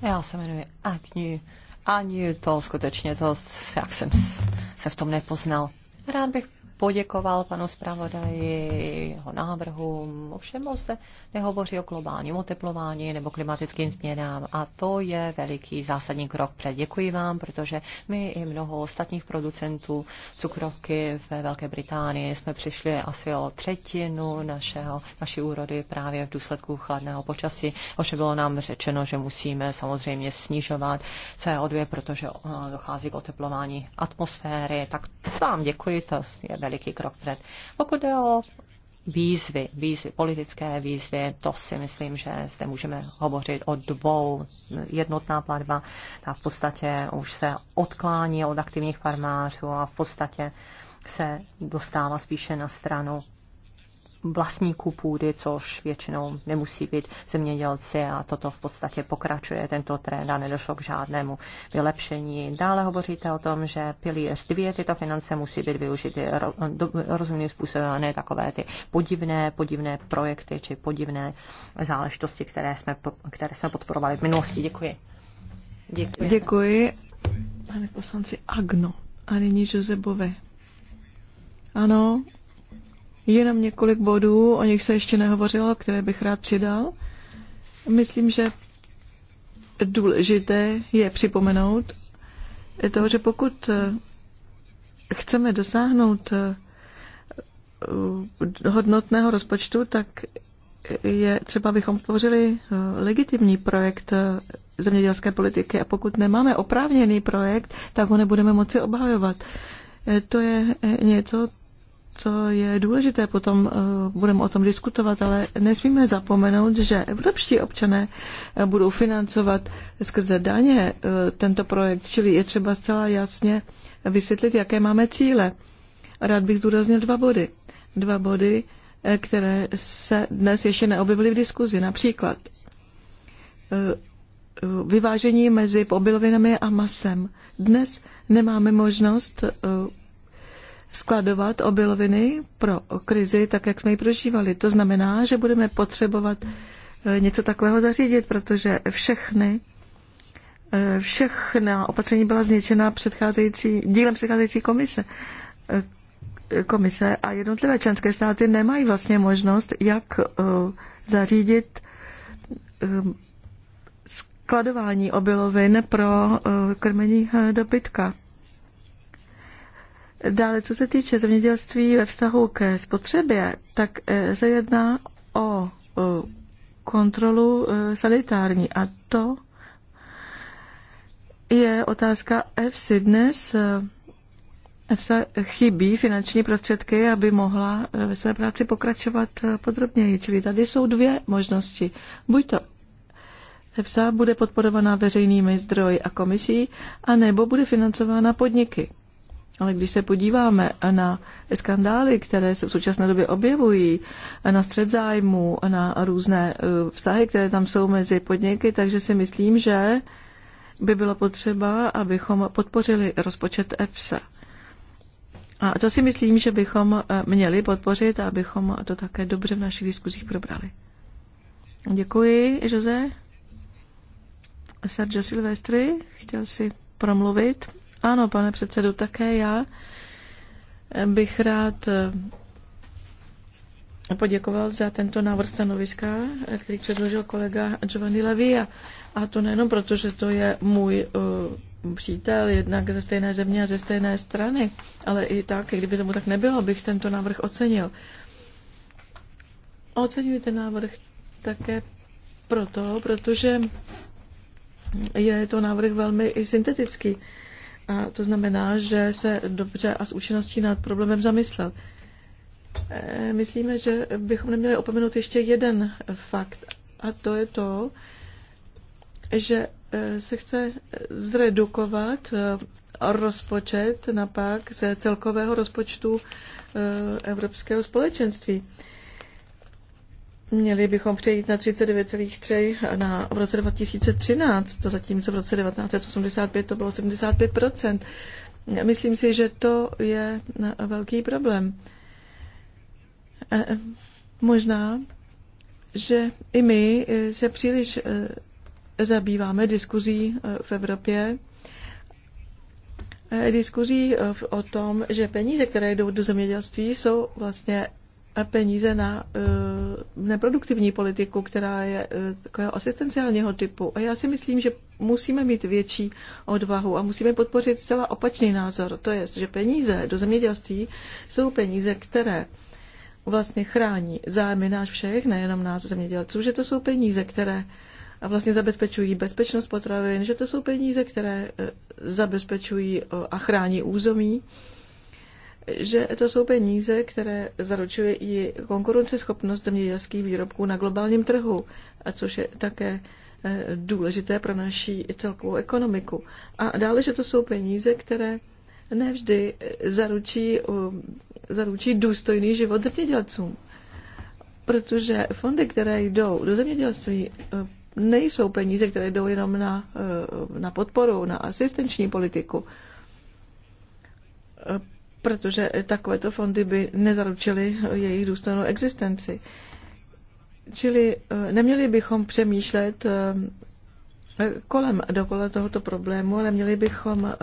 Já se jmenuji Agni ani to skutečně to, jak jsem se v tom nepoznal. Rád bych poděkoval panu zpravodaji, jeho návrhu, ovšem on se nehovoří o globálním oteplování nebo klimatickým změnám a to je veliký zásadní krok před. Děkuji vám, protože my i mnoho ostatních producentů cukrovky ve Velké Británii jsme přišli asi o třetinu našeho, naší úrody právě v důsledku chladného počasí. Ovšem bylo nám řečeno, že musíme samozřejmě snižovat CO2, protože eh, dochází k oteplování atmosféry. Tak vám děkuji, to je velký veliký krok před. Pokud jde o výzvy, výzvy, politické výzvy, to si myslím, že zde můžeme hovořit o dvou. Jednotná platba, ta v podstatě už se odklání od aktivních farmářů a v podstatě se dostává spíše na stranu vlastníků půdy, což většinou nemusí být zemědělci a toto v podstatě pokračuje tento trend a nedošlo k žádnému vylepšení. Dále hovoříte o tom, že pilíř dvě tyto finance musí být využity rozumným způsobem a ne takové ty podivné, podivné projekty či podivné záležitosti, které jsme, které jsme podporovali v minulosti. Děkuji. Děkuji. Děkuji. Pane poslanci Agno. A nyní Josebové. Ano, jenom několik bodů, o nich se ještě nehovořilo, které bych rád přidal. Myslím, že důležité je připomenout toho, že pokud eh, chceme dosáhnout eh, eh, hodnotného rozpočtu, tak je třeba, abychom tvořili legitimní projekt zemědělské politiky a pokud nemáme oprávněný projekt, tak ho nebudeme moci obhajovat. To je něco, to je důležité, potom eh, budeme o tom diskutovat, ale nesmíme zapomenout, že evropští občané eh, budou financovat skrze daně eh, tento projekt, čili je třeba zcela jasně vysvětlit, jaké máme cíle. Rád bych zdůraznil dva body. Dva body, které se dnes ještě neobjevily v diskuzi. Například vyvážení mezi obilovinami a masem. Dnes nemáme možnost skladovat obiloviny pro krizi, tak jak jsme ji prožívali. To znamená, že budeme potřebovat eh, něco takového zařídit, protože všechny eh, všechna opatření byla zničena předcházející, dílem předcházející komise. Eh, komise a jednotlivé členské státy nemají vlastně možnost, jak zařídit skladování obilovin pro krmení dobytka. Dále, co se týče zemědělství ve vztahu ke spotřebě, tak eh, se jedná o kontrolu eh, sanitární a to je otázka EFSI. Dnes EFSA eh, chybí finanční prostředky, aby mohla ve své práci pokračovat podrobněji. Čili tady jsou dvě možnosti. Buď to EFSA bude podporovaná veřejnými zdroji a komisí, anebo bude financována podniky. Ale když se podíváme na skandály, které se v současné době objevují, na střed zájmu, na různé e, vztahy, které tam jsou mezi podniky, takže si myslím, že by bylo potřeba, abychom podpořili rozpočet EPSA. A to si myslím, že bychom e, měli podpořit a abychom to také dobře v našich diskuzích probrali. Děkuji, Jose. Sergio Silvestri, chtěl si promluvit. Ano, pane předsedu, také já bych rád eh, poděkoval za tento návrh stanoviska, eh, který předložil kolega Giovanni Lavia. A to nejenom proto, že to je můj uh, přítel, jednak ze stejné země a ze stejné strany, ale i tak, kdyby tomu tak nebylo, bych tento návrh ocenil. Oceňuji ten návrh také proto, protože je to návrh velmi i syntetický. A to znamená, že se dobře a s účinností nad problémem zamyslel. E, myslíme, že bychom neměli opomenout ještě jeden fakt, a to je to, že e, se chce zredukovat e, rozpočet napak ze celkového rozpočtu Evropského společenství. Měli bychom přejít na 39,3 na, v roce 2013, to zatímco v roce 1985 to bylo 75 Myslím si, že to je eh, velký problém. Eh, eh, možná, že i my se příliš zabýváme diskuzí v Evropě, diskuzí o tom, že peníze, které jdou do zemědělství, jsou vlastně peníze na uh, neproduktivní politiku, která je uh, takového asistenciálního typu. A já si myslím, že musíme mít větší odvahu a musíme podpořit zcela opačný názor. To je, že peníze do zemědělství jsou peníze, které vlastně chrání zájmy náš všech, nejenom nás zemědělců, že to jsou peníze, které a vlastně zabezpečují bezpečnost potravin, že to jsou peníze, které eh, zabezpečují a chrání území že to jsou peníze, které zaručuje i konkurenceschopnost zemědělských výrobků na globálním trhu, a což je také eh, důležité pro naší celkovou ekonomiku. A dále, že to jsou peníze, které nevždy eh, zaručí, eh, zaručí důstojný život zemědělcům. Protože fondy, které jdou do zemědělství, nejsou peníze, které jdou jenom na, na podporu, na asistenční politiku protože takovéto fondy by nezaručily jejich důstojnou existenci. Čili eh, neměli bychom přemýšlet eh, kolem dokola tohoto problému, ale měli bychom eh,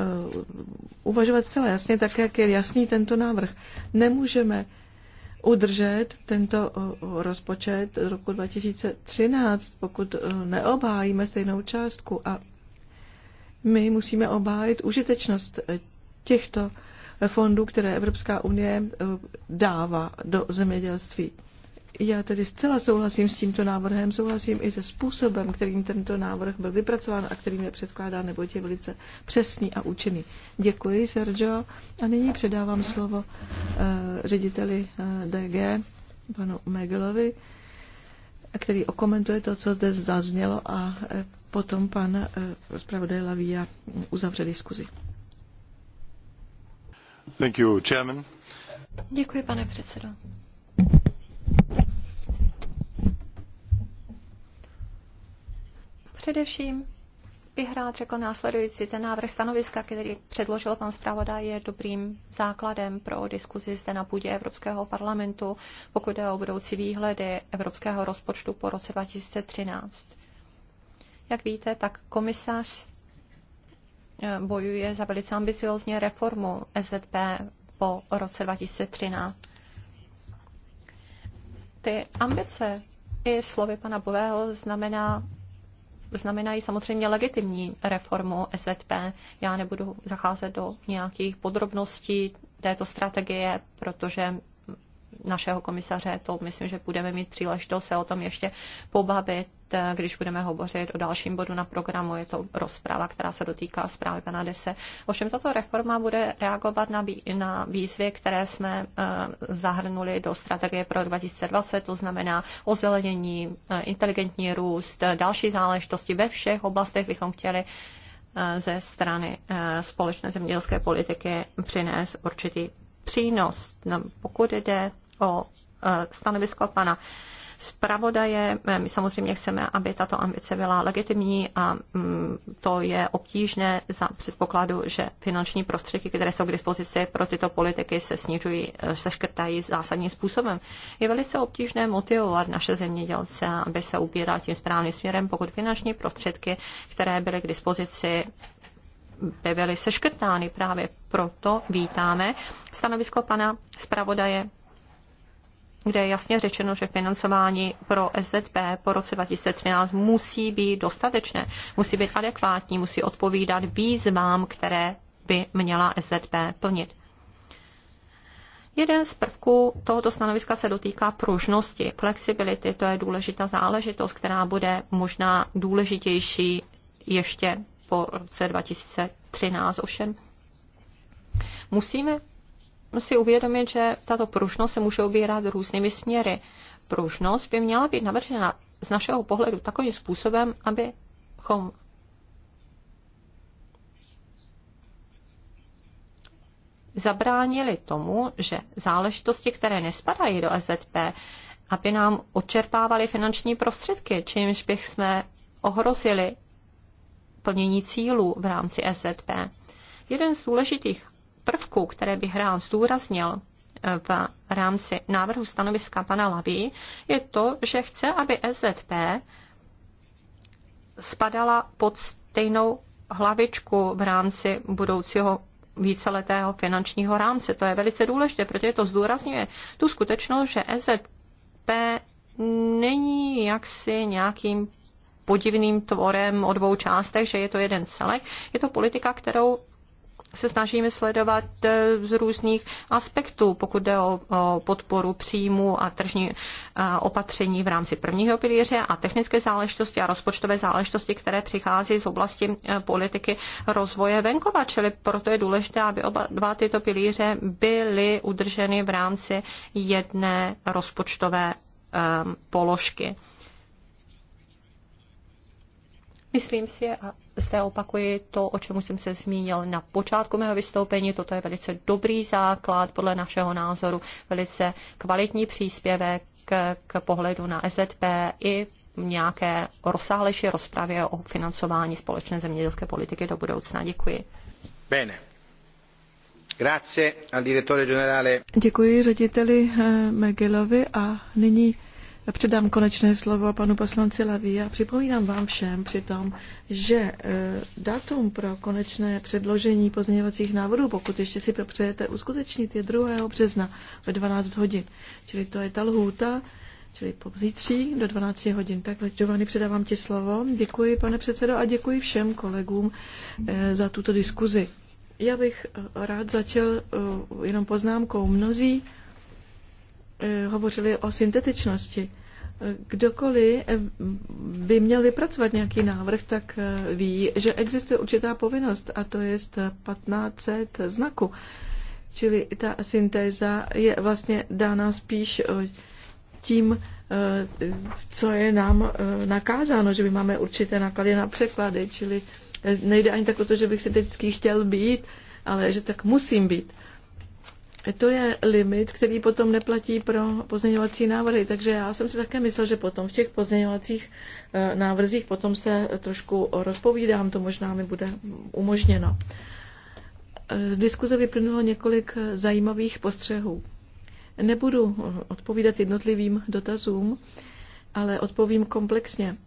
uvažovat celé jasně, tak jak je jasný tento návrh. Nemůžeme udržet tento rozpočet roku 2013, pokud neobhájíme stejnou částku. A my musíme obhájit užitečnost těchto fondů, které Evropská unie eh, dává do zemědělství. Já tedy zcela souhlasím s tímto návrhem, souhlasím i se způsobem, kterým tento návrh byl vypracován a kterým je předkládán, nebo je velice přesný a účinný. Děkuji, Sergio. A nyní předávám slovo uh, řediteli uh, eh, DG, panu Megelovi, který okomentuje to, co zde zaznělo a uh, potom pan uh, zpravodaj Lavia uzavře diskuzi. Děkuji, pane předsedající Především bych rád řekl následující. Ten návrh stanoviska, který předložil pan zpravodaj, je dobrým základem pro diskuzi zde na půdě Evropského parlamentu, pokud jde o budoucí výhledy evropského rozpočtu po roce 2013. Jak víte, tak komisař bojuje za velice ambiciozně reformu SZP po roce 2013. Ty ambice i slovy pana Bového znamená znamenají samozřejmě legitimní reformu SZP. Já nebudu zacházet do nějakých podrobností této strategie, protože našeho komisaře, to myslím, že budeme mít příležitost se o tom ještě pobavit Eh, když budeme hovořit o dalším bodu na programu. Je to rozprava, která se dotýká zprávy pana Dese. Ovšem tato reforma bude reagovat na, na výzvy, které jsme eh, zahrnuli do strategie pro 2020, to znamená ozelenění, eh, inteligentní růst, další záležitosti ve všech oblastech bychom chtěli ze strany společné zemědělské politiky přinést určitý přínos. No, pokud jde o stanovisko pana zpravodaje. Eh, my samozřejmě chceme, aby tato ambice byla legitimní a mm, to je obtížné za předpokladu, že finanční prostředky, které jsou k dispozici pro tyto politiky, se snižují, eh, se škrtají zásadním způsobem. Je velice obtížné motivovat naše zemědělce, aby se ubírali tím správným směrem, pokud finanční prostředky, které byly k dispozici, by byly seškrtány. Právě proto vítáme stanovisko pana zpravodaje kde je jasně řečeno, že financování pro SZP po roce 2013 musí být dostatečné, musí být adekvátní, musí odpovídat výzvám, které by měla SZP plnit. Jeden z prvků tohoto stanoviska se dotýká pružnosti, flexibility. To je důležitá záležitost, která bude možná důležitější ještě po roce 2013. Ovšem musíme si uvědomit, že tato pružnost se může ubírat různými směry. Pružnost by měla být navržena z našeho pohledu takovým způsobem, abychom zabránili tomu, že záležitosti, které nespadají do SZP, aby nám odčerpávaly finanční prostředky, čímž bych jsme ohrozili plnění cílů v rámci SZP. Jeden z důležitých prvků, které bych rád zdůraznil eh, v rámci návrhu stanoviska pana Laví, je to, že chce, aby SZP spadala pod stejnou hlavičku v rámci budoucího víceletého finančního rámce. To je velice důležité, protože to zdůrazňuje tu skutečnost, že SZP není jaksi nějakým podivným tvorem o dvou částech, že je to jeden celek. Je to politika, kterou se snažíme sledovat e, z různých aspektů, pokud jde o, podporu příjmu a tržní e, opatření v rámci prvního pilíře a technické záležitosti a rozpočtové záležitosti, které přichází z oblasti e, politiky rozvoje venkova. Čili proto je důležité, aby oba dva tyto pilíře byly udrženy v rámci jedné rozpočtové položky. Myslím si, a zde opakuji to, o čem jsem se zmínil na počátku mého vystoupení, toto je velice dobrý základ, podle našeho názoru, velice kvalitní příspěvek k, k pohledu na SZP i nějaké rozsáhlejší rozpravě o financování společné zemědělské politiky do budoucna. Děkuji. Bene. Grazie al direttore generale. Děkuji řediteli eh, Megelovi a nyní Předám konečné slovo panu poslanci Laví a připomínám vám všem přitom, že e, datum pro konečné předložení pozměňovacích návodů, pokud ještě si přejete uskutečnit, je 2. března ve 12 hodin. Čili to je ta lhůta, čili po zítří do 12 hodin. Tak, Giovanni, předávám ti slovo. Děkuji, pane předsedo, a děkuji všem kolegům e, za tuto diskuzi. Já bych rád začal e, jenom poznámkou. Mnozí Eh, hovořili o syntetičnosti. Eh, kdokoliv eh, by měl vypracovat nějaký návrh, tak ví, že existuje určitá povinnost a to je 1500 znaků. Čili ta syntéza je vlastně dána spíš tím, co je nám nakázáno, že my máme určité náklady na překlady, čili nejde ani tak o to, že bych syntetický chtěl být, ale že tak musím být. To je limit, který potom neplatí pro pozměňovací návrhy. Takže já jsem si také myslel, že potom v těch pozměňovacích eh, návrzích potom se trošku rozpovídám, to možná mi bude umožněno. Eh, z diskuze vyplynulo několik zajímavých postřehů. Nebudu odpovídat jednotlivým dotazům, ale odpovím komplexně.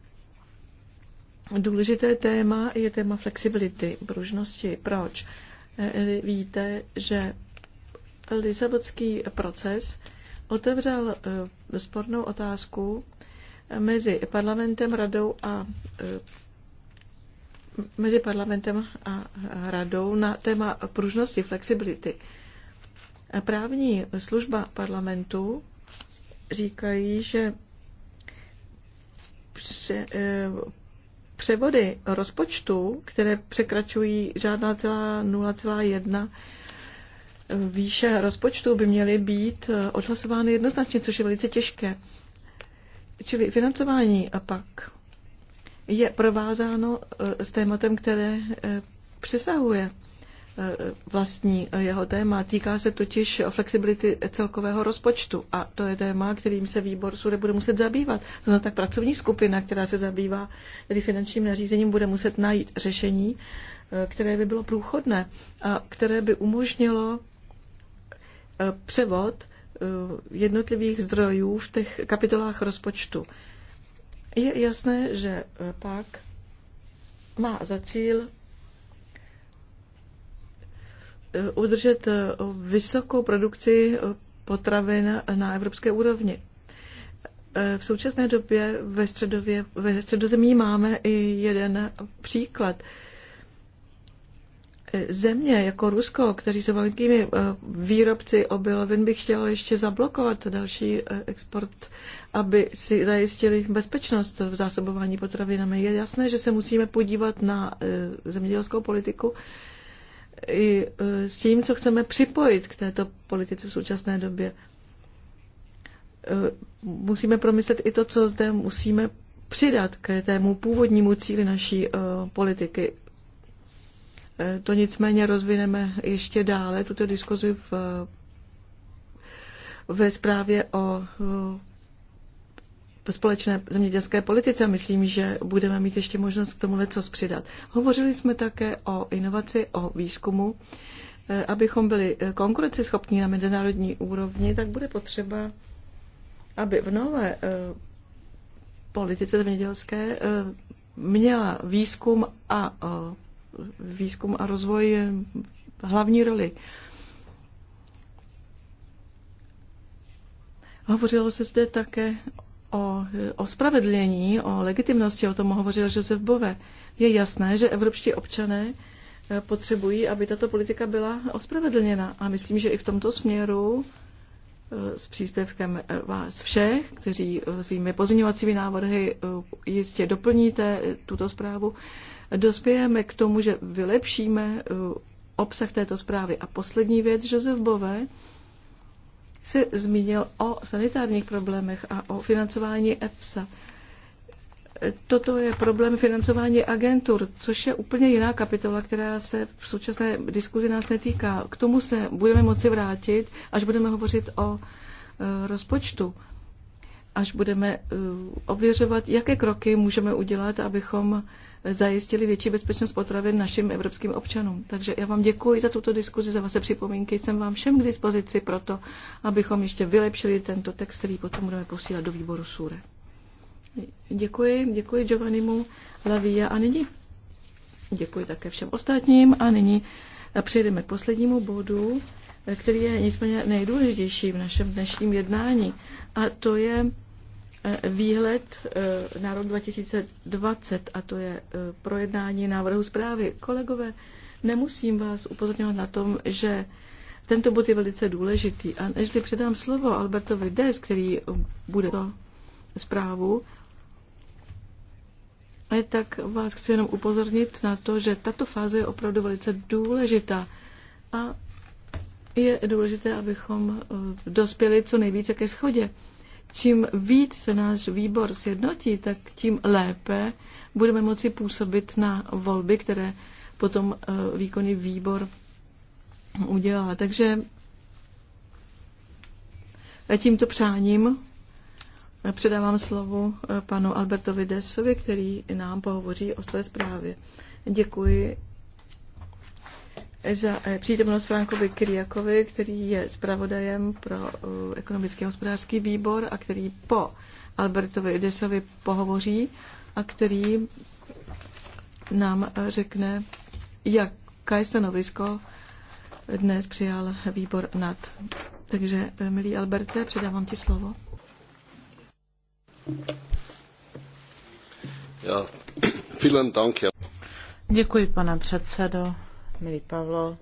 Důležité téma je téma flexibility, pružnosti. Proč? Eh, víte, že Lisabotský proces otevřel eh, spornou otázku mezi parlamentem, radou a eh, mezi parlamentem a radou na téma pružnosti, flexibility. Právní služba parlamentu říkají, že pře, eh, převody rozpočtu, které překračují žádná celá 0,1 výše rozpočtu by měly být eh, odhlasovány jednoznačně, což je velice těžké. Čili financování a pak je provázáno eh, s tématem, které eh, přesahuje vlastní jeho téma. Týká se totiž flexibility celkového rozpočtu a to je téma, kterým se výbor sude bude muset zabývat. Znamená tak pracovní skupina, která se zabývá tedy finančním nařízením, bude muset najít řešení, které by bylo průchodné a které by umožnilo Eh, převod eh, jednotlivých zdrojů v těch kapitolách rozpočtu. Je jasné, že eh, pak má za cíl udržet vysokou produkci potravin na evropské úrovni. V současné době ve, středově, ve středozemí máme i jeden příklad země jako Rusko, kteří jsou velkými eh, výrobci obilovin, by chtělo ještě zablokovat další eh, export, aby si zajistili bezpečnost v zásobování potravinami. Je jasné, že se musíme podívat na eh, zemědělskou politiku i s tím, co chceme připojit k této politice v současné době. Musíme promyslet i to, co zde musíme přidat k tému původnímu cíli naší politiky to nicméně rozvineme ještě dále, tuto diskuzi v, ve zprávě o společné zemědělské politice. Myslím, že budeme mít ještě možnost k tomu co přidat. Hovořili jsme také o inovaci, o výzkumu. E, abychom byli konkurenceschopní na mezinárodní úrovni, tak bude potřeba, aby v nové e, politice zemědělské e, měla výzkum a výzkum a rozvoj hlavní roli. Hovořilo se zde také o o spravedlnění, o legitimnosti, o tom hovořil Josef Bove. Je jasné, že evropští občané eh, potřebují, aby tato politika byla ospravedlněna. A myslím, že i v tomto směru eh, s příspěvkem eh, vás všech, kteří svými pozměňovacími návrhy jistě doplníte tuto zprávu, dospějeme k tomu, že vylepšíme uh, obsah této zprávy. A poslední věc, Josef Bové se zmínil o sanitárních problémech a o financování EFSA. Toto je problém financování agentur, což je úplně jiná kapitola, která se v současné diskuzi nás netýká. K tomu se budeme moci vrátit, až budeme hovořit o uh, rozpočtu až budeme uh, ověřovat, jaké kroky můžeme udělat, abychom zajistili větší bezpečnost potravin našim evropským občanům. Takže já vám děkuji za tuto diskuzi, za vaše připomínky. Jsem vám všem k dispozici pro to, abychom ještě vylepšili tento text, který potom budeme posílat do výboru SURE. Děkuji, děkuji Giovannimu Lavia a nyní děkuji také všem ostatním a nyní přejdeme k poslednímu bodu, který je nicméně nejdůležitější v našem dnešním jednání a to je výhled eh, na rok 2020, a to je eh, projednání návrhu zprávy. Kolegové, nemusím vás upozorňovat na tom, že tento bod je velice důležitý. A než předám slovo Albertovi Des, který bude to zprávu, eh, tak vás chci jenom upozornit na to, že tato fáze je opravdu velice důležitá. A je důležité, abychom dospěli co nejvíce ke schodě čím víc se náš výbor sjednotí, tak tím lépe budeme moci působit na volby, které potom eh, výkonný výbor udělá. Takže tímto přáním eh, předávám slovo eh, panu Albertovi Desovi, který nám pohovoří o své zprávě. Děkuji za eh, přítomnost Frankovi Kriakovi, který je zpravodajem pro eh, ekonomický a hospodářský výbor a který po Albertovi Idesovi pohovoří a který nám eh, řekne, jaká je stanovisko dnes přijal výbor nad. Takže, milý Alberte, předávám ti slovo. Děkuji, pane předsedo milý Pavlo,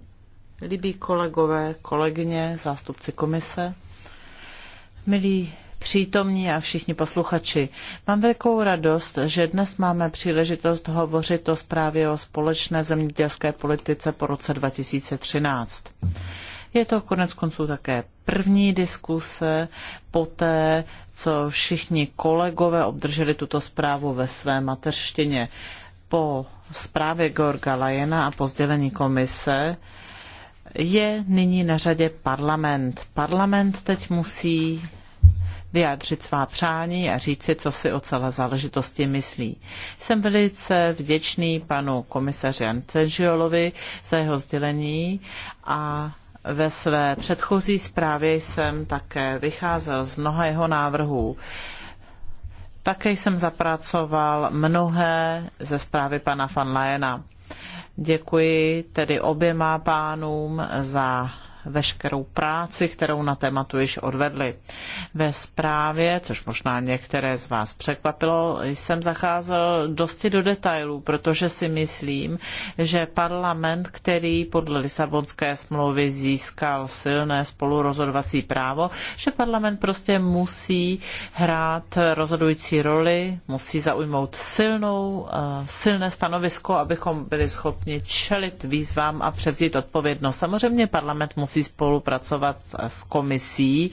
milí kolegové, kolegyně, zástupci komise, milí přítomní a všichni posluchači. Mám velkou radost, že dnes máme příležitost hovořit o zprávě o společné zemědělské politice po roce 2013. Je to konec konců také první diskuse po té, co všichni kolegové obdrželi tuto zprávu ve své mateřštině. Po zprávě Georga Lajena a po sdělení komise je nyní na řadě parlament. Parlament teď musí vyjádřit svá přání a říci, co si o celé záležitosti myslí. Jsem velice vděčný panu komisaři Antenžiolovi za jeho sdělení a ve své předchozí zprávě jsem také vycházel z mnoha jeho návrhů. Také jsem zapracoval mnohé ze zprávy pana van Lajena. Děkuji tedy oběma pánům za veškerou práci, kterou na tématu již odvedli. Ve zprávě, což možná některé z vás překvapilo, jsem zacházel dosti do detailů, protože si myslím, že parlament, který podle Lisabonské smlouvy získal silné spolurozhodovací právo, že parlament prostě musí hrát rozhodující roli, musí zaujmout silnou, eh, silné stanovisko, abychom byli schopni čelit výzvám a převzít odpovědnost. Samozřejmě parlament musí musí spolupracovat s komisí,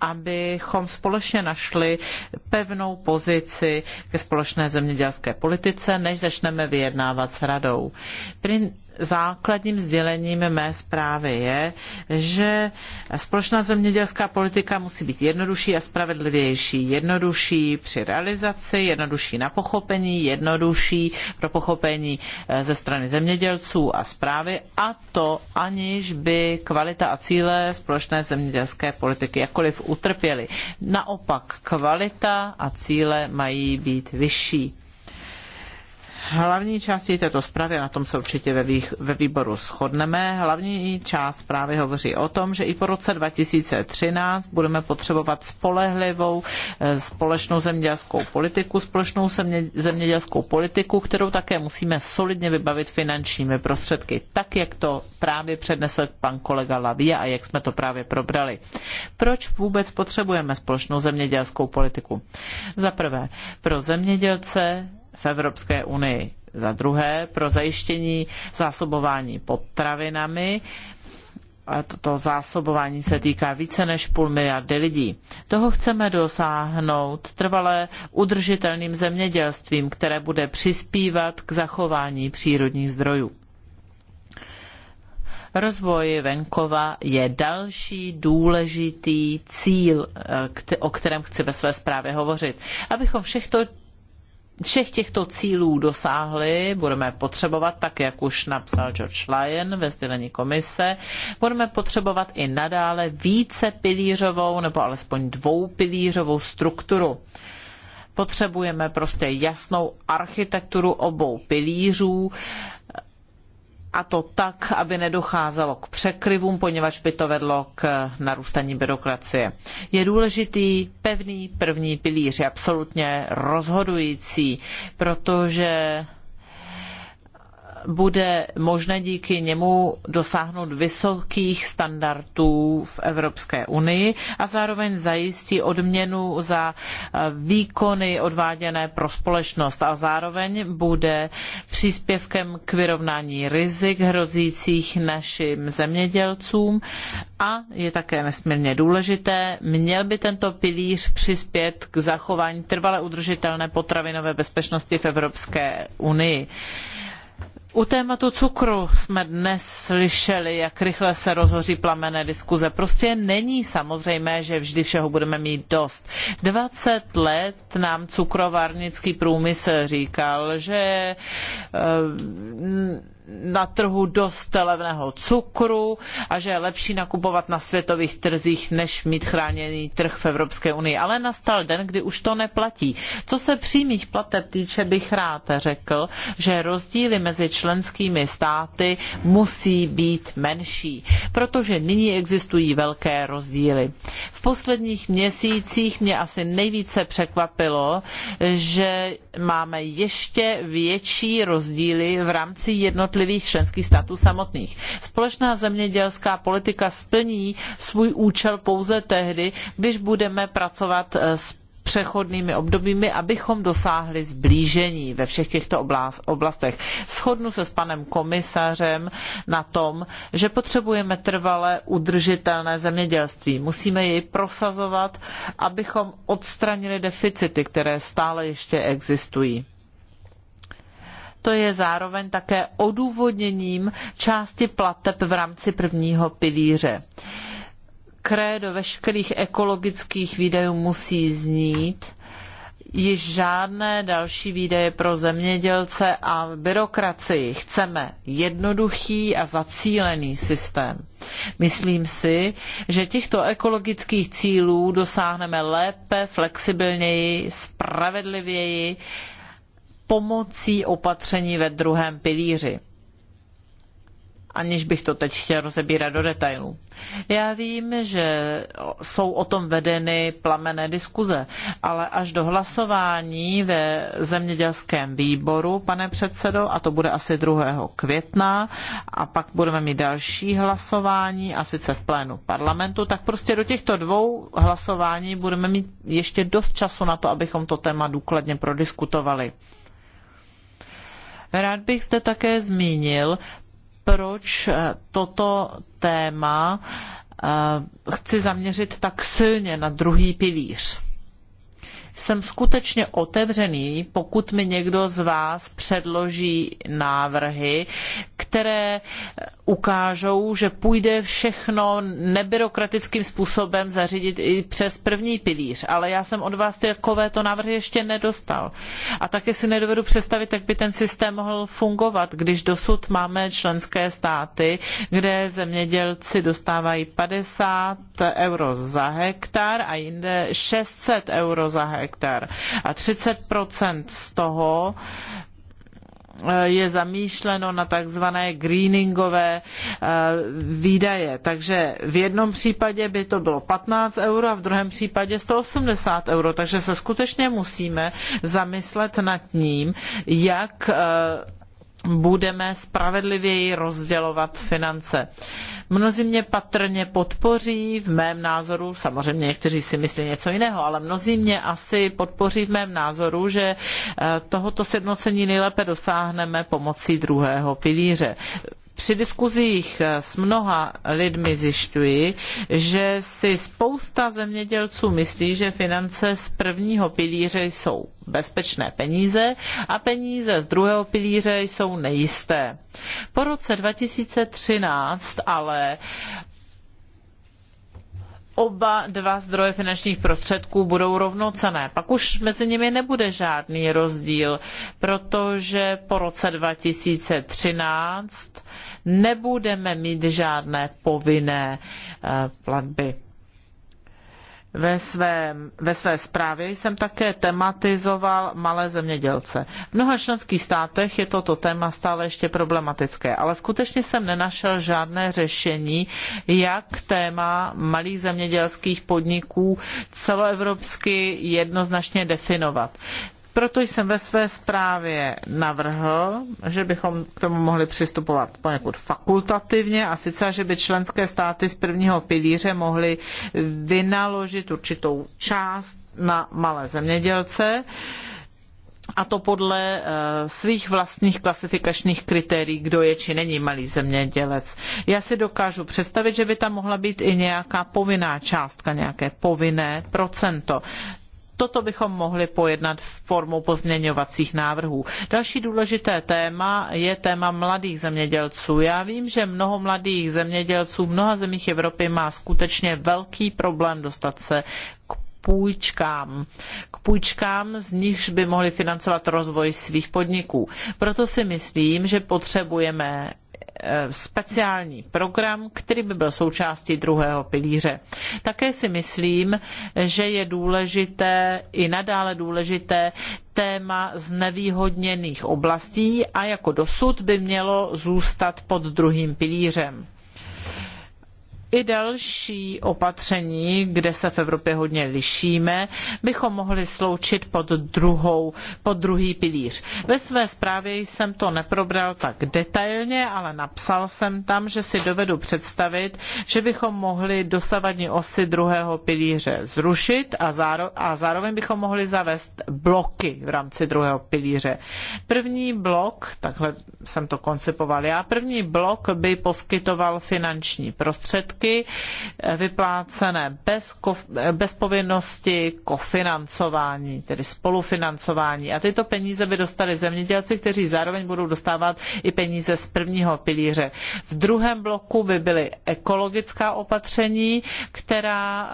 abychom společně našli pevnou pozici ke společné zemědělské politice, než začneme vyjednávat s radou základním sdělením mé zprávy je, že společná zemědělská politika musí být jednodušší a spravedlivější. Jednodušší při realizaci, jednodušší na pochopení, jednodušší pro pochopení eh, ze strany zemědělců a správy a to aniž by kvalita a cíle společné zemědělské politiky jakkoliv utrpěly. Naopak kvalita a cíle mají být vyšší hlavní části této zprávy, na tom se určitě ve, vý, ve výboru shodneme, hlavní část zprávy hovoří o tom, že i po roce 2013 budeme potřebovat spolehlivou eh, společnou zemědělskou politiku, společnou zemědělskou politiku, kterou také musíme solidně vybavit finančními prostředky, tak jak to právě přednesl pan kolega Lavia a jak jsme to právě probrali. Proč vůbec potřebujeme společnou zemědělskou politiku? Za prvé, pro zemědělce v Evropské unii. Za druhé, pro zajištění zásobování potravinami. A toto zásobování se týká více než půl miliardy lidí. Toho chceme dosáhnout trvale udržitelným zemědělstvím, které bude přispívat k zachování přírodních zdrojů. Rozvoj venkova je další důležitý cíl, eh, o kterém chci ve své zprávě hovořit. Abychom všechno všech těchto cílů dosáhli, budeme potřebovat, tak jak už napsal George Lyon ve sdělení komise, budeme potřebovat i nadále více pilířovou nebo alespoň dvoupilířovou strukturu. Potřebujeme prostě jasnou architekturu obou pilířů, a to tak, aby nedocházelo k překryvům, poněvadž by to vedlo k narůstání byrokracie. Je důležitý pevný první pilíř, je absolutně rozhodující, protože bude možné díky němu dosáhnout vysokých standardů v Evropské unii a zároveň zajistí odměnu za eh, výkony odváděné pro společnost a zároveň bude příspěvkem k vyrovnání rizik hrozících našim zemědělcům a je také nesmírně důležité, měl by tento pilíř přispět k zachování trvale udržitelné potravinové bezpečnosti v Evropské unii. U tématu cukru jsme dnes slyšeli, jak rychle se rozhoří plamené diskuze. Prostě není samozřejmé, že vždy všeho budeme mít dost. 20 let nám cukrovarnický průmysl říkal, že eh, na trhu dost levného cukru a že je lepší nakupovat na světových trzích, než mít chráněný trh v Evropské unii. Ale nastal den, kdy už to neplatí. Co se přímých plateb týče, bych rád řekl, že rozdíly mezi členskými státy musí být menší, protože nyní existují velké rozdíly. V posledních měsících mě asi nejvíce překvapilo, že máme ještě větší rozdíly v rámci jednotlivých jednotlivých členských států samotných. Společná zemědělská politika splní svůj účel pouze tehdy, když budeme pracovat eh, s přechodnými obdobími, abychom dosáhli zblížení ve všech těchto oblastech. Shodnu se s panem komisařem na tom, že potřebujeme trvale udržitelné zemědělství. Musíme jej prosazovat, abychom odstranili deficity, které stále ještě existují to je zároveň také odůvodněním části plateb v rámci prvního pilíře. Krédo veškerých ekologických výdajů musí znít, již žádné další výdaje pro zemědělce a byrokracii. Chceme jednoduchý a zacílený systém. Myslím si, že těchto ekologických cílů dosáhneme lépe, flexibilněji, spravedlivěji, pomocí opatření ve druhém pilíři. Aniž bych to teď chtěl rozebírat do detailů. Já vím, že jsou o tom vedeny plamené diskuze, ale až do hlasování ve zemědělském výboru, pane předsedo, a to bude asi 2. května, a pak budeme mít další hlasování, a sice v plénu parlamentu, tak prostě do těchto dvou hlasování budeme mít ještě dost času na to, abychom to téma důkladně prodiskutovali. Rád bych zde také zmínil, proč eh, toto téma eh, chci zaměřit tak silně na druhý pilíř jsem skutečně otevřený, pokud mi někdo z vás předloží návrhy, které ukážou, že půjde všechno nebyrokratickým způsobem zařídit i přes první pilíř. Ale já jsem od vás takovéto návrhy ještě nedostal. A také si nedovedu představit, jak by ten systém mohl fungovat, když dosud máme členské státy, kde zemědělci dostávají 50 euro za hektar a jinde 600 euro za hektar hektar. A 30 z toho eh, je zamýšleno na takzvané greeningové eh, výdaje. Takže v jednom případě by to bylo 15 euro a v druhém případě 180 euro. Takže se skutečně musíme zamyslet nad tím, jak eh, budeme spravedlivěji rozdělovat finance. Mnozí mě patrně podpoří, v mém názoru, samozřejmě někteří si myslí něco jiného, ale mnozí mě asi podpoří v mém názoru, že eh, tohoto sjednocení nejlépe dosáhneme pomocí druhého pilíře při diskuzích eh, s mnoha lidmi zjišťuji, že si spousta zemědělců myslí, že finance z prvního pilíře jsou bezpečné peníze a peníze z druhého pilíře jsou nejisté. Po roce 2013 ale oba dva zdroje finančních prostředků budou rovnocenné. Pak už mezi nimi nebude žádný rozdíl, protože po roce 2013 nebudeme mít žádné povinné eh, platby. Ve své, ve své zprávě jsem také tematizoval malé zemědělce. V mnoha členských státech je toto téma stále ještě problematické, ale skutečně jsem nenašel žádné řešení, jak téma malých zemědělských podniků celoevropsky jednoznačně definovat. Proto jsem ve své zprávě navrhl, že bychom k tomu mohli přistupovat poněkud fakultativně a sice, že by členské státy z prvního pilíře mohly vynaložit určitou část na malé zemědělce, a to podle eh, svých vlastních klasifikačních kritérií, kdo je či není malý zemědělec. Já si dokážu představit, že by tam mohla být i nějaká povinná částka, nějaké povinné procento toto bychom mohli pojednat v formou pozměňovacích návrhů. Další důležité téma je téma mladých zemědělců. Já vím, že mnoho mladých zemědělců v mnoha zemích Evropy má skutečně velký problém dostat se k půjčkám. K půjčkám, z nichž by mohli financovat rozvoj svých podniků. Proto si myslím, že potřebujeme Eh, speciální program, který by byl součástí druhého pilíře. Také si myslím, že je důležité i nadále důležité téma znevýhodněných oblastí a jako dosud by mělo zůstat pod druhým pilířem i další opatření, kde se v Evropě hodně lišíme, bychom mohli sloučit pod, druhou, pod druhý pilíř. Ve své zprávě jsem to neprobral tak detailně, ale napsal jsem tam, že si dovedu představit, že bychom mohli dosavadní osy druhého pilíře zrušit a, záro, a zároveň bychom mohli zavést bloky v rámci druhého pilíře. První blok, takhle jsem to koncipoval já, první blok by poskytoval finanční prostředky, částky eh, vyplácené bez, kof, eh, bez povinnosti kofinancování, tedy spolufinancování. A tyto peníze by dostali zemědělci, kteří zároveň budou dostávat i peníze z prvního pilíře. V druhém bloku by byly ekologická opatření, která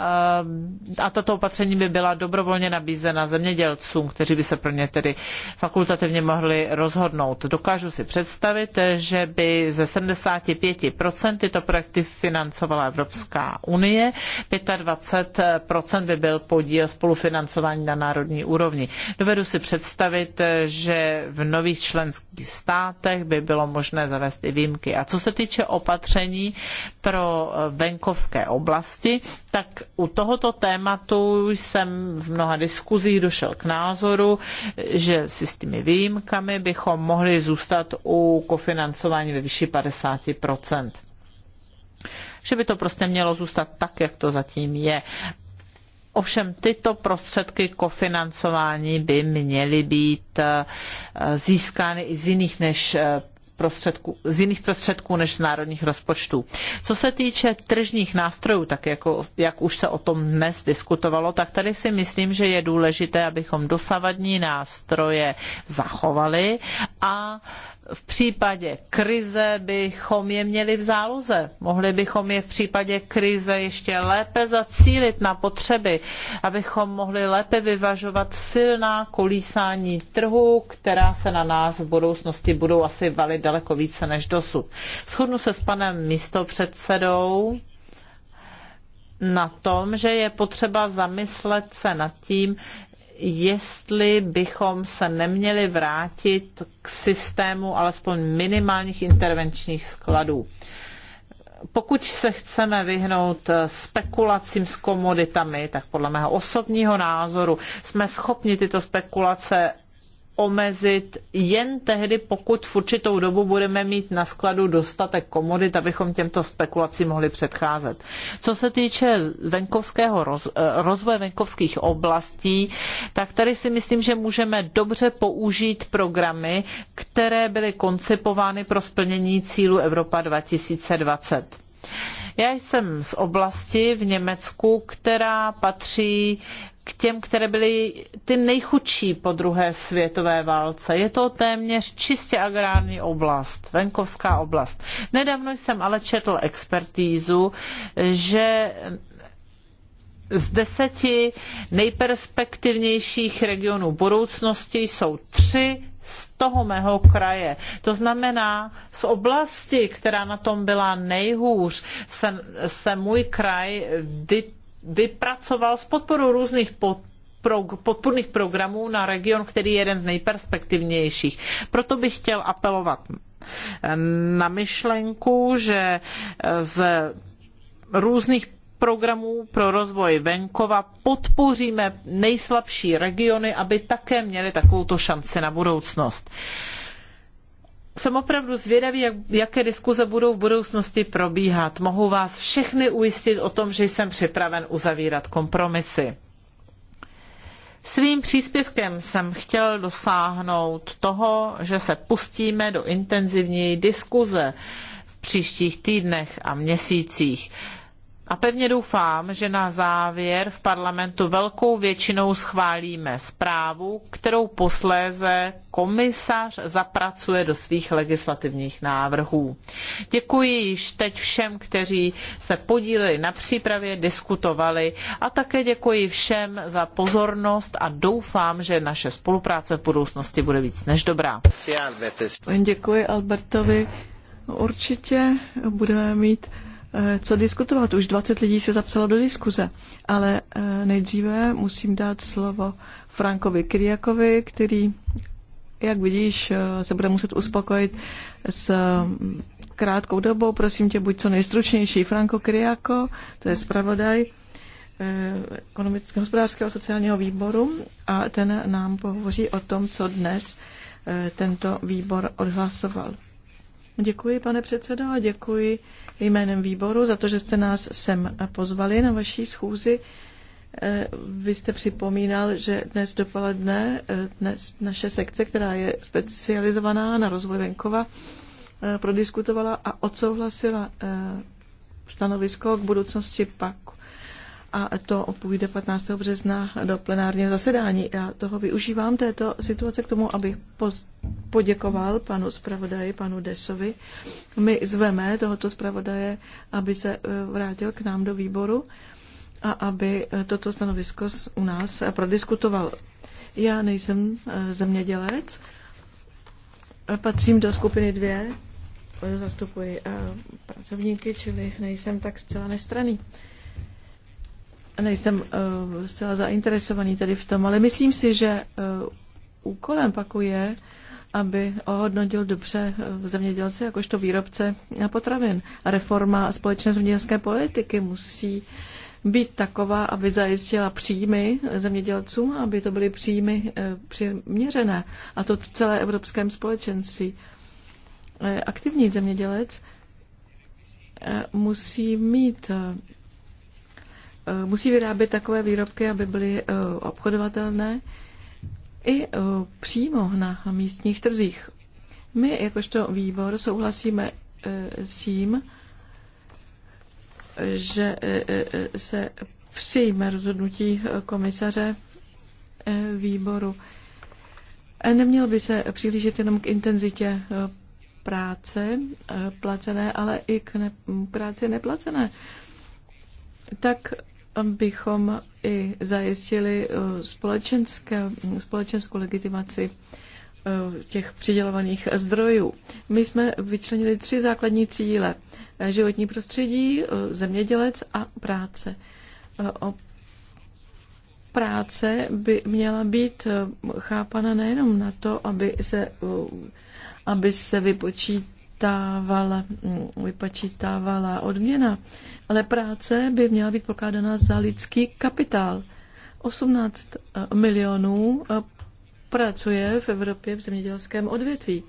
eh, a tato opatření by byla dobrovolně nabízena zemědělcům, kteří by se pro ně tedy fakultativně mohli rozhodnout. Dokážu si představit, že by ze 75% tyto projekty financovala celá Evropská unie, 25% by byl podíl spolufinancování na národní úrovni. Dovedu si představit, že v nových členských státech by bylo možné zavést i výjimky. A co se týče opatření pro venkovské oblasti, tak u tohoto tématu jsem v mnoha diskuzích došel k názoru, že si s těmi výjimkami bychom mohli zůstat u kofinancování ve výši 50 že by to prostě mělo zůstat tak, jak to zatím je. Ovšem tyto prostředky kofinancování by měly být eh, získány i z jiných než eh, prostředků, z jiných prostředků než z národních rozpočtů. Co se týče tržních nástrojů, tak jako, jak už se o tom dnes diskutovalo, tak tady si myslím, že je důležité, abychom dosavadní nástroje zachovali a v případě krize bychom je měli v záloze. Mohli bychom je v případě krize ještě lépe zacílit na potřeby, abychom mohli lépe vyvažovat silná kolísání trhu, která se na nás v budoucnosti budou asi valit daleko více než dosud. Shodnu se s panem místopředsedou na tom, že je potřeba zamyslet se nad tím, jestli bychom se neměli vrátit k systému alespoň minimálních intervenčních skladů. Pokud se chceme vyhnout spekulacím s komoditami, tak podle mého osobního názoru jsme schopni tyto spekulace omezit jen tehdy, pokud v určitou dobu budeme mít na skladu dostatek komodit, abychom těmto spekulacím mohli předcházet. Co se týče venkovského roz, eh, rozvoje venkovských oblastí, tak tady si myslím, že můžeme dobře použít programy, které byly koncipovány pro splnění cílu Evropa 2020. Já jsem z oblasti v Německu, která patří k těm, které byly ty nejchudší po druhé světové válce. Je to téměř čistě agrární oblast, venkovská oblast. Nedávno jsem ale četl expertízu, že z deseti nejperspektivnějších regionů budoucnosti jsou tři z toho mého kraje. To znamená, z oblasti, která na tom byla nejhůř, se, se můj kraj vytvořil vypracoval s podporou různých pod podpůrných programů na region, který je jeden z nejperspektivnějších. Proto bych chtěl apelovat eh, na myšlenku, že eh, z různých programů pro rozvoj venkova podpoříme nejslabší regiony, aby také měly takovouto šanci na budoucnost jsem opravdu zvědavý, jak, jaké diskuze budou v budoucnosti probíhat. Mohu vás všechny ujistit o tom, že jsem připraven uzavírat kompromisy. Svým příspěvkem jsem chtěl dosáhnout toho, že se pustíme do intenzivní diskuze v příštích týdnech a měsících. A pevně doufám, že na závěr v parlamentu velkou většinou schválíme zprávu, kterou posléze komisař zapracuje do svých legislativních návrhů. Děkuji již teď všem, kteří se podíleli na přípravě, diskutovali a také děkuji všem za pozornost a doufám, že naše spolupráce v budoucnosti bude víc než dobrá. Děkuji Albertovi. Určitě budeme mít Eh, co diskutovat. Už 20 lidí se zapsalo do diskuze, ale eh, nejdříve musím dát slovo Frankovi Kriakovi, který, jak vidíš, eh, se bude muset uspokojit s mm, krátkou dobou. Prosím tě, buď co nejstručnější. Franko Kriako, to je zpravodaj ekonomického, hospodářského sociálního výboru a ten nám pohovoří o tom, co dnes tento výbor odhlasoval. Děkuji, pane předsedo, a děkuji jménem výboru za to, že jste nás sem pozvali na vaší schůzi. Eh, vy jste připomínal, že dnes dopoledne eh, dnes naše sekce, která je specializovaná na rozvoj venkova, eh, prodiskutovala a odsouhlasila stanovisko k budoucnosti PAKu a to půjde 15. března do plenárního zasedání. Já toho využívám této situace k tomu, abych poděkoval panu zpravodaji, panu Desovi. My zveme tohoto zpravodaje, aby se e, vrátil k nám do výboru a aby e, toto stanovisko u nás prodiskutoval. Já nejsem e, zemědělec, patřím do skupiny dvě, zastupuji pracovníky, čili nejsem tak zcela nestraný nejsem uh, zcela zainteresovaný tady v tom, ale myslím si, že uh, úkolem paku je, aby ohodnotil dobře eh, zemědělce jakožto výrobce potravin. Reforma společné zemědělské politiky musí být taková, aby zajistila příjmy zemědělcům, aby to byly příjmy přiměřené. A to v celé evropském společenství. Aktivní zemědělec musí mít Eh, musí vyrábět takové výrobky, aby byly eh, obchodovatelné i eh, přímo na místních trzích. My, jakožto výbor, souhlasíme s tím, že se přijme rozhodnutí komisaře výboru. Neměl by se přihlížet jenom k intenzitě práce placené, ale i k ne- práci neplacené. Tak abychom i zajistili eh, společenské, společenskou legitimaci eh, těch přidělovaných zdrojů. My jsme vyčlenili tři základní cíle. Eh, životní prostředí, zemědělec a práce. O práce by měla být chápana nejenom na to, aby se, aby se vypočít vypočítávala, mm, vypočítávala odměna, ale práce by měla být pokládána za lidský kapitál. 18 eh, milionů eh, pracuje v Evropě v zemědělském odvětví.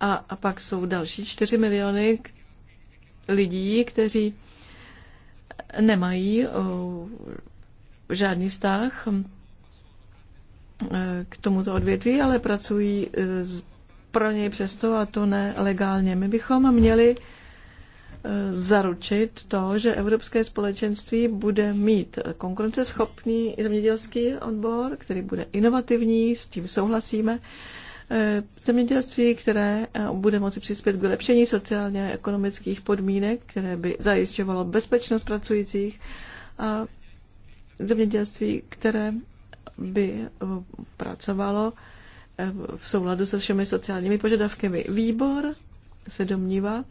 A, a pak jsou další 4 miliony lidí, kteří eh, nemají žádný vztah k tomuto odvětví, ale pracují pro něj přesto a to nelegálně. My bychom měli eh, zaručit to, že Evropské společenství bude mít konkurenceschopný zemědělský odbor, který bude inovativní, s tím souhlasíme, eh, zemědělství, které eh, bude moci přispět k vylepšení sociálně a ekonomických podmínek, které by zajišťovalo bezpečnost pracujících a zemědělství, které by pracovalo v souladu se všemi sociálními požadavky. Výbor se domnívá,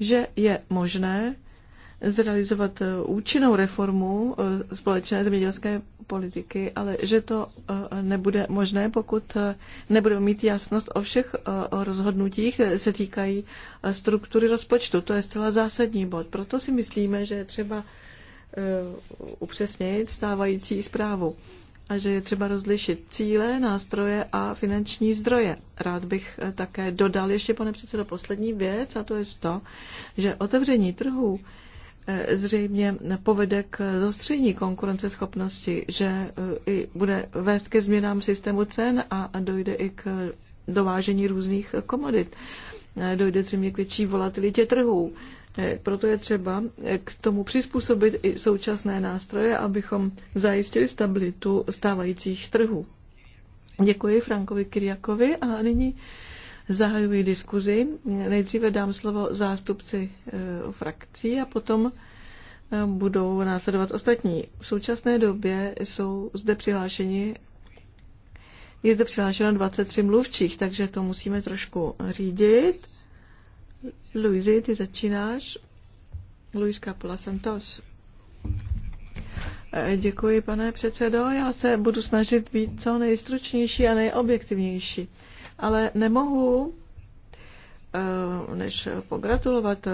že je možné zrealizovat eh, účinnou reformu eh, společné zemědělské politiky, ale že to eh, nebude možné, pokud nebudeme mít jasnost o všech rozhodnutích, které se týkají struktury rozpočtu. To je zcela zásadní bod. Proto si myslíme, že je třeba upřesnit stávající zprávu a že je třeba rozlišit cíle, nástroje a finanční zdroje. Rád bych eh, také dodal ještě, pane předsedo, poslední věc, a to je to, že otevření trhů eh, zřejmě povede k zostření konkurenceschopnosti, že eh, i bude vést ke změnám systému cen a dojde i k dovážení různých komodit. Dojde zřejmě k větší volatilitě trhů E, proto je třeba e, k tomu přizpůsobit i současné nástroje, abychom zajistili stabilitu stávajících trhů. Děkuji Frankovi Kyriakovi a nyní zahajuji diskuzi. Nejdříve dám slovo zástupci e, frakcí a potom budou následovat ostatní. V současné době jsou zde přihlášeni je zde přihlášeno 23 mluvčích, takže to musíme trošku řídit. Luizi, ty začínáš. Luis Capola Santos. Eh, děkuji, pane předsedo. Já se budu snažit být co nejstručnější a nejobjektivnější, ale nemohu eh, než pogratulovat eh,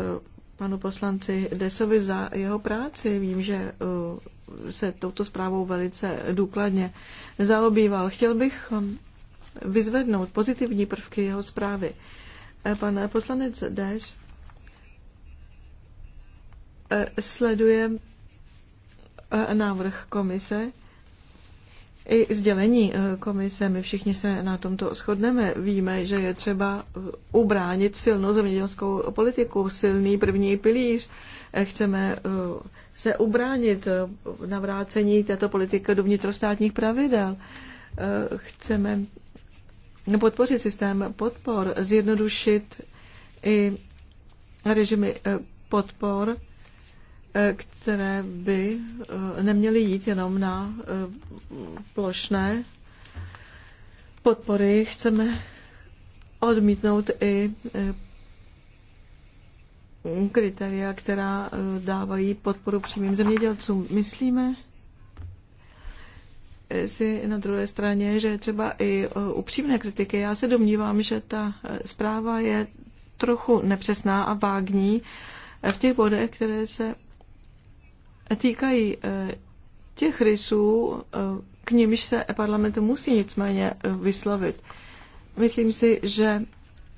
panu poslanci Desovi za jeho práci. Vím, že se touto zprávou velice důkladně zaobýval. Chtěl bych hm, vyzvednout pozitivní prvky jeho zprávy. Pan poslanec Des eh, sleduje eh, návrh komise i sdělení eh, komise. My všichni se na tomto shodneme. Víme, že je třeba ubránit silnou zemědělskou politiku, silný první pilíř. Chceme se ubránit navrácení této politiky do vnitrostátních pravidel. Chceme podpořit systém podpor, zjednodušit i režimy eh, podpor, eh, které by eh, neměly jít jenom na plošné podpory. Chceme odmítnout i kritéria, která dávají podporu přímým zemědělcům. Myslíme, si na druhé straně, že třeba i e, upřímné kritiky, já se domnívám, že ta e, zpráva je trochu nepřesná a vágní e, v těch bodech, které se týkají těch rysů, k nimž se parlament musí nicméně vyslovit. Myslím si, že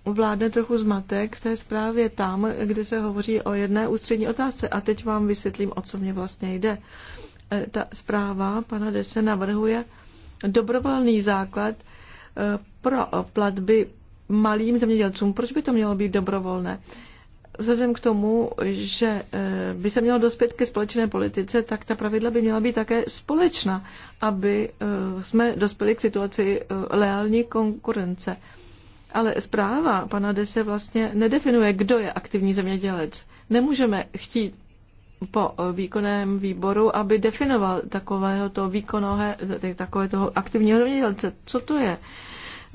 vládne trochu zmatek v té zprávě tam, kde se hovoří o jedné ústřední otázce. A teď vám vysvětlím, o co mě vlastně jde. E, ta zpráva pana Dese navrhuje dobrovolný základ e, pro platby malým zemědělcům. Proč by to mělo být dobrovolné? Vzhledem k tomu, že e, by se mělo dospět ke společné politice, tak ta pravidla by měla být také společná, aby jsme dospěli k situaci leální konkurence. Ale zpráva pana Dese vlastně nedefinuje, kdo je aktivní zemědělec. Nemůžeme chtít po eh, výkonném výboru, aby definoval takového to výkonného, takové toho aktivního zemědělce. Co to je?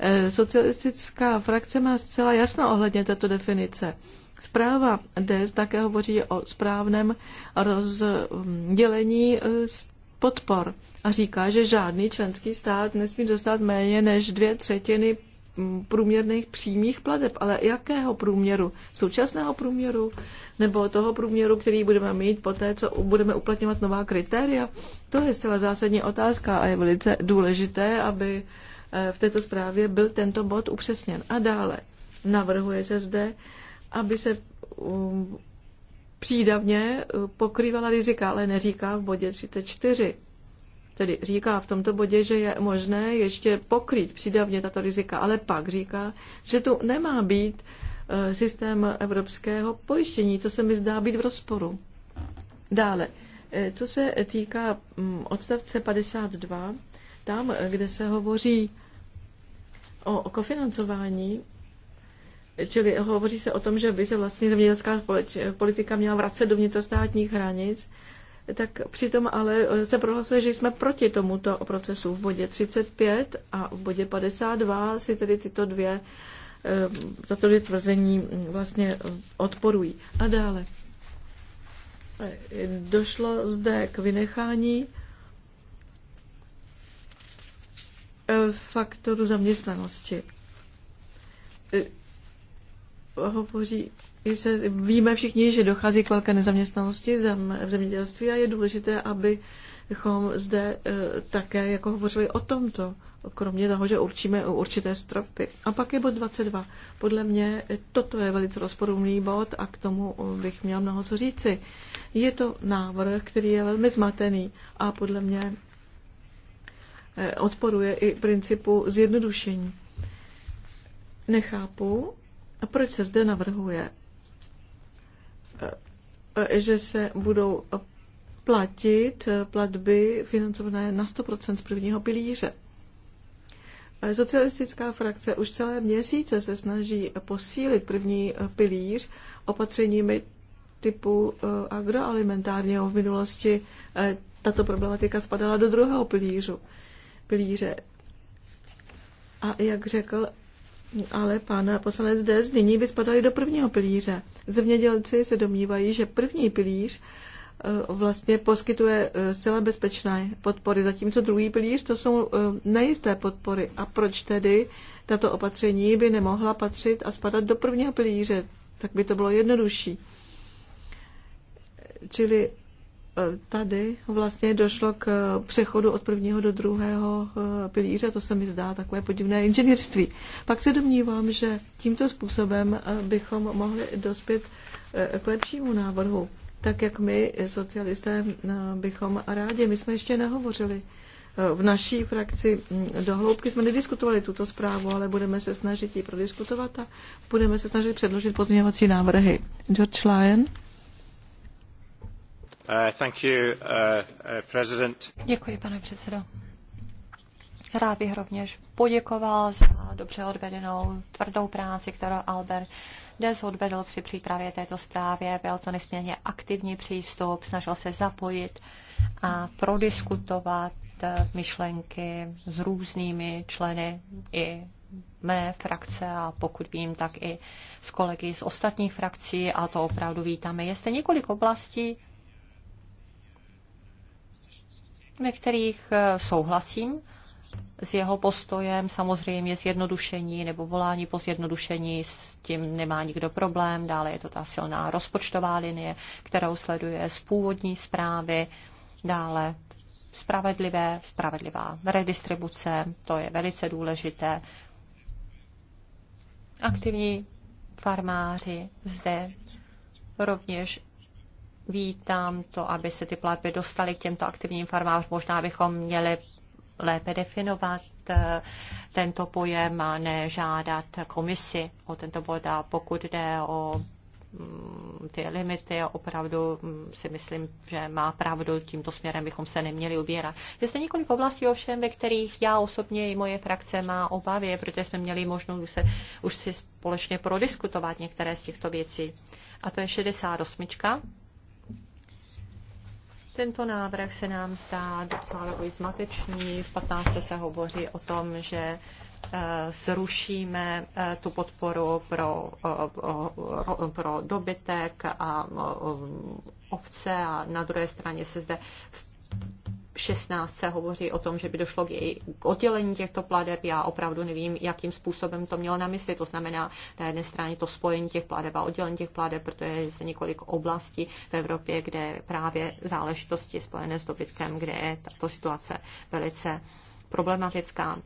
Eh, socialistická frakce má zcela jasno ohledně této definice. Zpráva DES také hovoří o správném rozdělení eh, podpor a říká, že žádný členský stát nesmí dostat méně než dvě třetiny průměrných přímých plateb, ale jakého průměru? Současného průměru? Nebo toho průměru, který budeme mít po té, co budeme uplatňovat nová kritéria? To je zcela zásadní otázka a je velice důležité, aby eh, v této zprávě byl tento bod upřesněn. A dále navrhuje se zde, aby se um, přídavně eh, pokrývala rizika, ale neříká v bodě 34 tedy říká v tomto bodě, že je možné ještě pokrýt přídavně tato rizika, ale pak říká, že tu nemá být eh, systém evropského pojištění. To se mi zdá být v rozporu. Dále, eh, co se týká mm, odstavce 52, tam, eh, kde se hovoří o kofinancování, čili hovoří se o tom, že by se vlastně zemědělská politika měla vracet do vnitrostátních hranic, tak přitom ale eh, se prohlasuje, že jsme proti tomuto procesu. V bodě 35 a v bodě 52 si tedy tyto dvě eh, tato dvě tvrzení mm, vlastně eh, odporují. A dále. Došlo zde k vynechání faktoru zaměstnanosti. Hovoří se, víme všichni, že dochází k velké nezaměstnanosti v zemědělství a je důležité, abychom zde eh, také jako hovořili o tomto, kromě toho, že určíme určité stropy. A pak je bod 22. Podle mě toto je velice rozporumný bod a k tomu eh, bych měl mnoho co říci. Je to návrh, který je velmi zmatený a podle mě eh, odporuje i principu zjednodušení. Nechápu, a proč se zde navrhuje že se budou platit platby financované na 100% z prvního pilíře. Socialistická frakce už celé měsíce se snaží posílit první pilíř opatřeními typu e, agroalimentárního. V minulosti e, tato problematika spadala do druhého pilířu, pilíře. A jak řekl ale pan poslanec Des nyní by spadali do prvního pilíře. Zemědělci se domnívají, že první pilíř eh, vlastně poskytuje eh, zcela bezpečné podpory, zatímco druhý pilíř to jsou eh, nejisté podpory. A proč tedy tato opatření by nemohla patřit a spadat do prvního pilíře? Tak by to bylo jednodušší. Čili tady vlastně došlo k přechodu od prvního do druhého eh, pilíře, to se mi zdá takové podivné inženýrství. Pak se domnívám, že tímto způsobem eh, bychom mohli dospět eh, k lepšímu návrhu. Tak jak my, socialisté, bychom rádi. My jsme ještě nehovořili v naší frakci hm, dohloubky. Jsme nediskutovali tuto zprávu, ale budeme se snažit ji prodiskutovat a budeme se snažit předložit pozměňovací návrhy. George Lyon. Uh, uh, uh, Děkuji, pane předsedající Rád bych rovněž poděkoval za dobře odvedenou tvrdou práci, kterou Albert dess odvedl při přípravě této zprávy. Byl to nesmírně aktivní přístup, snažil se zapojit a prodiskutovat eh, myšlenky s různými členy i mé frakce a pokud vím, tak i s kolegy z ostatních frakcí a to opravdu vítáme. Je zde několik oblastí, ve kterých eh, souhlasím s jeho postojem, samozřejmě zjednodušení nebo volání po zjednodušení, s tím nemá nikdo problém. Dále je to ta silná rozpočtová linie, kterou sleduje z původní zprávy. Dále spravedlivé, spravedlivá redistribuce, to je velice důležité. Aktivní farmáři zde rovněž Vítám to, aby se ty platby dostaly k těmto aktivním farmářům. Možná bychom měli lépe definovat eh, tento pojem a nežádat komisi o tento bod. A pokud jde o mm, ty limity, opravdu mm, si myslím, že má pravdu, tímto směrem bychom se neměli ubírat. Je zde několik oblastí ovšem, ve kterých já osobně i moje frakce má obavy, protože jsme měli možnost už, se, už si společně prodiskutovat některé z těchto věcí. A to je 68 tento návrh se nám zdá docela takový zmatečný. V 15. se hovoří o tom, že eh, zrušíme eh, tu podporu pro, eh, pro dobytek a ovce a na druhé straně se zde 16 se hovoří o tom, že by došlo k její oddělení těchto pladeb. Já opravdu nevím, jakým způsobem to mělo na mysli. To znamená na jedné straně to spojení těch pladeb a oddělení těch pladeb, protože je zde několik oblastí v Evropě, kde právě záležitosti spojené s dobytkem, kde je tato situace velice problematická.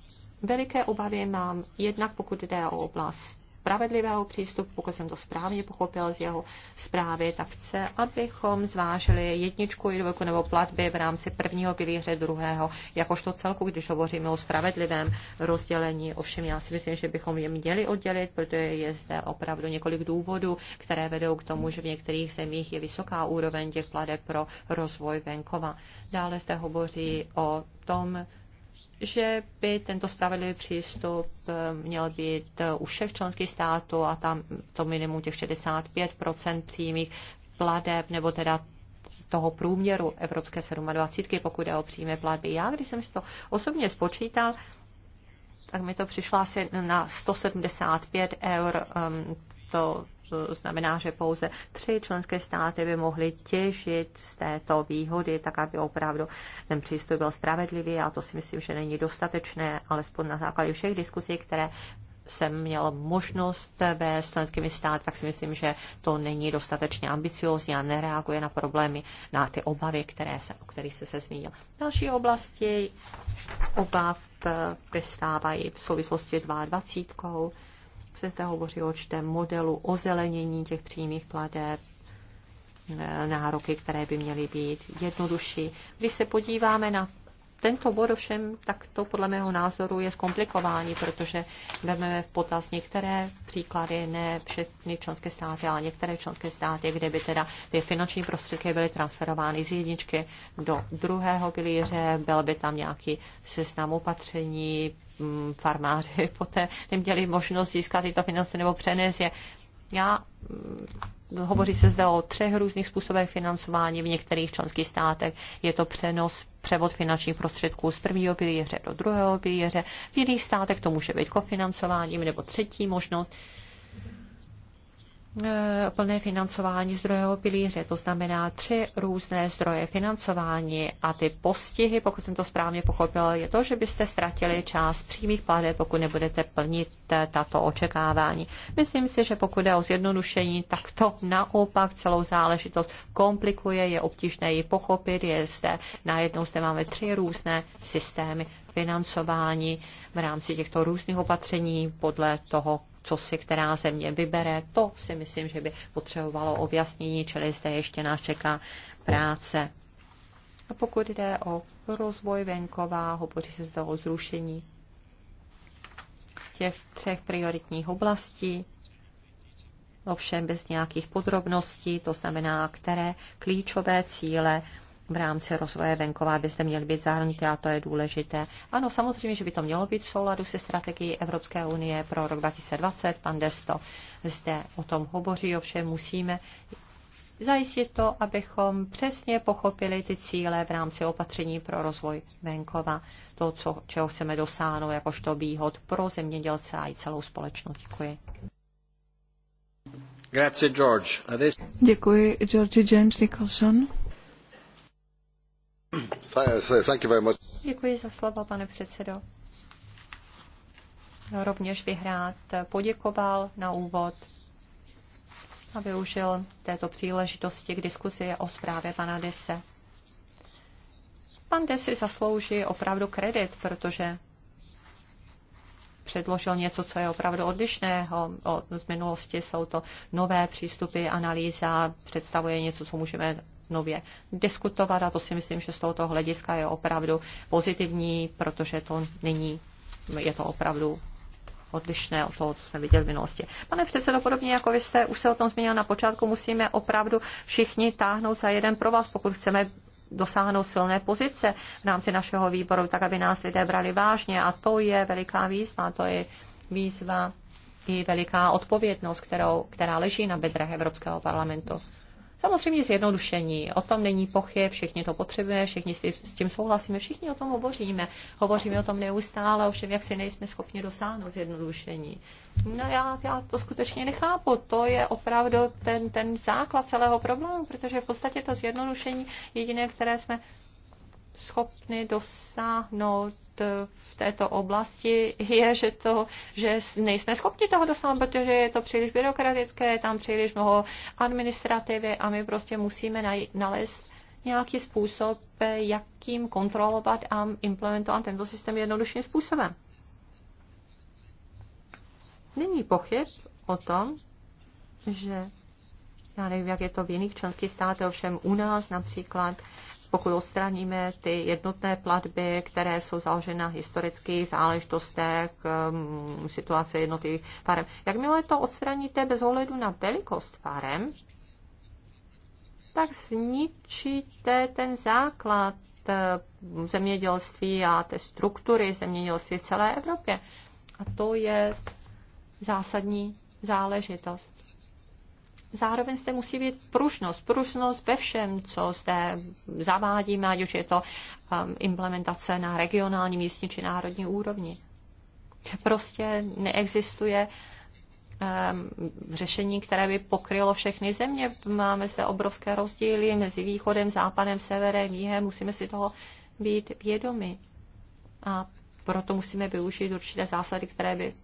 Veliké obavy mám jednak pokud jde o oblast spravedlivého přístupu, pokud jsem to správně pochopil z jeho zprávy, tak chce, abychom zvážili jedničku i dvojku nebo platby v rámci prvního pilíře druhého, jakožto celku, když hovoříme o spravedlivém rozdělení. Ovšem já si myslím, že bychom je měli oddělit, protože je zde opravdu několik důvodů, které vedou k tomu, že v některých zemích je vysoká úroveň těch plateb pro rozvoj venkova. Dále zde hovoří o tom, že by tento spravedlivý přístup eh, měl být eh, u všech členských států a tam to minimum těch 65 přímých pladeb nebo teda toho průměru Evropské 27, pokud jde o příjmy platby. Já, když jsem si to osobně spočítal, tak mi to přišlo asi na 175 eur. Ehm, to to znamená, že pouze tři členské státy by mohly těžit z této výhody, tak aby opravdu ten přístup byl spravedlivý a to si myslím, že není dostatečné, alespoň na základě všech diskusí, které jsem měl možnost ve členskými státy, tak si myslím, že to není dostatečně ambiciozní a nereaguje na problémy, na ty obavy, které se, o kterých jste se zmínil. Další oblasti obav eh, vystávají v souvislosti s 22 se zde hovoří o určitém modelu ozelenění těch přímých plateb, eh, nároky, které by měly být jednodušší. Když se podíváme na tento bod ovšem, tak to podle mého názoru je zkomplikování, protože vezmeme v potaz některé příklady, ne všechny členské státy, ale některé členské státy, kde by teda ty finanční prostředky byly transferovány z jedničky do druhého pilíře, byl by tam nějaký seznam opatření, Mm, farmáři poté neměli možnost získat tyto finance nebo přenést je. Já mm, hovoří se zde o třech různých způsobech financování. V některých členských státech je to přenos, převod finančních prostředků z prvního pilíře do druhého pilíře. V jiných státech to může být kofinancováním nebo třetí možnost Eh, plné financování zdrojeho pilíře, to znamená tři různé zdroje financování a ty postihy, pokud jsem to správně pochopil, je to, že byste ztratili část přímých plateb, pokud nebudete plnit tato očekávání. Myslím si, že pokud je o zjednodušení, tak to naopak celou záležitost komplikuje, je obtížné ji pochopit, je zde, najednou zde máme tři různé systémy financování v rámci těchto různých opatření podle toho, co si která země vybere, to si myslím, že by potřebovalo objasnění, čili zde ještě nás čeká práce. A pokud jde o rozvoj venková, hovoří se zde o zrušení těch třech prioritních oblastí, ovšem bez nějakých podrobností, to znamená, které klíčové cíle v rámci rozvoje venkova, abyste měli být zahrnuty a to je důležité. Ano, samozřejmě, že by to mělo být v souladu se strategií Evropské unie pro rok 2020. Pan Desto zde o tom hovoří, ovšem musíme zajistit to, abychom přesně pochopili ty cíle v rámci opatření pro rozvoj venkova, to, co, čeho chceme dosáhnout, jakožto výhod pro zemědělce a i celou společnost. Děkuji. Grazie, George. Děkuji, George James Nicholson. Děkuji za slovo, pane předsedo. No, rovněž bych rád poděkoval na úvod a využil této příležitosti k diskusi o zprávě pana Dese. Pan Desi zaslouží opravdu kredit, protože předložil něco, co je opravdu odlišného od z minulosti. Jsou to nové přístupy, analýza, představuje něco, co můžeme nově diskutovat a to si myslím, že z tohoto hlediska je opravdu pozitivní, protože to není, je to opravdu odlišné od toho, co jsme viděli v minulosti. Pane předsedo, podobně jako vy jste už se o tom zmínil na počátku, musíme opravdu všichni táhnout za jeden pro vás, pokud chceme dosáhnout silné pozice v rámci našeho výboru, tak aby nás lidé brali vážně. A to je veliká výzva, to je výzva i veliká odpovědnost, kterou, která leží na bedrech Evropského parlamentu. Samozřejmě zjednodušení, o tom není pochyb, všichni to potřebujeme, všichni s tím souhlasíme, všichni o tom hovoříme. Hovoříme o tom neustále, ovšem jak si nejsme schopni dosáhnout zjednodušení. No já, já to skutečně nechápu, to je opravdu ten, ten základ celého problému, protože v podstatě to zjednodušení jediné, které jsme schopni dosáhnout, v této oblasti je, že, to, že nejsme schopni toho dosáhnout, protože je to příliš byrokratické, je tam příliš mnoho administrativy a my prostě musíme najít, nalézt nějaký způsob, jakým kontrolovat a implementovat tento systém jednodušším způsobem. Není pochyb o tom, že já nevím, jak je to v jiných členských státech, ovšem u nás například pokud odstraníme ty jednotné platby, které jsou založeny na historických záležitostech, um, situace jednotlivých farem. Jakmile to odstraníte bez ohledu na velikost farem, tak zničíte ten základ um, zemědělství a té struktury zemědělství v celé Evropě. A to je zásadní záležitost zároveň zde musí být pružnost, pružnost ve všem, co zde zavádíme, ať už je to um, implementace na regionální, místní či národní úrovni. Prostě neexistuje um, řešení, které by pokrylo všechny země. Máme zde obrovské rozdíly mezi východem, západem, severem, jihem. Musíme si toho být vědomi. A proto musíme využít určité zásady, které by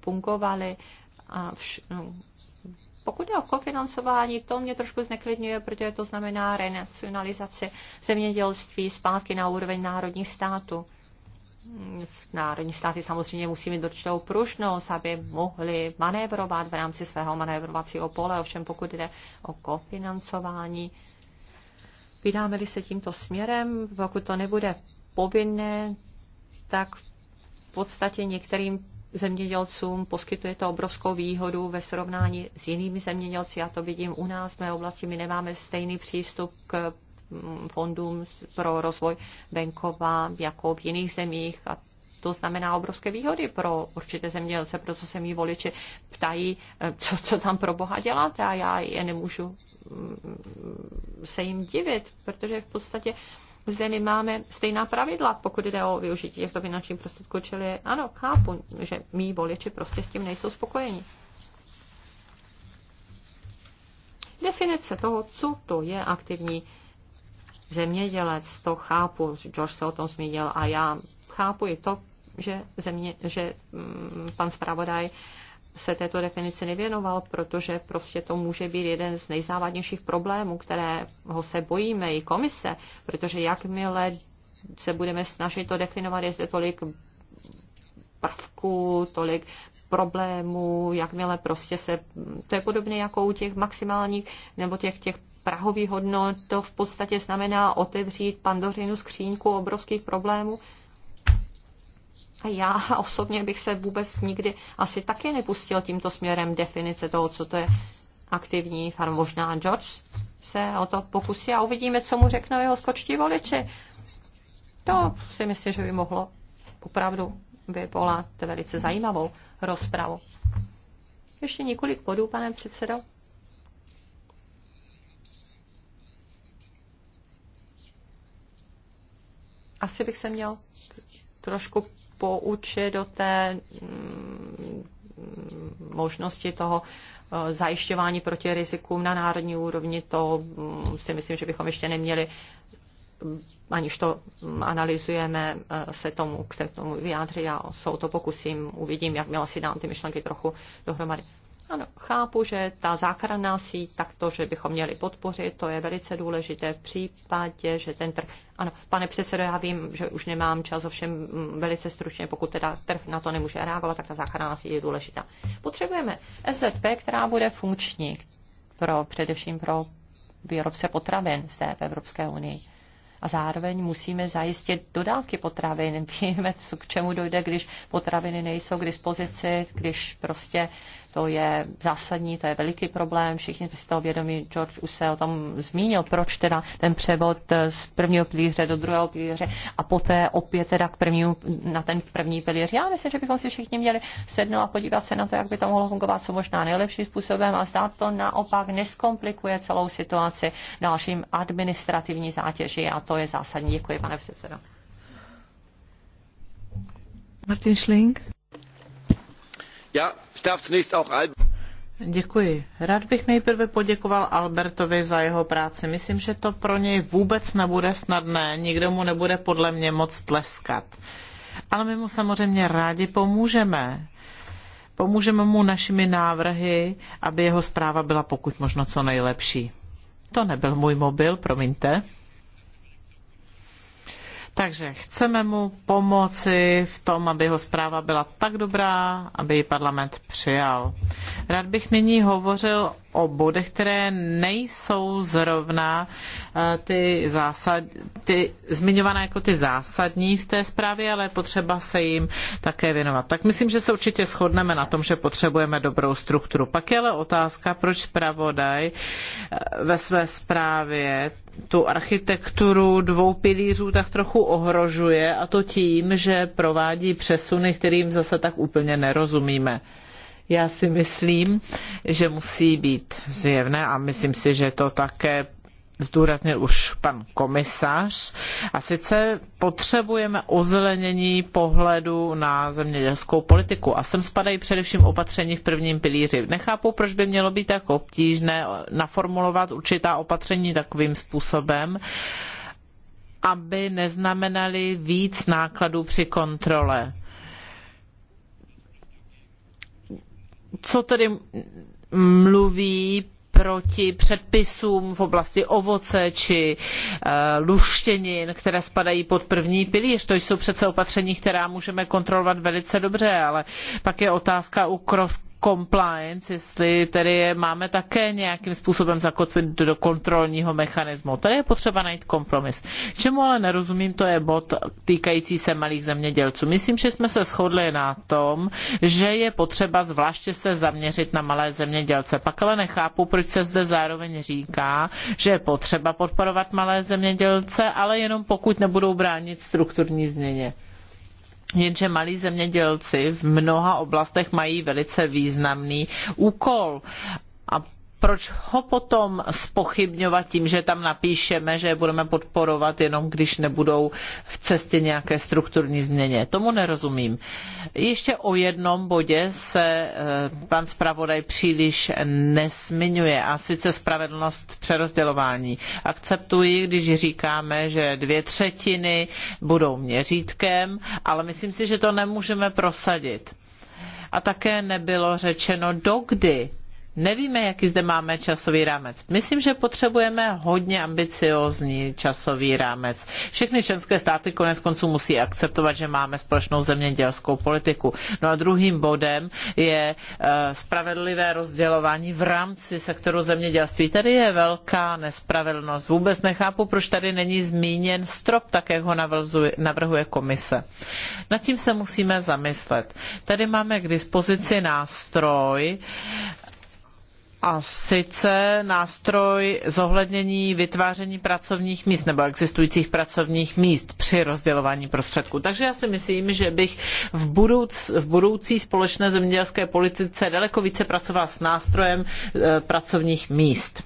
fungovaly a vš- no, pokud je o kofinancování, to mě trošku zneklidňuje, protože to znamená renacionalizaci zemědělství zpátky na úroveň národních států. Národní státy samozřejmě musí mít určitou pružnost, aby mohly manévrovat v rámci svého manévrovacího pole, ovšem pokud jde o kofinancování, vydáme-li se tímto směrem, pokud to nebude povinné, tak v podstatě některým zemědělcům, poskytuje to obrovskou výhodu ve srovnání s jinými zemědělci. Já to vidím u nás v mé oblasti, my nemáme stejný přístup k mm, fondům pro rozvoj venkova jako v jiných zemích a to znamená obrovské výhody pro určité zemědělce, proto se mi voliči ptají, eh, co, co tam pro boha děláte a já je nemůžu mm, se jim divit, protože v podstatě zde nemáme stejná pravidla, pokud jde o využití těchto finančních prostředků, čili ano, chápu, že mý voliči prostě s tím nejsou spokojeni. Definice toho, co to je aktivní zemědělec, to chápu, George se o tom zmínil a já chápu i to, že, země, že mm, pan zpravodaj se této definici nevěnoval, protože prostě to může být jeden z nejzávadnějších problémů, kterého se bojíme i komise, protože jakmile se budeme snažit to definovat, je zde tolik prvků, tolik problémů, jakmile prostě se, to je podobné jako u těch maximálních nebo těch, těch prahových hodnot, to v podstatě znamená otevřít pandořinu skříňku obrovských problémů, já osobně bych se vůbec nikdy asi taky nepustil tímto směrem definice toho, co to je aktivní farm. Možná George se o to pokusí a uvidíme, co mu řeknou jeho skočtí voliči. To si myslím, že by mohlo opravdu vyvolat velice zajímavou rozpravu. Ještě několik bodů, pane předsedo. Asi bych se měl trošku poučit do té mm, možnosti toho eh, zajišťování proti rizikům na národní úrovni, to mm, si myslím, že bychom ještě neměli, mm, aniž to analyzujeme, eh, se tomu, k tomu vyjádřit. Já se o to pokusím, uvidím, měla si dám ty myšlenky trochu dohromady. Ano, chápu, že ta záchranná síť, tak to, že bychom měli podpořit, to je velice důležité v případě, že ten trh... Ano, pane předsedo, já vím, že už nemám čas, ovšem mm, velice stručně, pokud teda trh na to nemůže reagovat, tak ta záchranná síť je důležitá. Potřebujeme SZP, která bude funkční pro, především pro výrobce potravin zde v Evropské unii. A zároveň musíme zajistit dodávky potravin. Víme, k čemu dojde, když potraviny nejsou k dispozici, když prostě uh, to je zásadní, to je veliký problém, všichni si toho vědomí, George už se o tom zmínil, proč teda ten převod eh, z prvního pilíře do druhého pilíře a poté opět teda k prvnímu, na ten první pilíř. Já myslím, že bychom si všichni měli sednout a podívat se na to, jak by to mohlo fungovat co možná nejlepším způsobem a zdát to naopak neskomplikuje celou situaci dalším administrativní zátěži a to je zásadní. Děkuji, pane předsedo. Martin Schling. Děkuji. Rád bych nejprve poděkoval Albertovi za jeho práci. Myslím, že to pro něj vůbec nebude snadné, nikdo mu nebude podle mě moc tleskat. Ale my mu samozřejmě rádi pomůžeme. Pomůžeme mu našimi návrhy, aby jeho zpráva byla pokud možno co nejlepší. To nebyl můj mobil, promiňte. Takže chceme mu pomoci v tom, aby jeho zpráva byla tak dobrá, aby ji parlament přijal. Rád bych nyní hovořil o bodech, které nejsou zrovna eh, ty, zásad, ty zmiňované jako ty zásadní v té zprávě, ale je potřeba se jim také věnovat. Tak myslím, že se určitě shodneme na tom, že potřebujeme dobrou strukturu. Pak je ale otázka, proč zpravodaj eh, ve své zprávě tu architekturu dvou pilířů tak trochu ohrožuje a to tím, že provádí přesuny, kterým zase tak úplně nerozumíme. Já si myslím, že musí být zjevné a myslím si, že to také zdůraznil už pan komisař. A sice potřebujeme ozelenění pohledu na zemědělskou politiku. A sem spadají především opatření v prvním pilíři. Nechápu, proč by mělo být tak obtížné naformulovat určitá opatření takovým způsobem, aby neznamenali víc nákladů při kontrole. Co tedy mluví proti předpisům v oblasti ovoce či eh, luštěnin, které spadají pod první pilíř. To jsou přece opatření, která můžeme kontrolovat velice dobře, ale pak je otázka u cross compliance, jestli tedy je máme také nějakým způsobem zakotvit do kontrolního mechanismu. Tady je potřeba najít kompromis. Čemu ale nerozumím, to je bod týkající se malých zemědělců. Myslím, že jsme se shodli na tom, že je potřeba zvláště se zaměřit na malé zemědělce. Pak ale nechápu, proč se zde zároveň říká, že je potřeba podporovat malé zemědělce, ale jenom pokud nebudou bránit strukturní změně. Jenže malí zemědělci v mnoha oblastech mají velice významný úkol proč ho potom spochybňovat tím, že tam napíšeme, že je budeme podporovat jenom, když nebudou v cestě nějaké strukturní změně. Tomu nerozumím. Ještě o jednom bodě se eh, pan zpravodaj příliš nesmiňuje, a sice spravedlnost přerozdělování. Akceptuji, když říkáme, že dvě třetiny budou měřítkem, ale myslím si, že to nemůžeme prosadit. A také nebylo řečeno, dokdy Nevíme, jaký zde máme časový rámec. Myslím, že potřebujeme hodně ambiciózní časový rámec. Všechny členské státy konec konců musí akceptovat, že máme společnou zemědělskou politiku. No a druhým bodem je eh, spravedlivé rozdělování v rámci sektoru zemědělství. Tady je velká nespravedlnost. Vůbec nechápu, proč tady není zmíněn strop, tak jak ho navrhuje komise. Nad tím se musíme zamyslet. Tady máme k dispozici nástroj, a sice nástroj zohlednění vytváření pracovních míst nebo existujících pracovních míst při rozdělování prostředků. Takže já si myslím, že bych v, budouc, v budoucí společné zemědělské politice daleko více pracoval s nástrojem e, pracovních míst.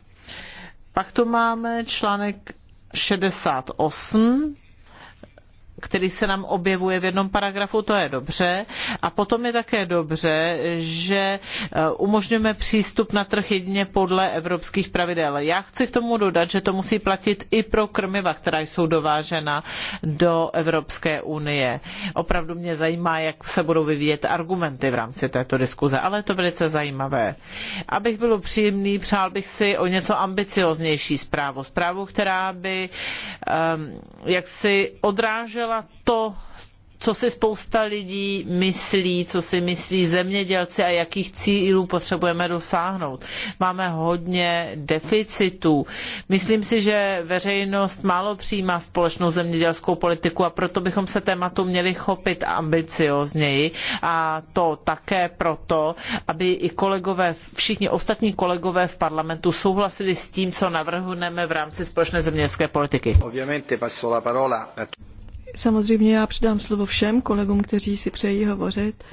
Pak tu máme článek 68, který se nám objevuje v jednom paragrafu, to je dobře. A potom je také dobře, že e, umožňujeme přístup na trh jedině podle evropských pravidel. Já chci k tomu dodat, že to musí platit i pro krmiva, která jsou dovážena do Evropské unie. Opravdu mě zajímá, jak se budou vyvíjet argumenty v rámci této diskuze, ale je to velice zajímavé. Abych byl příjemný, přál bych si o něco ambicioznější zprávu. Zprávu, která by um, jaksi odrážela vyjádřila to, co si spousta lidí myslí, co si myslí zemědělci a jakých cílů potřebujeme dosáhnout. Máme hodně deficitů. Myslím si, že veřejnost málo přijímá společnou zemědělskou politiku a proto bychom se tématu měli chopit ambiciózněji a to také proto, aby i kolegové, všichni ostatní kolegové v parlamentu souhlasili s tím, co navrhneme v rámci společné zemědělské politiky. Samozřejmě já předám slovo všem kolegům, kteří si přejí hovořit.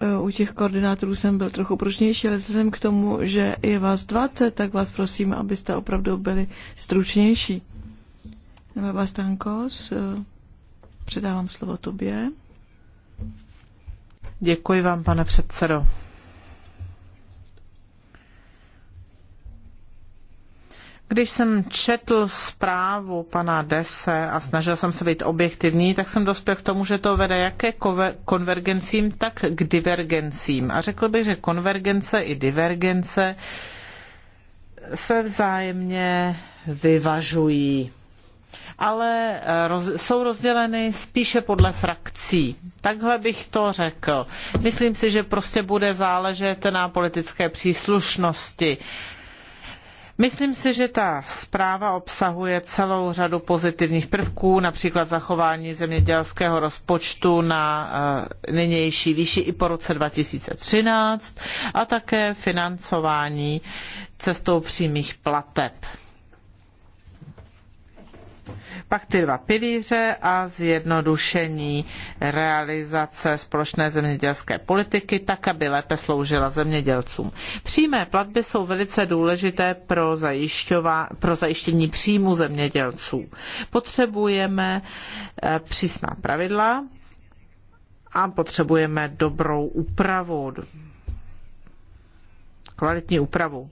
Eh, u těch koordinátorů jsem byl trochu pružnější, ale vzhledem k tomu, že je vás 20, tak vás prosím, abyste opravdu byli stručnější. Vás Tankos, eh, předávám slovo tobě. Děkuji vám, pane předsedo. Když jsem četl zprávu pana Dese a snažil jsem se být objektivní, tak jsem dospěl k tomu, že to vede jaké konvergencím, tak k divergencím. A řekl bych, že konvergence i divergence se vzájemně vyvažují ale roz, jsou rozděleny spíše podle frakcí. Takhle bych to řekl. Myslím si, že prostě bude záležet na politické příslušnosti. Myslím si, že ta zpráva obsahuje celou řadu pozitivních prvků, například zachování zemědělského rozpočtu na eh, nynější výši i po roce 2013 a také financování cestou přímých plateb. Pak ty dva pilíře a zjednodušení realizace společné zemědělské politiky, tak, aby lépe sloužila zemědělcům. Přímé platby jsou velice důležité pro, pro zajištění příjmu zemědělců. Potřebujeme eh, přísná pravidla a potřebujeme dobrou úpravu, kvalitní úpravu.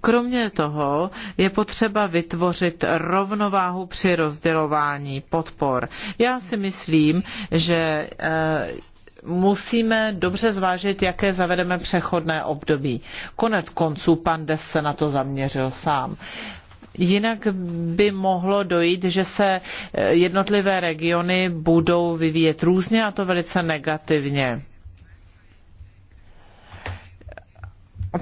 Kromě toho je potřeba vytvořit rovnováhu při rozdělování podpor. Já si myslím, že eh, musíme dobře zvážit, jaké zavedeme přechodné období. Konec konců pan Des se na to zaměřil sám. Jinak by mohlo dojít, že se eh, jednotlivé regiony budou vyvíjet různě a to velice negativně.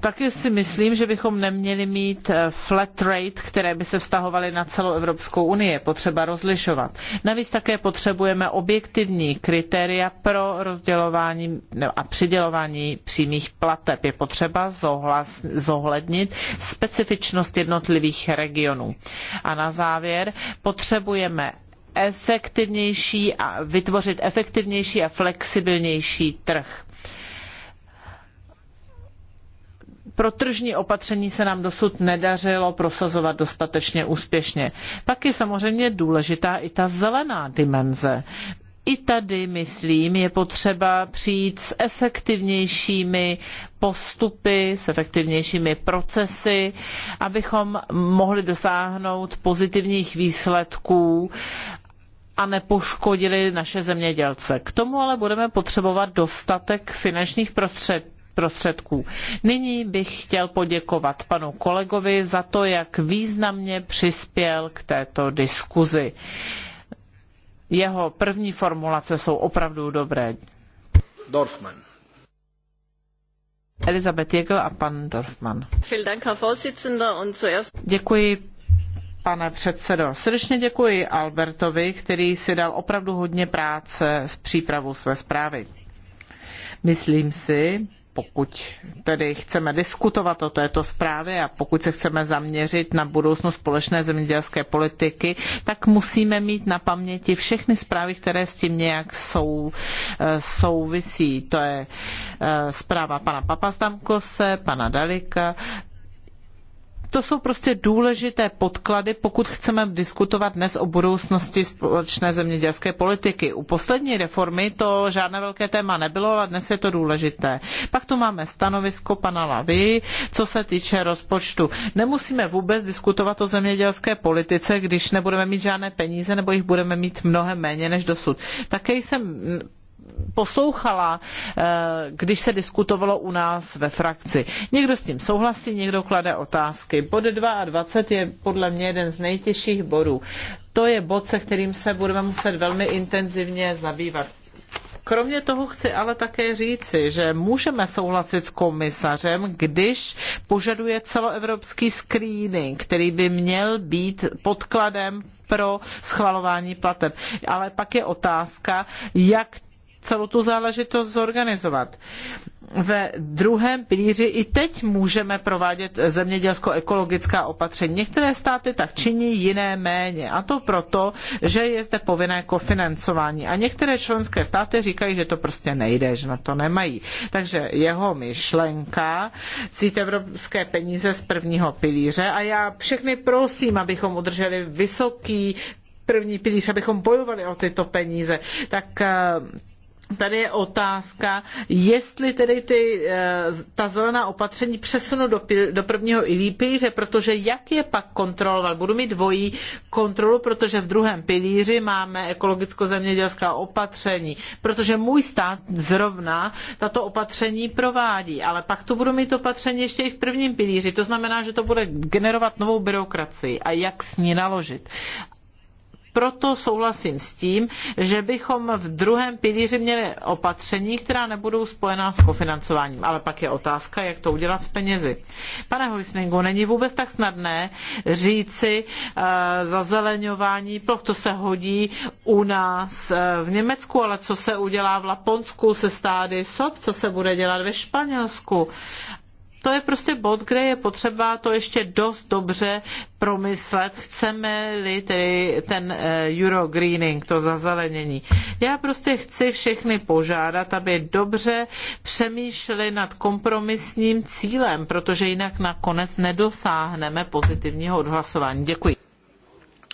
Taky si myslím, že bychom neměli mít eh, flat rate, které by se vztahovaly na celou Evropskou unii. Je potřeba rozlišovat. Navíc také potřebujeme objektivní kritéria pro rozdělování no, a přidělování přímých plateb. Je potřeba zohlas, zohlednit specifičnost jednotlivých regionů. A na závěr potřebujeme efektivnější a vytvořit efektivnější a flexibilnější trh pro tržní opatření se nám dosud nedařilo prosazovat dostatečně úspěšně. Pak je samozřejmě důležitá i ta zelená dimenze. I tady, myslím, je potřeba přijít s efektivnějšími postupy, s efektivnějšími procesy, abychom mohli dosáhnout pozitivních výsledků a nepoškodili naše zemědělce. K tomu ale budeme potřebovat dostatek finančních prostředků prostředků. Nyní bych chtěl poděkovat panu kolegovi za to, jak významně přispěl k této diskuzi. Jeho první formulace jsou opravdu dobré. Dorfman. Elizabeth Jägel a pan Dorfman. Děkuji, pane předsedo. Srdečně děkuji Albertovi, který si dal opravdu hodně práce s přípravou své zprávy. Myslím si, pokud tedy chceme diskutovat o této zprávě a pokud se chceme zaměřit na budoucnost společné zemědělské politiky, tak musíme mít na paměti všechny zprávy, které s tím nějak sou, eh, souvisí. To je eh, zpráva pana Papastamkose, pana Dalika, to jsou prostě důležité podklady, pokud chceme diskutovat dnes o budoucnosti společné zemědělské politiky. U poslední reformy to žádné velké téma nebylo, ale dnes je to důležité. Pak tu máme stanovisko pana Lavy, co se týče rozpočtu. Nemusíme vůbec diskutovat o zemědělské politice, když nebudeme mít žádné peníze nebo jich budeme mít mnohem méně než dosud. Také jsem poslouchala, eh, když se diskutovalo u nás ve frakci. Někdo s tím souhlasí, někdo klade otázky. Bod 22 je podle mě jeden z nejtěžších bodů. To je bod, se kterým se budeme muset velmi intenzivně zabývat. Kromě toho chci ale také říci, že můžeme souhlasit s komisařem, když požaduje celoevropský screening, který by měl být podkladem pro schvalování plateb. Ale pak je otázka, jak celou tu záležitost zorganizovat. Ve druhém pilíři i teď můžeme provádět zemědělsko-ekologická opatření. Některé státy tak činí, jiné méně. A to proto, že je zde povinné kofinancování. A některé členské státy říkají, že to prostě nejde, že na to nemají. Takže jeho myšlenka cít evropské peníze z prvního pilíře a já všechny prosím, abychom udrželi vysoký první pilíř, abychom bojovali o tyto peníze, tak eh, tady je otázka, jestli tedy ty, eh, ta zelená opatření přesunu do, do prvního i pilíře, protože jak je pak kontrolovat? Budu mít dvojí kontrolu, protože v druhém pilíři máme ekologicko-zemědělská opatření, protože můj stát zrovna tato opatření provádí, ale pak tu budu mít opatření ještě i v prvním pilíři, to znamená, že to bude generovat novou byrokracii a jak s ní naložit proto souhlasím s tím, že bychom v druhém pilíři měli opatření, která nebudou spojená s kofinancováním. Ale pak je otázka, jak to udělat s penězi. Pane Hoislingu, není vůbec tak snadné říci uh, zazeleňování ploch. To se hodí u nás eh, v Německu, ale co se udělá v Laponsku se stády sod, co se bude dělat ve Španělsku. To je prostě bod, kde je potřeba to ještě dost dobře promyslet, chceme-li tedy ten eh, Eurogreening, to zazelenění. Já prostě chci všechny požádat, aby dobře přemýšleli nad kompromisním cílem, protože jinak nakonec nedosáhneme pozitivního odhlasování. Děkuji.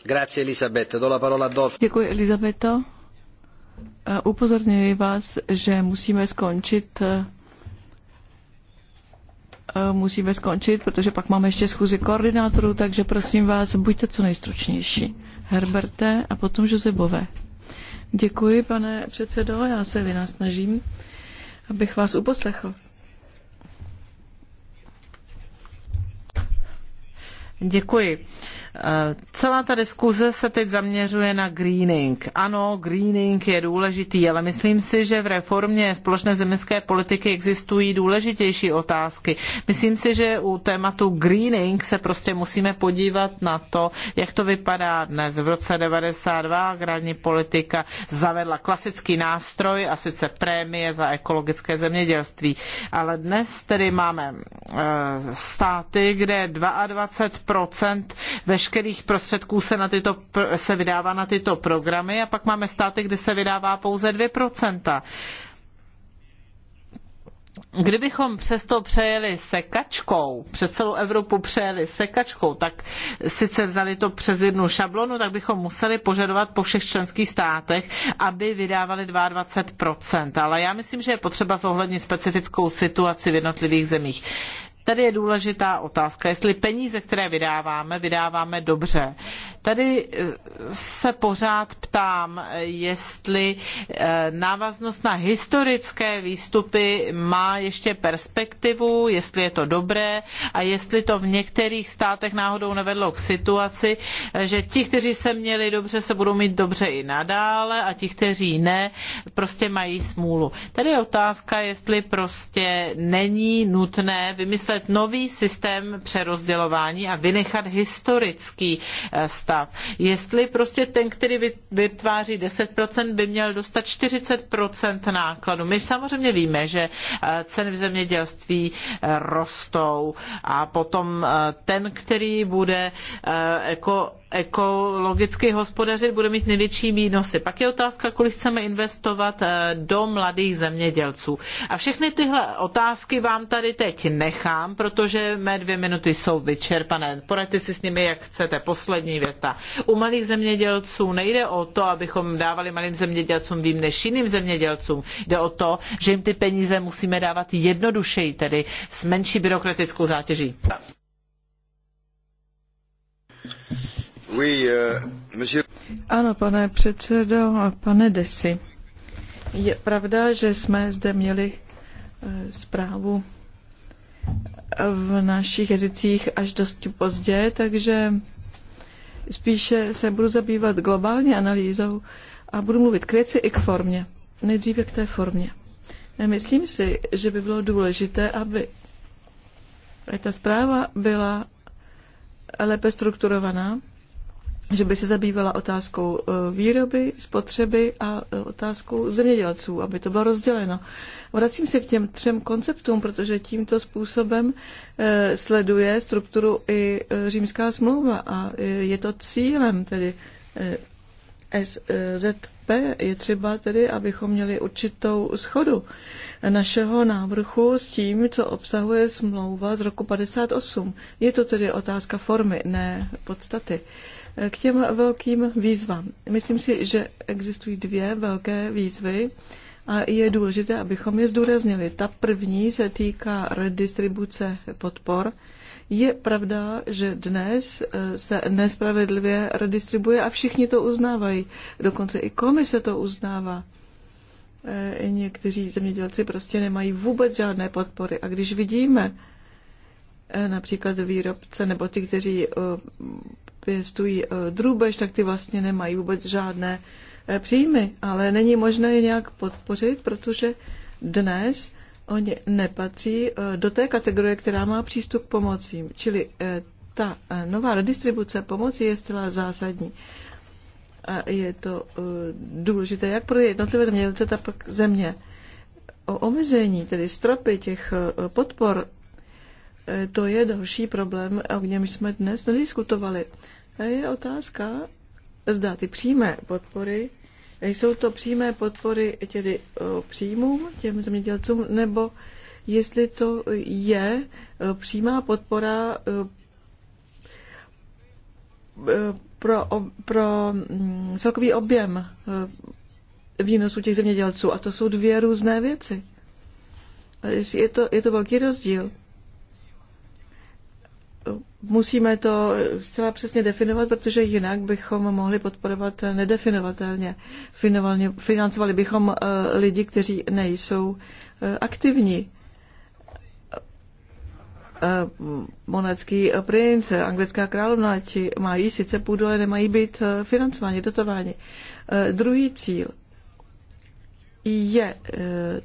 Grazie Elisabeth. Do la parola dos. Děkuji Elisabeto. Eh, upozorňuji vás, že musíme skončit eh, Eh, musíme skončit, protože pak máme ještě schůzi koordinátorů, takže prosím vás, buďte co nejstručnější. Herberte a potom Josebové. Děkuji, pane předsedo, já se vynasnažím, abych vás uposlechl. Děkuji. Eh, celá ta diskuze se teď zaměřuje na greening. Ano, greening je důležitý, ale myslím si, že v reformě společné zemské politiky existují důležitější otázky. Myslím si, že u tématu greening se prostě musíme podívat na to, jak to vypadá dnes. V roce 92 agrární politika zavedla klasický nástroj a sice prémie za ekologické zemědělství. Ale dnes tedy máme eh, státy, kde 22% ve veškerých prostředků se, na tyto, se vydává na tyto programy a pak máme státy, kde se vydává pouze 2%. Kdybychom přesto přejeli sekačkou, přes celou Evropu přejeli sekačkou, tak sice vzali to přes jednu šablonu, tak bychom museli požadovat po všech členských státech, aby vydávali 22%. Ale já myslím, že je potřeba zohlednit specifickou situaci v jednotlivých zemích. Tady je důležitá otázka, jestli peníze, které vydáváme, vydáváme dobře. Tady eh, se pořád ptám, jestli eh, návaznost na historické výstupy má ještě perspektivu, jestli je to dobré a jestli to v některých státech náhodou nevedlo k situaci, eh, že ti, kteří se měli dobře, se budou mít dobře i nadále a ti, kteří ne, prostě mají smůlu. Tady je otázka, jestli prostě není nutné vymyslet nový systém přerozdělování a vynechat historický stav stav. Jestli prostě ten, který vytváří 10%, by měl dostat 40% nákladu. My samozřejmě víme, že eh, ceny v zemědělství eh, rostou a potom eh, ten, který bude jako ekologicky hospodařit, bude mít největší výnosy. Pak je otázka, kolik chceme investovat eh, do mladých zemědělců. A všechny tyhle otázky vám tady teď nechám, protože mé dvě minuty jsou vyčerpané. Poraďte si s nimi, jak chcete. Poslední věta. U malých zemědělců nejde o to, abychom dávali malým zemědělcům vím než jiným zemědělcům. Jde o to, že jim ty peníze musíme dávat jednodušeji, tedy s menší byrokratickou zátěží. Euh, ano, pane předsedo a pane Desi. Je pravda, že jsme zde měli eh, zprávu eh, v našich jazycích až dosti pozdě, takže spíše se budu zabývat globální analýzou a budu mluvit k věci i k formě. Nejdříve k té formě. Myslím si, že by bylo důležité, aby ta zpráva byla lépe strukturovaná že by se zabývala otázkou eh, výroby, spotřeby a eh, otázkou zemědělců, aby to bylo rozděleno. Vracím se k těm třem konceptům, protože tímto způsobem eh, sleduje strukturu i římská smlouva a je to cílem tedy SZP, je třeba tedy, abychom měli určitou schodu našeho návrhu s tím, co obsahuje smlouva z roku 58. Je to tedy otázka formy, ne podstaty. K těm velkým výzvám. Myslím si, že existují dvě velké výzvy a je důležité, abychom je zdůraznili. Ta první se týká redistribuce podpor. Je pravda, že dnes eh, se nespravedlivě redistribuje a všichni to uznávají. Dokonce i komise to uznává. Eh, někteří zemědělci prostě nemají vůbec žádné podpory. A když vidíme eh, například výrobce nebo ty, kteří pěstují eh, drůbež, tak ty vlastně nemají vůbec žádné eh, příjmy, ale není možné je nějak podpořit, protože dnes oni nepatří eh, do té kategorie, která má přístup k pomocím. Čili ta nová redistribuce pomoci je zcela zásadní. A je to důležité jak pro jednotlivé zemědělce, tak pro země. O omezení, tedy stropy těch podpor, to je další problém, o něm jsme dnes nediskutovali. A je otázka, zda ty přímé podpory, jsou to přímé podpory tedy příjmům těm zemědělcům, nebo jestli to je přímá podpora pro, pro mm, celkový objem výnosu těch zemědělců. A to jsou dvě různé věci. Je to, je to velký rozdíl musíme to zcela přesně definovat, protože jinak bychom mohli podporovat nedefinovatelně. Financovali bychom eh, lidi, kteří nejsou eh, aktivní. Eh, Monecký princ, anglická královna, ti mají sice půdu, ale nemají být financováni, dotováni. Druhý cíl je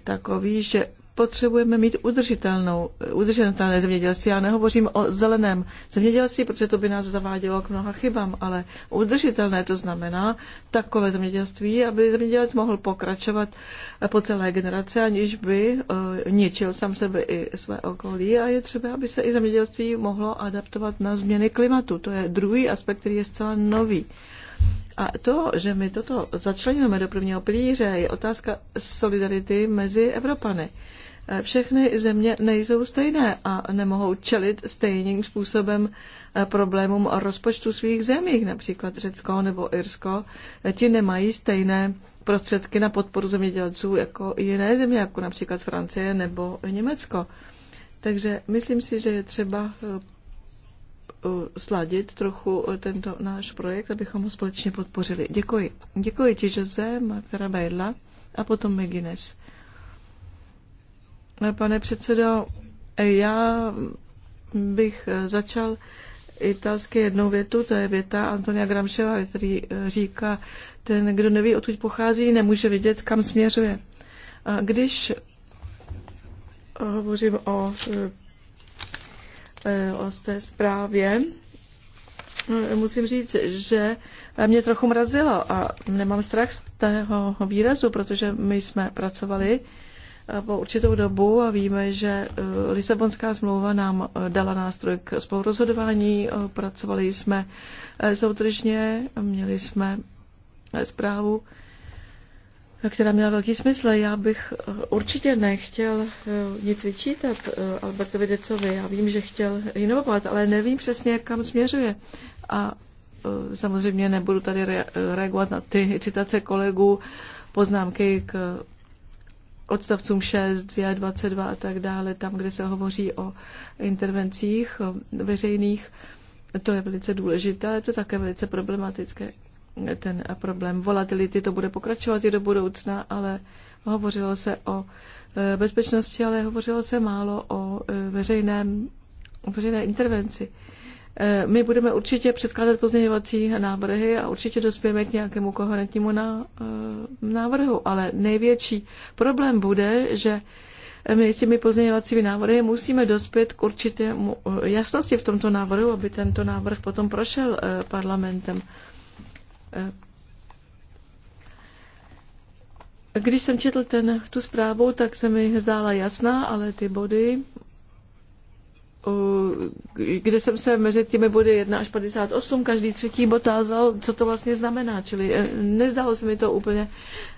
takový, že potřebujeme mít udržitelnou, udržitelné zemědělství. Já nehovořím o zeleném zemědělství, protože to by nás zavádělo k mnoha chybám, ale udržitelné to znamená takové zemědělství, aby zemědělec mohl pokračovat po celé generace, aniž by uh, ničil sám sebe i své okolí a je třeba, aby se i zemědělství mohlo adaptovat na změny klimatu. To je druhý aspekt, který je zcela nový. A to, že my toto začlenujeme do prvního pilíře, je otázka solidarity mezi Evropany. Uh, všechny země nejsou stejné a nemohou čelit stejným způsobem eh, problémům rozpočtu svých zemí, například Řecko nebo Irsko. Eh, ti nemají stejné prostředky na podporu zemědělců jako jiné země, jako například Francie nebo Německo. Takže myslím si, že je třeba eh, sladit trochu tento náš projekt, abychom ho společně podpořili. Děkuji. Děkuji ti, Jose, Martera Bejla a potom Megines. Pane předsedo, já bych začal italsky jednou větu, to je věta Antonia Gramševa, který říká, ten, kdo neví, odkud pochází, nemůže vidět, kam směřuje. A když hovořím o, eh, o té zprávě, musím říct, že mě trochu mrazilo a nemám strach z tého výrazu, protože my jsme pracovali po určitou dobu a víme, že eh, Lisabonská smlouva nám eh, dala nástroj k spolurozhodování. Eh, pracovali jsme soutržně, měli jsme zprávu, která měla velký smysl. Já bych určitě nechtěl nic vyčítat Albertovi Decovi. Já vím, že chtěl inovovat, ale nevím přesně, kam směřuje. A samozřejmě nebudu tady reagovat na ty citace kolegů, poznámky k odstavcům 6, 2, 22 a tak dále, tam, kde se hovoří o intervencích veřejných, to je velice důležité, ale to je také velice problematické. Ten problém volatility, to bude pokračovat i do budoucna, ale hovořilo se o e, bezpečnosti, ale hovořilo se málo o e, veřejném, o veřejné intervenci. Eh, my budeme určitě předkládat pozměňovací návrhy a určitě dospějeme k nějakému koherentnímu eh, návrhu, ale největší problém bude, že eh, my s těmi pozměňovacími návrhy musíme dospět k určitému jasnosti v tomto návrhu, aby tento návrh potom prošel parlamentem. Když jsem četl ten, tu zprávu, tak se mi zdála jasná, ale ty body, Eh, kde jsem se mezi těmi body 1 až 58 každý třetí bod tázal, co to vlastně znamená. Čili eh, nezdálo se mi to úplně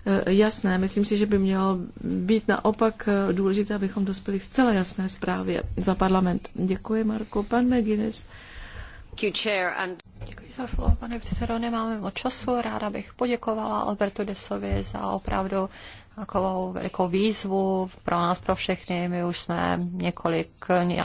eh, jasné. Myslím si, že by mělo být naopak důležité, abychom dospěli zcela jasné zprávě za parlament. Děkuji, Marko. Pan McGuinness. Děkuji za slovo, pane předsedo. Nemáme moc času. Ráda bych poděkovala Albertu Desovi za opravdu takovou velikou výzvu pro nás, pro všechny. My už jsme několik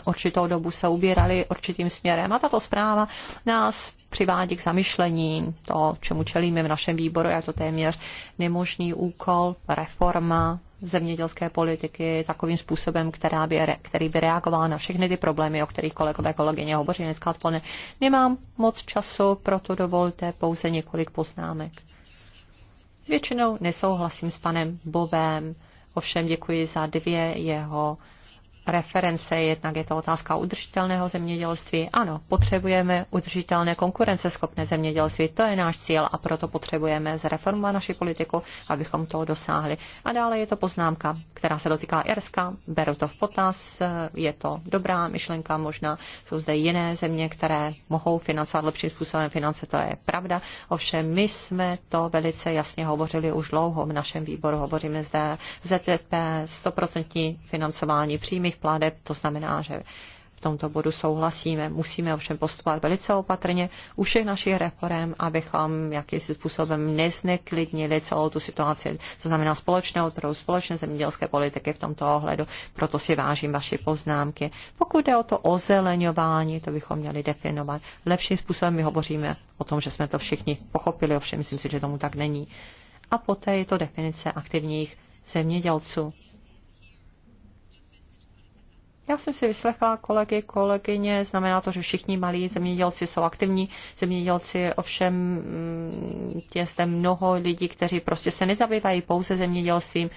určitou dobu se ubírali určitým směrem a tato zpráva nás přivádí k zamyšlení to, čemu čelíme v našem výboru. Je to téměř nemožný úkol, reforma zemědělské politiky takovým způsobem, která by, který by reagoval na všechny ty problémy, o kterých kolegové kolegyně hovoří dneska odpoledne. Nemám moc času, proto dovolte pouze několik poznámek. Většinou nesouhlasím s panem Bobem, ovšem děkuji za dvě jeho preference, jednak je to otázka udržitelného zemědělství. Ano, potřebujeme udržitelné konkurenceschopné zemědělství, to je náš cíl a proto potřebujeme zreformovat naši politiku, abychom toho dosáhli. A dále je to poznámka, která se dotýká Irska, beru to v potaz, je to dobrá myšlenka, možná jsou zde jiné země, které mohou financovat lepším způsobem finance, to je pravda. Ovšem my jsme to velice jasně hovořili už dlouho v našem výboru, hovoříme zde ZTP, 100% financování přímých těch pládeb, to znamená, že v tomto bodu souhlasíme. Musíme ovšem postupovat velice opatrně u všech našich reform, abychom jakýsi způsobem nezneklidnili celou tu situaci, to znamená společného trhu, společné zemědělské politiky v tomto ohledu. Proto si vážím vaši poznámky. Pokud jde o to ozeleňování, to bychom měli definovat. Lepším způsobem my hovoříme o tom, že jsme to všichni pochopili, ovšem myslím si, že tomu tak není. A poté je to definice aktivních zemědělců. Já jsem si vyslechla kolegy, kolegyně, znamená to, že všichni malí zemědělci jsou aktivní zemědělci, ovšem mm, je zde mnoho lidí, kteří prostě se nezabývají pouze zemědělstvím,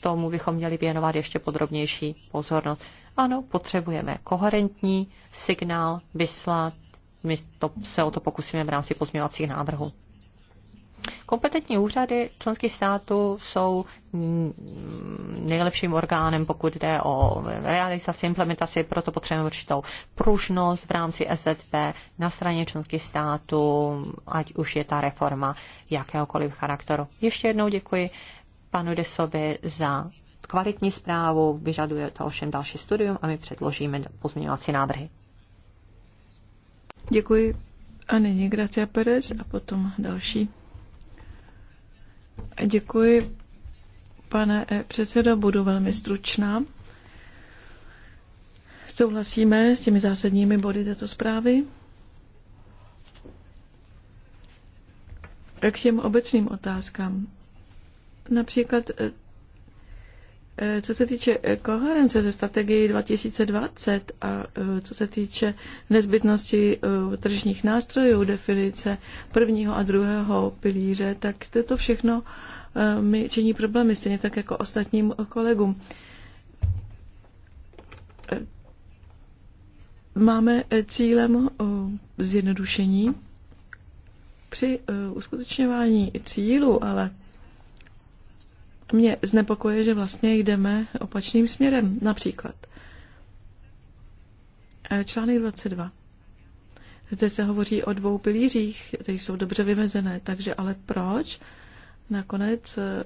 tomu bychom měli věnovat ještě podrobnější pozornost. Ano, potřebujeme koherentní signál vyslat, my to, se o to pokusíme v rámci pozměňovacích návrhů. Kompetentní úřady členských států jsou nejlepším orgánem, pokud jde o realizaci, implementaci, proto potřebujeme určitou pružnost v rámci SZP na straně členských států, ať už je ta reforma jakéhokoliv charakteru. Ještě jednou děkuji panu Desovi za kvalitní zprávu, vyžaduje to ovšem další studium a my předložíme pozměňovací návrhy. Děkuji. A nyní Gracia Perez a potom další. Děkuji, pane eh, předsedo, budu velmi stručná. Souhlasíme s těmi zásadními body této zprávy. K těm obecným otázkám. Například eh, Eh, co se týče eh, koherence ze strategii 2020 a eh, co se týče nezbytnosti tržních nástrojů, definice prvního a druhého pilíře, tak to všechno mi činí problémy, stejně tak jako ostatním kolegům. Máme cílem zjednodušení při uskutečňování cílu, ale mě znepokoje, že vlastně jdeme opačným směrem. Například eh, článek 22. Zde se hovoří o dvou pilířích, ty jsou dobře vymezené, takže ale proč nakonec eh,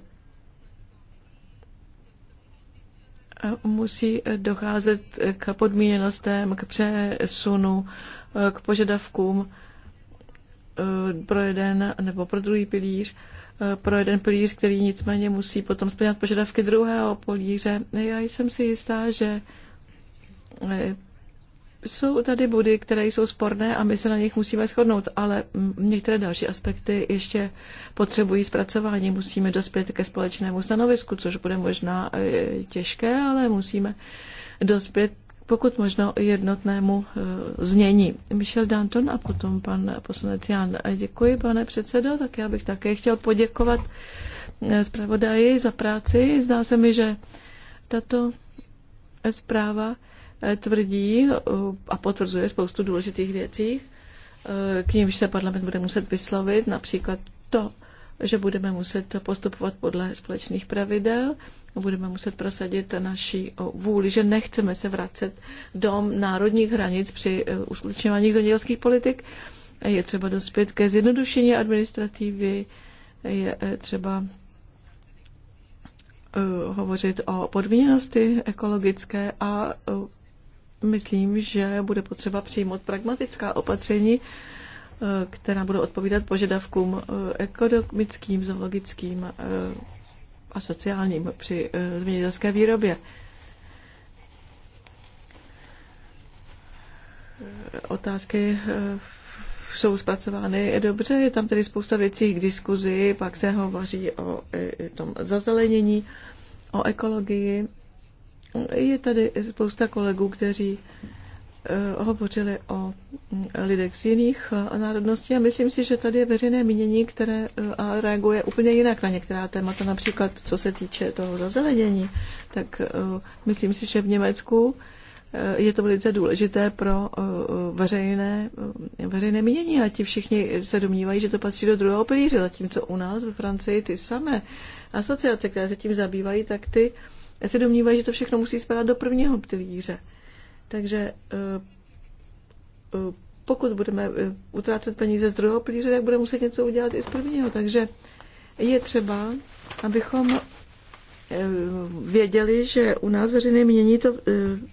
musí eh, docházet k podmíněnostem, k přesunu, k požadavkům pro jeden nebo pro druhý pilíř. Eh, pro jeden pilíř, který nicméně musí potom splňovat požadavky druhého pilíře. Já jsem si jistá, že eh, jsou tady body, které jsou sporné a my se na nich musíme shodnout, ale mm, některé další aspekty ještě potřebují zpracování. Musíme dospět ke společnému stanovisku, což bude možná eh, těžké, ale musíme dospět pokud možno jednotnému eh, znění. Michel Danton a potom pan poslanec Jan. Děkuji, pane předsedo, tak já bych také chtěl poděkovat eh, zpravodaji za práci. Zdá se mi, že tato eh, zpráva tvrdí a potvrzuje spoustu důležitých věcí, k nímž se parlament bude muset vyslovit, například to, že budeme muset postupovat podle společných pravidel budeme muset prosadit naši vůli, že nechceme se vracet do národních hranic při e, uskutečňování zemědělských politik. Je třeba dospět ke zjednodušení administrativy, je e, třeba e, hovořit o podmíněnosti ekologické a myslím, že bude potřeba přijmout pragmatická opatření, Eh, která budou odpovídat požadavkům eh, ekonomickým, zoologickým eh, a sociálním při zemědělské výrobě. Otázky jsou zpracovány dobře, je tam tedy spousta věcí k diskuzi, pak se hovoří o tom zazelenění, o ekologii. Je tady spousta kolegů, kteří Eh, hovořili o mm, lidech z jiných eh, národností a myslím si, že tady je veřejné mínění, které eh, reaguje úplně jinak na některá témata, například co se týče toho zazelenění, tak myslím si, že v Německu je to velice důležité pro veřejné, veřejné mínění a ti všichni se domnívají, že to patří do druhého pilíře, zatímco u nás ve Francii ty samé asociace, které se tím zabývají, tak ty se domnívají, že to všechno musí spadat do prvního pilíře. Takže eh, eh, pokud budeme eh, utrácet peníze z druhého pilíře, tak budeme muset něco udělat i z prvního. Takže je třeba, abychom věděli, že u nás veřejné mění to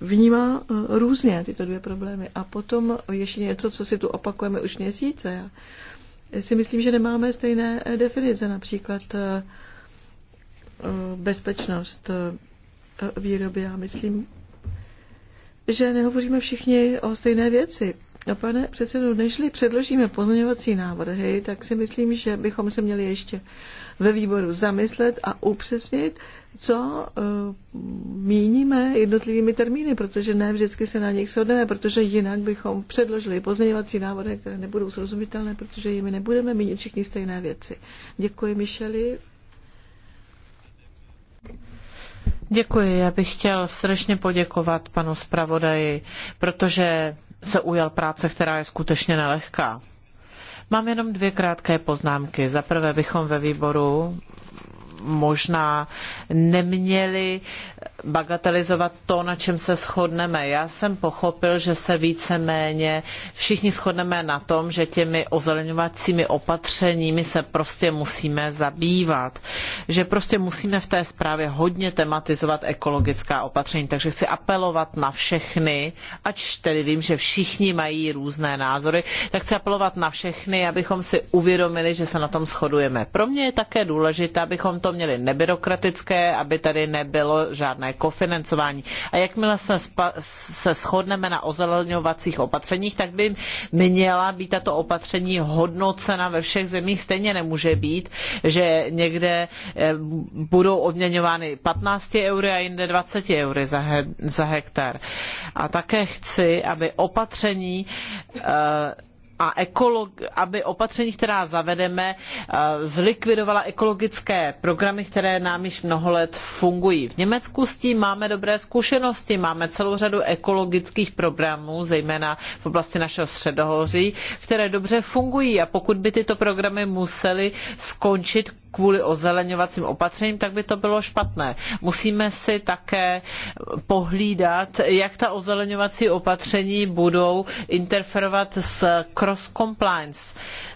vnímá různě tyto dvě problémy. A potom ještě něco, co si tu opakujeme už měsíce. Já si myslím, že nemáme stejné definice, například bezpečnost výroby. Já myslím, že nehovoříme všichni o stejné věci. A no, pane předsedu, nežli předložíme pozměňovací návrhy, tak si myslím, že bychom se měli ještě ve výboru zamyslet a upřesnit, co uh, míníme jednotlivými termíny, protože ne vždycky se na nich shodneme, protože jinak bychom předložili pozměňovací návrhy, které nebudou srozumitelné, protože jimi nebudeme mínit všichni stejné věci. Děkuji, Mišeli. Děkuji. Já bych chtěl srdečně poděkovat panu zpravodaji, protože se ujal práce, která je skutečně nelehká. Mám jenom dvě krátké poznámky. Za prvé bychom ve výboru možná neměli bagatelizovat to, na čem se shodneme. Já jsem pochopil, že se víceméně všichni shodneme na tom, že těmi ozeleňovacími opatřeními se prostě musíme zabývat. Že prostě musíme v té zprávě hodně tematizovat ekologická opatření. Takže chci apelovat na všechny, ač tedy vím, že všichni mají různé názory, tak chci apelovat na všechny, abychom si uvědomili, že se na tom shodujeme. Pro mě je také důležité, abychom to měli nebyrokratické, aby tady nebylo žádné žádné kofinancování. A jakmile se, spa, se shodneme na ozeleňovacích opatřeních, tak by měla být tato opatření hodnocena ve všech zemích. Stejně nemůže být, že někde eh, budou odměňovány 15 eury a jinde 20 eury za, he, za hektar. A také chci, aby opatření eh, a aby opatření, která zavedeme, eh, zlikvidovala ekologické programy, které nám již mnoho let fungují. V Německu s tím máme dobré zkušenosti, máme celou řadu ekologických programů, zejména v oblasti našeho středohoří, které dobře fungují a pokud by tyto programy musely skončit kvůli ozeleňovacím opatřením, tak by to bylo špatné. Musíme si také pohlídat, jak ta ozeleňovací opatření budou interferovat s cross compliance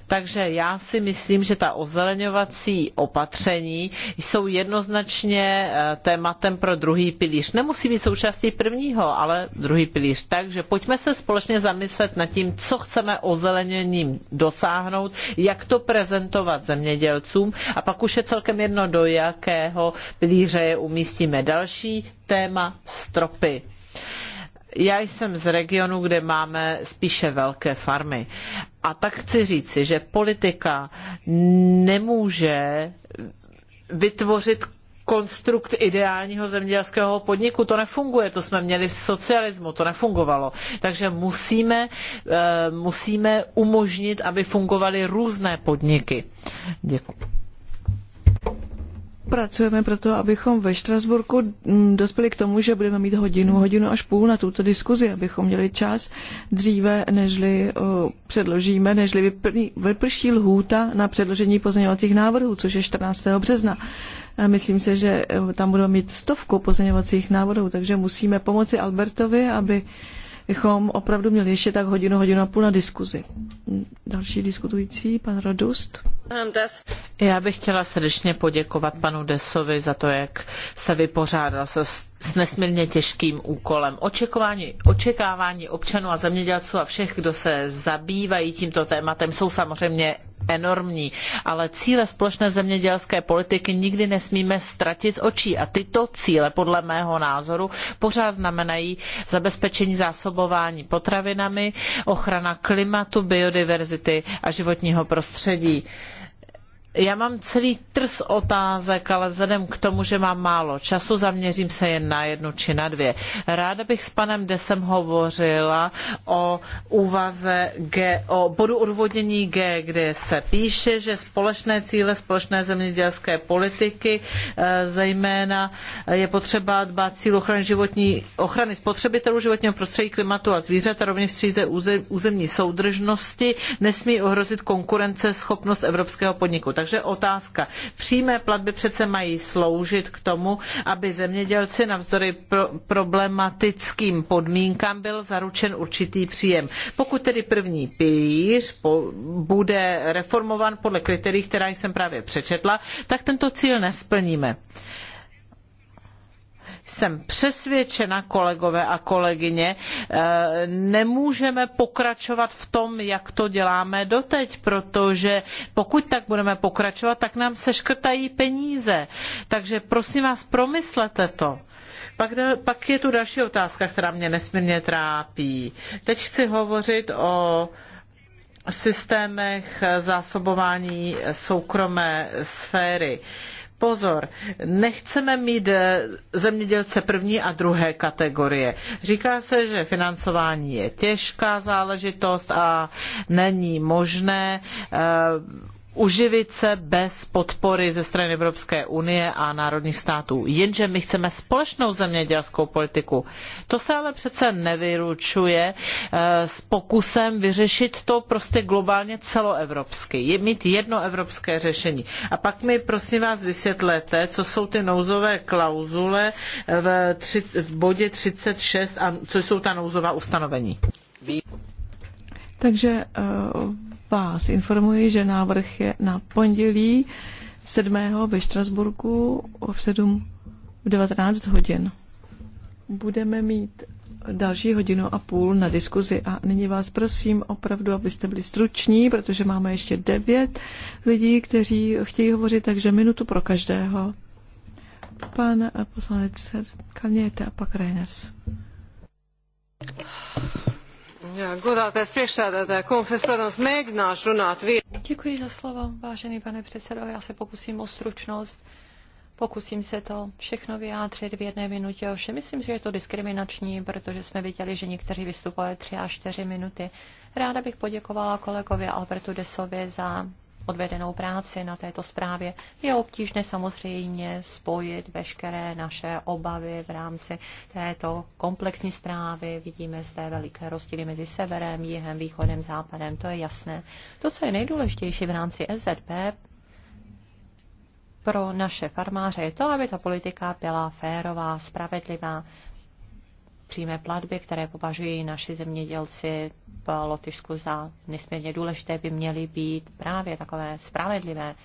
takže já si myslím, že ta ozeleňovací opatření jsou jednoznačně eh, tématem pro druhý pilíř. Nemusí být součástí prvního, ale druhý pilíř. Takže pojďme se společně zamyslet nad tím, co chceme ozeleněním dosáhnout, jak to prezentovat zemědělcům a pak už je celkem jedno, do jakého pilíře je umístíme. Další téma stropy já jsem z regionu, kde máme spíše velké farmy. A tak chci říci, že politika nemůže vytvořit konstrukt ideálního zemědělského podniku. To nefunguje, to jsme měli v socialismu, to nefungovalo. Takže musíme, eh, musíme umožnit, aby fungovaly různé podniky. Děkuji pracujeme pro to, abychom ve Štrasburku mm, dospěli k tomu, že budeme mít hodinu, hodinu až půl na tuto diskuzi, abychom měli čas dříve, nežli o, předložíme, nežli vyprší, vyprší lhůta na předložení pozměňovacích návrhů, což je 14. března. A myslím se, že e, tam budou mít stovku pozměňovacích návrhů, takže musíme pomoci Albertovi, aby bychom opravdu měli ještě tak hodinu, hodinu a půl na diskuzi. Další diskutující, pan Radust. Já bych chtěla srdečně poděkovat panu Desovi za to, jak se vypořádal se s nesmírně těžkým úkolem. Očekování, očekávání občanů a zemědělců a všech, kdo se zabývají tímto tématem, jsou samozřejmě enormní, ale cíle společné zemědělské politiky nikdy nesmíme ztratit z očí a tyto cíle podle mého názoru pořád znamenají zabezpečení zásobování potravinami, ochrana klimatu, biodiverzity a životního prostředí. Já mám celý trs otázek, ale vzhledem k tomu, že mám málo času, zaměřím se jen na jednu či na dvě. Ráda bych s panem Desem hovořila o úvaze G, o bodu odvodnění G, kde se píše, že společné cíle společné zemědělské politiky, e, zejména je potřeba dbát cíl ochrany, životní, ochrany spotřebitelů, životního prostředí, klimatu a zvířat a rovněž stříze územní soudržnosti, nesmí ohrozit konkurenceschopnost evropského podniku. Takže otázka. Přímé platby přece mají sloužit k tomu, aby zemědělci navzdory pro problematickým podmínkám byl zaručen určitý příjem. Pokud tedy první pilíř bude reformován podle kritérií, která jsem právě přečetla, tak tento cíl nesplníme. Jsem přesvědčena, kolegové a kolegyně, eh, nemůžeme pokračovat v tom, jak to děláme doteď, protože pokud tak budeme pokračovat, tak nám seškrtají peníze. Takže prosím vás, promyslete to. Pak, pak je tu další otázka, která mě nesmírně trápí. Teď chci hovořit o systémech zásobování soukromé sféry. Uh, Pozor, nechceme mít eh, zemědělce první a druhé kategorie. Říká se, že financování je těžká záležitost a není možné uh, uživit se bez podpory ze strany Evropské unie a národních států. Jenže my chceme společnou zemědělskou politiku. To se ale přece nevyručuje eh, s pokusem vyřešit to prostě globálně celoevropsky, mít jedno evropské řešení. A pak mi prosím vás vysvětlete, co jsou ty nouzové klauzule eh, v, tři, v bodě 36 a co jsou ta nouzová ustanovení. Takže uh vás informuji, že návrh je na pondělí 7. ve Štrasburku v 7 v 19 hodin. Budeme mít další hodinu a půl na diskuzi a nyní vás prosím opravdu, abyste byli struční, protože máme ještě devět lidí, kteří chtějí hovořit, takže minutu pro každého. Pan poslanec Kalněte a pak Reiners. Děkuji za slovo, vážený pane předsedo. Já se pokusím o stručnost. Pokusím se to všechno vyjádřit v jedné minutě. Ovšem myslím, že je to diskriminační, protože jsme viděli, že někteří vystupovali tři až čtyři minuty. Ráda bych poděkovala kolegovi Albertu Desovi za odvedenou práci na této zprávě. Je obtížné samozřejmě spojit veškeré naše obavy v rámci této komplexní zprávy. Vidíme zde veliké rozdíly mezi severem, jihem, východem, západem, to je jasné. To, co je nejdůležitější v rámci SZP, pro naše farmáře je to, aby ta politika byla férová, spravedlivá, přímé platby, které považují naši zemědělci v Lotyšsku za nesmírně důležité, by měly být právě takové spravedlivé.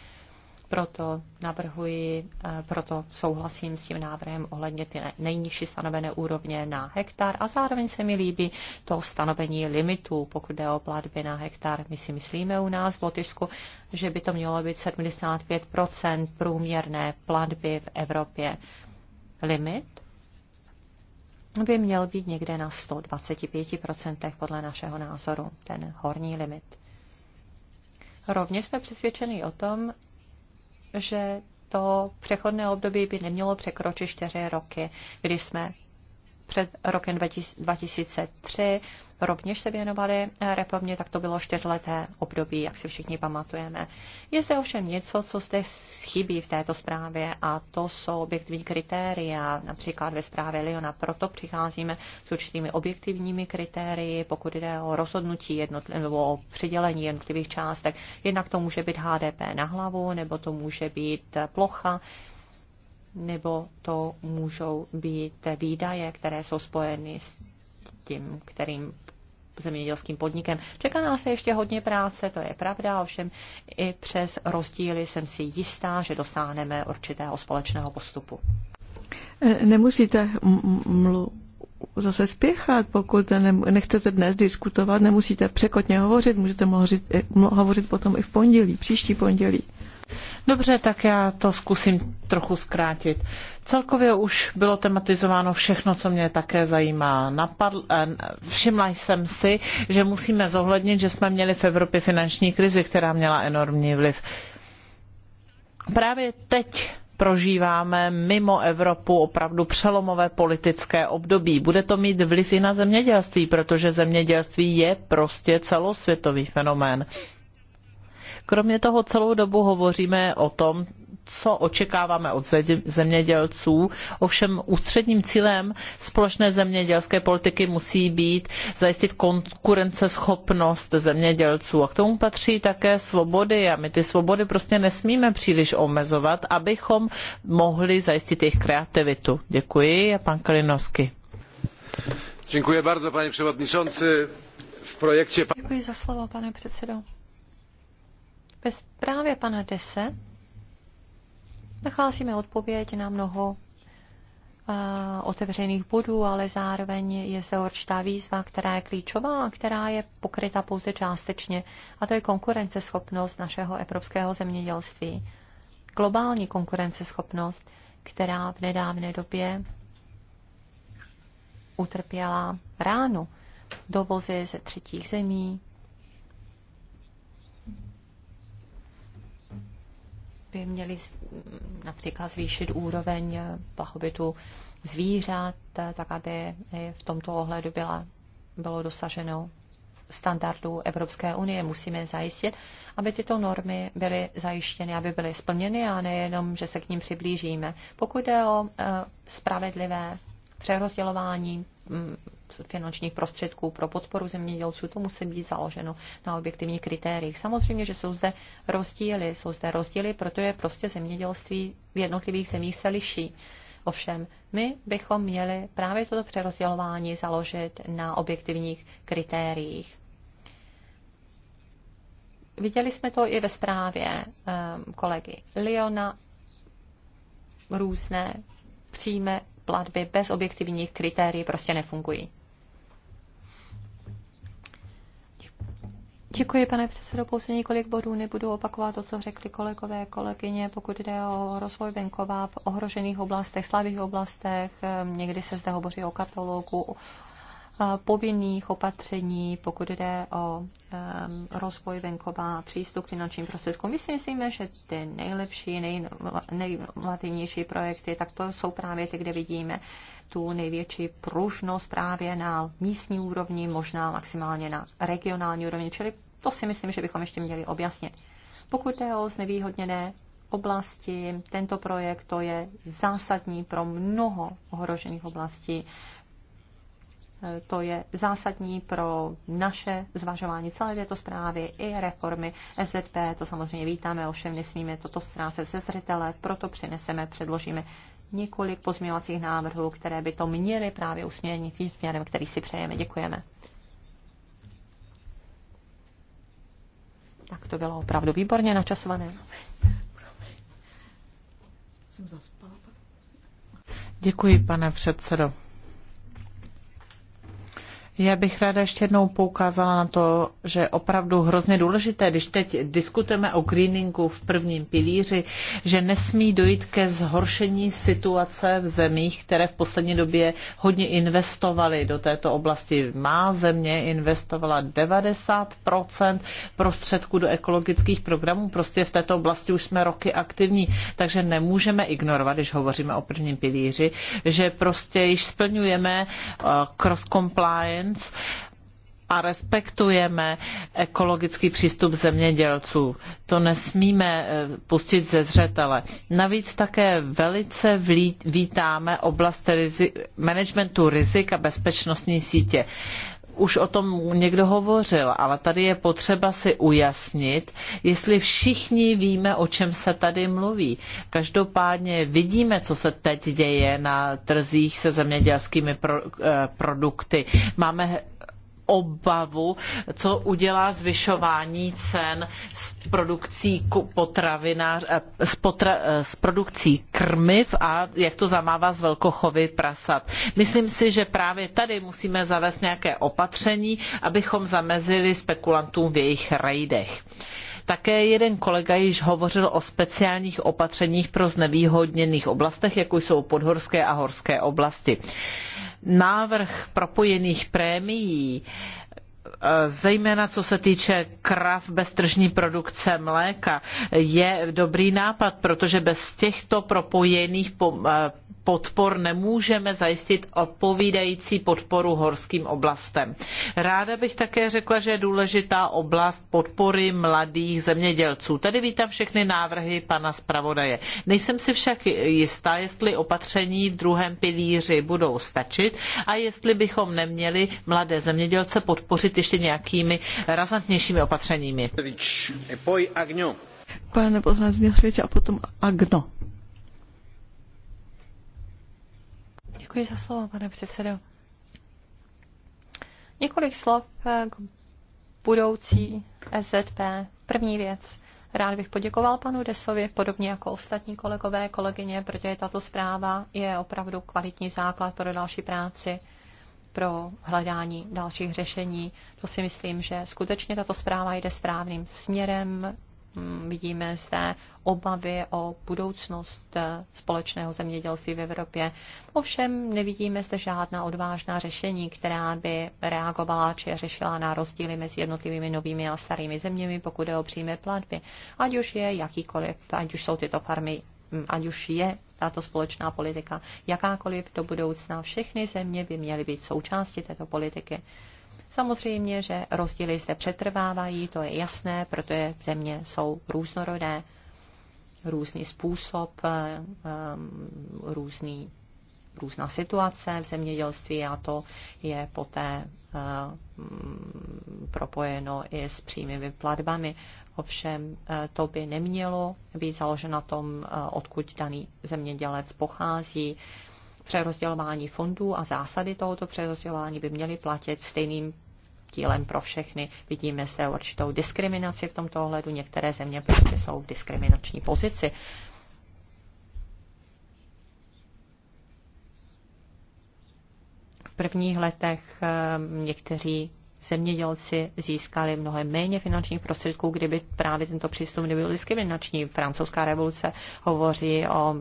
Proto navrhuji, eh, proto souhlasím s tím návrhem ohledně ty nejnižší stanovené úrovně na hektar a zároveň se mi líbí to stanovení limitů, pokud jde o platby na hektar. My si myslíme u nás v Lotyšsku, že by to mělo být 75 průměrné platby v Evropě. Limit by měl být někde na 125% podle našeho názoru, ten horní limit. Rovněž jsme přesvědčeni o tom, že to přechodné období by nemělo překročit čtyři roky, kdy jsme před rokem 2003 rovněž se věnovali eh, reformě, tak to bylo čtyřleté období, jak si všichni pamatujeme. Je zde ovšem něco, co zde chybí v této zprávě a to jsou objektivní kritéria, například ve zprávě Leona. Proto přicházíme s určitými objektivními kritérii, pokud jde o rozhodnutí nebo o přidělení jednotlivých částek. Jednak to může být HDP na hlavu, nebo to může být plocha, nebo to můžou být výdaje, které jsou spojeny s tím, kterým zemědělským podnikem. Čeká nás ještě hodně práce, to je pravda, ovšem i přes rozdíly jsem si jistá, že dosáhneme určitého společného postupu. E, nemusíte mlu zase spěchat, pokud nechcete dnes diskutovat, nemusíte překotně hovořit, můžete hovořit, e, hovořit potom i v pondělí, příští pondělí. Dobře, tak já to zkusím trochu zkrátit. Celkově už bylo tematizováno všechno, co mě také zajímá. Napadl, eh, všimla jsem si, že musíme zohlednit, že jsme měli v Evropě finanční krizi, která měla enormní vliv. Právě teď prožíváme mimo Evropu opravdu přelomové politické období. Bude to mít vliv i na zemědělství, protože zemědělství je prostě celosvětový fenomén. Kromě toho celou dobu hovoříme o tom, co očekáváme od zemědělců. Ovšem ústředním cílem společné zemědělské politiky musí být zajistit konkurenceschopnost zemědělců. A k tomu patří také svobody. A my ty svobody prostě nesmíme příliš omezovat, abychom mohli zajistit jejich kreativitu. Děkuji a pan Kalinovský. Děkuji bardzo, pane předsedající. V projektě... Děkuji za slovo, pane předsedo. Ve zprávě pana Dese nacházíme odpověď na mnoho eh, otevřených bodů, ale zároveň je zde určitá výzva, která je klíčová a která je pokryta pouze částečně. A to je konkurenceschopnost našeho evropského zemědělství. Globální konkurenceschopnost, která v nedávné době utrpěla ránu. Dovozy ze třetích zemí, by měli například zvýšit úroveň eh, blahobytu zvířat, eh, tak aby v tomto ohledu byla, bylo dosaženo standardů Evropské unie. Musíme zajistit, aby tyto normy byly zajištěny, aby byly splněny a nejenom, že se k ním přiblížíme. Pokud jde o eh, spravedlivé přerozdělování mm, finančních prostředků pro podporu zemědělců, to musí být založeno na objektivních kritériích. Samozřejmě, že jsou zde rozdíly, jsou zde rozdíly, protože prostě zemědělství v jednotlivých zemích se liší. Ovšem, my bychom měli právě toto přerozdělování založit na objektivních kritériích. Viděli jsme to i ve zprávě ehm, kolegy Leona, různé přímé platby bez objektivních kritérií prostě nefungují. Děkuji, pane předsedo. Pouze několik bodů nebudu opakovat to, co řekli kolegové, kolegyně, pokud jde o rozvoj venkova v ohrožených oblastech, slabých oblastech. Někdy se zde hovoří o katalogu, Eh, povinných opatření, pokud jde o eh, rozvoj venkova a přístup k finančním prostředkům. My si myslíme, že ty nejlepší, nejinovativnější projekty, tak to jsou právě ty, kde vidíme tu největší pružnost právě na místní úrovni, možná maximálně na regionální úrovni, čili to si myslím, že bychom ještě měli objasnit. Pokud jde o znevýhodněné oblasti, tento projekt to je zásadní pro mnoho ohrožených oblastí Eh, to je zásadní pro naše zvažování celé této zprávy i reformy SZP. To samozřejmě vítáme, ovšem nesmíme toto ztrácet se zřetele, proto přineseme, předložíme několik pozměňovacích návrhů, které by to měly právě usměrnit tím směrem, který si přejeme. Děkujeme. Tak to bylo opravdu výborně načasované. Děkuji, pane předsedo. Já bych ráda ještě jednou poukázala na to, že je opravdu hrozně důležité, když teď diskutujeme o greeningu v prvním pilíři, že nesmí dojít ke zhoršení situace v zemích, které v poslední době hodně investovaly do této oblasti. Má země investovala 90% prostředků do ekologických programů. Prostě v této oblasti už jsme roky aktivní, takže nemůžeme ignorovat, když hovoříme o prvním pilíři, že prostě již splňujeme eh, cross compliance Dance a respektujeme ekologický přístup zemědělců. To nesmíme eh, pustit ze zřetele. Navíc také velice vítáme oblast rizi- managementu rizik a bezpečnostní sítě už o tom někdo hovořil, ale tady je potřeba si ujasnit, jestli všichni víme, o čem se tady mluví. Každopádně vidíme, co se teď děje na trzích se zemědělskými pro, eh, produkty. Máme obavu, co udělá zvyšování cen s produkcí potravinář, eh, s, potra, eh, s produkcí krmiv a jak to zamává z velkochovy prasat. Myslím si, že právě tady musíme zavést nějaké opatření, abychom zamezili spekulantům v jejich rejdech. Také jeden kolega již hovořil o speciálních opatřeních pro znevýhodněných oblastech, jako jsou podhorské a horské oblasti návrh propojených prémií, eh, zejména co se týče krav tržní produkce mléka, je dobrý nápad, protože bez těchto propojených eh, podpor nemůžeme zajistit odpovídající podporu horským oblastem. Ráda bych také řekla, že je důležitá oblast podpory mladých zemědělců. Tady vítám všechny návrhy pana zpravodaje. Nejsem si však jistá, jestli opatření v druhém pilíři budou stačit a jestli bychom neměli mladé zemědělce podpořit ještě nějakými razantnějšími opatřeními. Pane poslanec a potom Agno. Děkuji za slovo, pane předsedo. Několik slov eh, k budoucí SZP. První věc. Rád bych poděkoval panu Desovi, podobně jako ostatní kolegové, kolegyně, protože tato zpráva je opravdu kvalitní základ pro další práci, pro hledání dalších řešení. To si myslím, že skutečně tato zpráva jde správným směrem, Mm, vidíme zde obavy o budoucnost eh, společného zemědělství v Evropě. Ovšem nevidíme zde žádná odvážná řešení, která by reagovala či řešila na rozdíly mezi jednotlivými novými a starými zeměmi, pokud je o přímé platby. Ať už je jakýkoliv, ať už jsou tyto farmy mm, ať už je tato společná politika jakákoliv do budoucna, všechny země by měly být součástí této politiky. Samozřejmě, že rozdíly zde přetrvávají, to je jasné, protože země jsou různorodé, různý způsob, eh, eh, různý, různá situace v zemědělství a to je poté eh, propojeno i s přímými platbami. Ovšem to by nemělo být založeno na tom, odkud daný zemědělec pochází. Přerozdělování fondů a zásady tohoto přerozdělování by měly platit stejným dílem pro všechny. Vidíme zde určitou diskriminaci v tomto ohledu. Některé země prostě jsou v diskriminační pozici. V prvních letech eh, někteří zemědělci získali mnohem méně finančních prostředků, kdyby právě tento přístup nebyl diskriminační. Francouzská revoluce hovoří o um,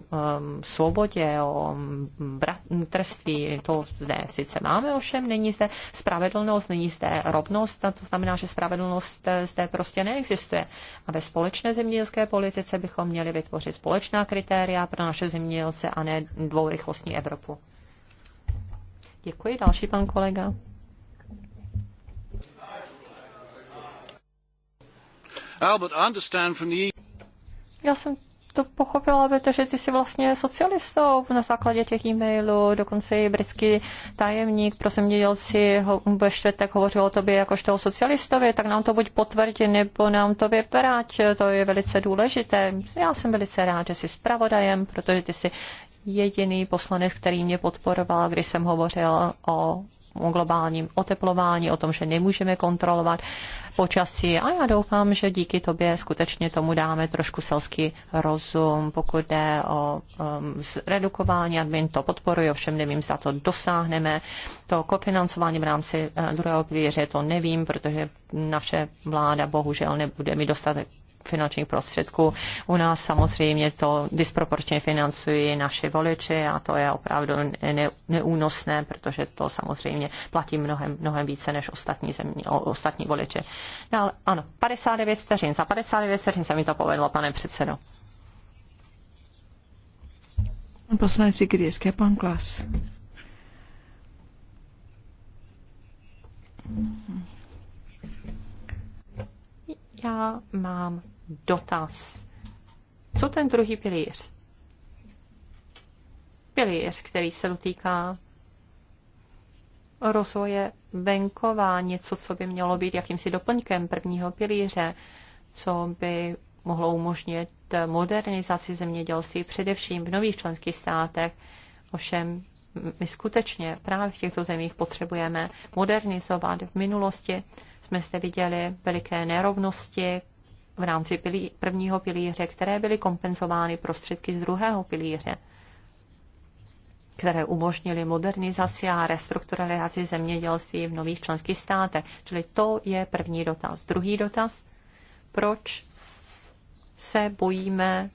svobodě, o um, bratrství. To zde sice máme, ovšem není zde spravedlnost, není zde rovnost a to znamená, že spravedlnost zde prostě neexistuje. A ve společné zemědělské politice bychom měli vytvořit společná kritéria pro naše zemědělce a ne dvourychlostní Evropu. Děkuji. Další pan kolega. Albert, I understand from the... E Já jsem to pochopila, protože ty jsi vlastně socialistou na základě těch e-mailů, dokonce i britský tajemník pro zemědělci ho, ve čtvrtek hovořil o tobě jakožto o socialistovi, tak nám to buď potvrdí, nebo nám to vypráť, to je velice důležité. Já jsem velice rád, že jsi zpravodajem, protože ty jsi jediný poslanec, který mě podporoval, když jsem hovořil o o globálním oteplování, o tom, že nemůžeme kontrolovat počasí. A já doufám, že díky tobě skutečně tomu dáme trošku selský rozum, pokud jde o um, zredukování admin, to podporuji, ovšem nevím, zda to dosáhneme. To kofinancování v rámci eh, druhého pilíře, to nevím, protože naše vláda bohužel nebude mít dostatek finančních prostředků. U nás samozřejmě to disproporčně financují naši voliči a to je opravdu ne, neúnosné, protože to samozřejmě platí mnohem, mnohem více než ostatní, země, ostatní voliči. ale ano, 59 vteřin. Za 59 vteřin se mi to povedlo, pane předsedo. Pan poslanec Sikrieské, pan Klas. Já mám dotaz. Co ten druhý pilíř? Pilíř, který se dotýká rozvoje venková, něco, co by mělo být jakýmsi doplňkem prvního pilíře, co by mohlo umožnit modernizaci zemědělství především v nových členských státech. Ovšem, my skutečně právě v těchto zemích potřebujeme modernizovat. V minulosti jsme zde viděli veliké nerovnosti, v rámci pilí, prvního pilíře, které byly kompenzovány prostředky z druhého pilíře, které umožnily modernizaci a restrukturalizaci zemědělství v nových členských státech. Čili to je první dotaz. Druhý dotaz, proč se bojíme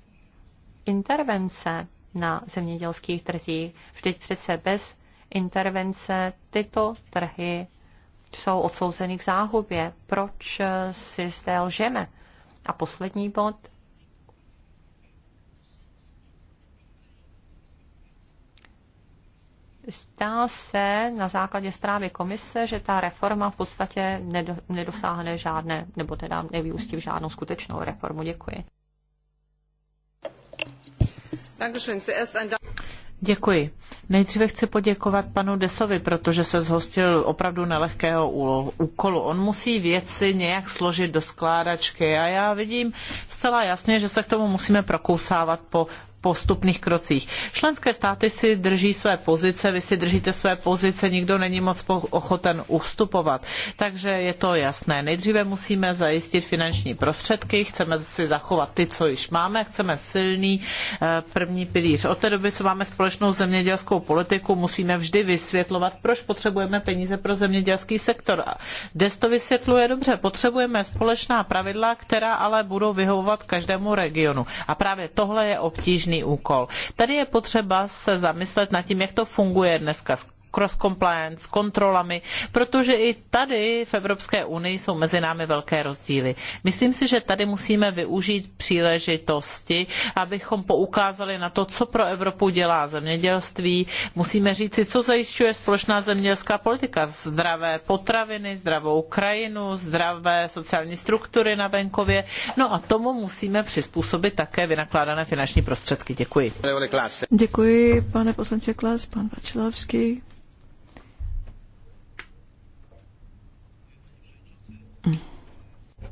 intervence na zemědělských trzích. Vždyť přece bez intervence tyto trhy jsou odsouzeny k záhubě. Proč si zde lžeme? A poslední bod. Zdá se na základě zprávy komise, že ta reforma v podstatě nedosáhne žádné, nebo teda nevyústí v žádnou skutečnou reformu. Děkuji. Děkuji. Nejdříve chci poděkovat panu Desovi, protože se zhostil opravdu nelehkého úkolu. On musí věci nějak složit do skládačky a já vidím zcela jasně, že se k tomu musíme prokousávat po postupných krocích. Členské státy si drží své pozice, vy si držíte své pozice, nikdo není moc ochoten ustupovat. Takže je to jasné. Nejdříve musíme zajistit finanční prostředky, chceme si zachovat ty, co již máme, chceme silný eh, první pilíř. Od té doby, co máme společnou zemědělskou politiku, musíme vždy vysvětlovat, proč potřebujeme peníze pro zemědělský sektor. Des to vysvětluje dobře. Potřebujeme společná pravidla, která ale budou vyhovovat každému regionu. A právě tohle je obtížný úkol. Tady je potřeba se zamyslet nad tím, jak to funguje dneska cross-compliance, kontrolami, protože i tady v Evropské unii jsou mezi námi velké rozdíly. Myslím si, že tady musíme využít příležitosti, abychom poukázali na to, co pro Evropu dělá zemědělství. Musíme říci, co zajišťuje společná zemědělská politika. Zdravé potraviny, zdravou krajinu, zdravé sociální struktury na venkově. No a tomu musíme přizpůsobit také vynakládané finanční prostředky. Děkuji. Děkuji, pane poslanče Klas, pan Vačilovský.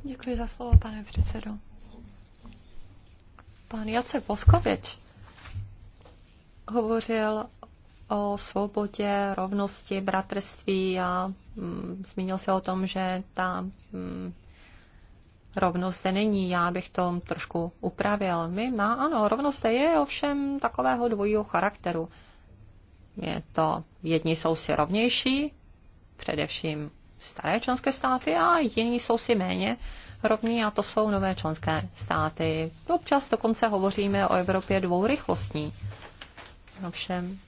Děkuji za slovo, pane předsedo. Pan Jacek Poskovič hovořil o svobodě, rovnosti, bratrství a mm, zmínil se o tom, že ta mm, rovnost zde není. Já bych to trošku upravil. My má, ano, rovnost je ovšem takového dvojího charakteru. Je to, jedni jsou si rovnější, především staré členské státy a jiní jsou si méně rovní a to jsou nové členské státy. Občas dokonce hovoříme o Evropě dvourychlostní. Ovšem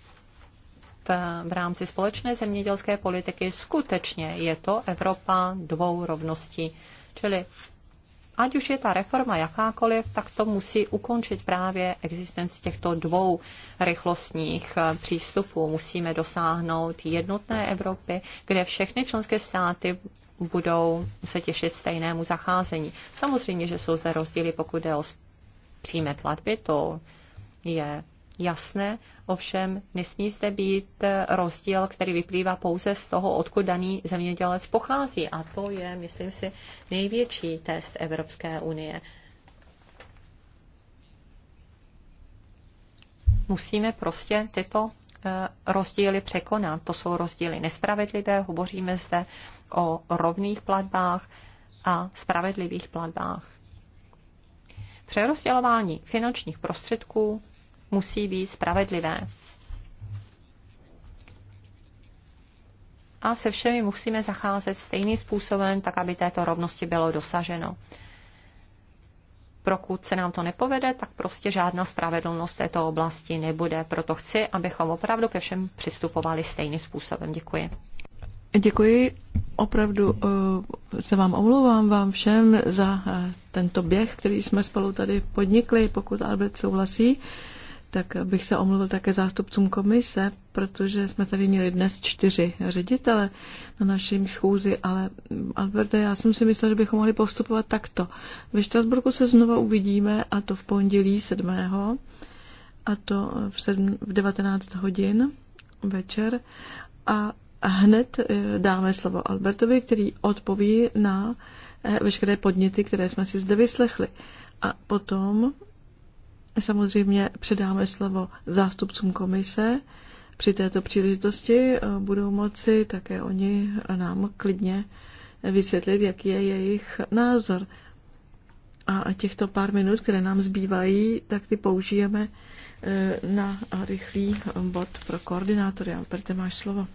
v, v rámci společné zemědělské politiky skutečně je to Evropa dvou rovností. Čili ať už je ta reforma jakákoliv, tak to musí ukončit právě existenci těchto dvou rychlostních eh, přístupů. Musíme dosáhnout jednotné Evropy, kde všechny členské státy budou se těšit stejnému zacházení. Samozřejmě, že jsou zde rozdíly, pokud jde o přímé platby, to je jasné, Ovšem nesmí zde být eh, rozdíl, který vyplývá pouze z toho, odkud daný zemědělec pochází. A to je, myslím si, největší test Evropské unie. Musíme prostě tyto eh, rozdíly překonat. To jsou rozdíly nespravedlivé, hovoříme zde o rovných platbách a spravedlivých platbách. Přerozdělování finančních prostředků musí být spravedlivé. A se všemi musíme zacházet stejným způsobem, tak aby této rovnosti bylo dosaženo. Prokud se nám to nepovede, tak prostě žádná spravedlnost v této oblasti nebude. Proto chci, abychom opravdu ke všem přistupovali stejným způsobem. Děkuji. Děkuji. Opravdu eh, se vám omlouvám vám všem za eh, tento běh, který jsme spolu tady podnikli, pokud Albert souhlasí tak bych se omluvil také zástupcům komise, protože jsme tady měli dnes čtyři ředitele na našem schůzi, ale Alberte, já jsem si myslel, že bychom mohli postupovat takto. Ve Štrasburku se znova uvidíme a to v pondělí 7. a to v, 7, v 19 hodin večer a hned eh, dáme slovo Albertovi, který odpoví na eh, veškeré podněty, které jsme si zde vyslechli. A potom Samozřejmě předáme slovo zástupcům komise. Při této příležitosti eh, budou moci také oni nám klidně vysvětlit, jaký je jejich názor. A těchto pár minut, které nám zbývají, tak ty použijeme eh, na rychlý bod pro koordinátory. Alberte, máš slovo.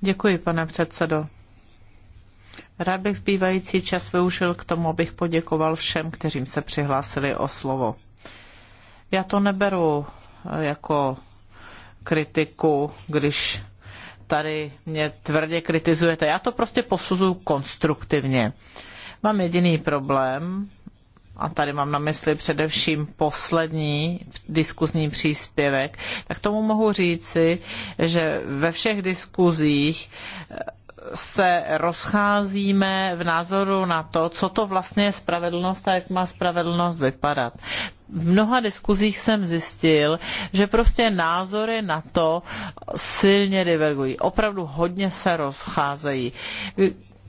Děkuji, pane předsedo. Rád bych zbývající čas využil k tomu, abych poděkoval všem, kteřím se přihlásili o slovo. Já to neberu eh, jako kritiku, když tady mě tvrdě kritizujete. Já to prostě posuzuju konstruktivně. Mám jediný problém, a tady mám na mysli především poslední diskuzní příspěvek, tak tomu mohu říci, že ve všech diskuzích se rozcházíme v názoru na to, co to vlastně je spravedlnost a jak má spravedlnost vypadat. V mnoha diskuzích jsem zjistil, že prostě názory na to silně divergují. Opravdu hodně se rozcházejí.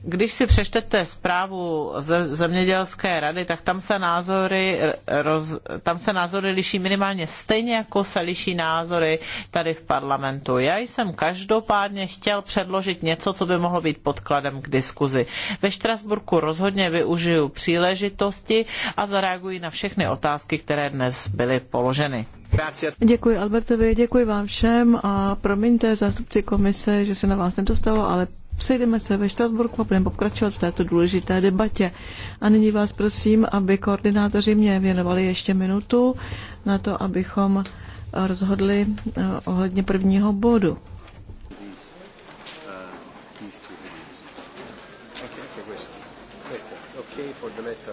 Když si přečtete zprávu ze zemědělské rady, tak tam se názory, roz, tam se názory liší minimálně stejně, jako se liší názory tady v parlamentu. Já jsem každopádně chtěl předložit něco, co by mohlo být podkladem k diskuzi. Ve Štrasburku rozhodně využiju příležitosti a zareaguji na všechny otázky, které dnes byly položeny. Děkuji Albertovi, děkuji vám všem a promiňte zástupci komise, že se na vás nedostalo, ale Sejdeme se ve Štrasburku a budeme pokračovat v této důležité debatě. A nyní vás prosím, aby koordinátoři mě věnovali ještě minutu na to, abychom rozhodli eh, ohledně prvního bodu. Uh, okay, for the letter.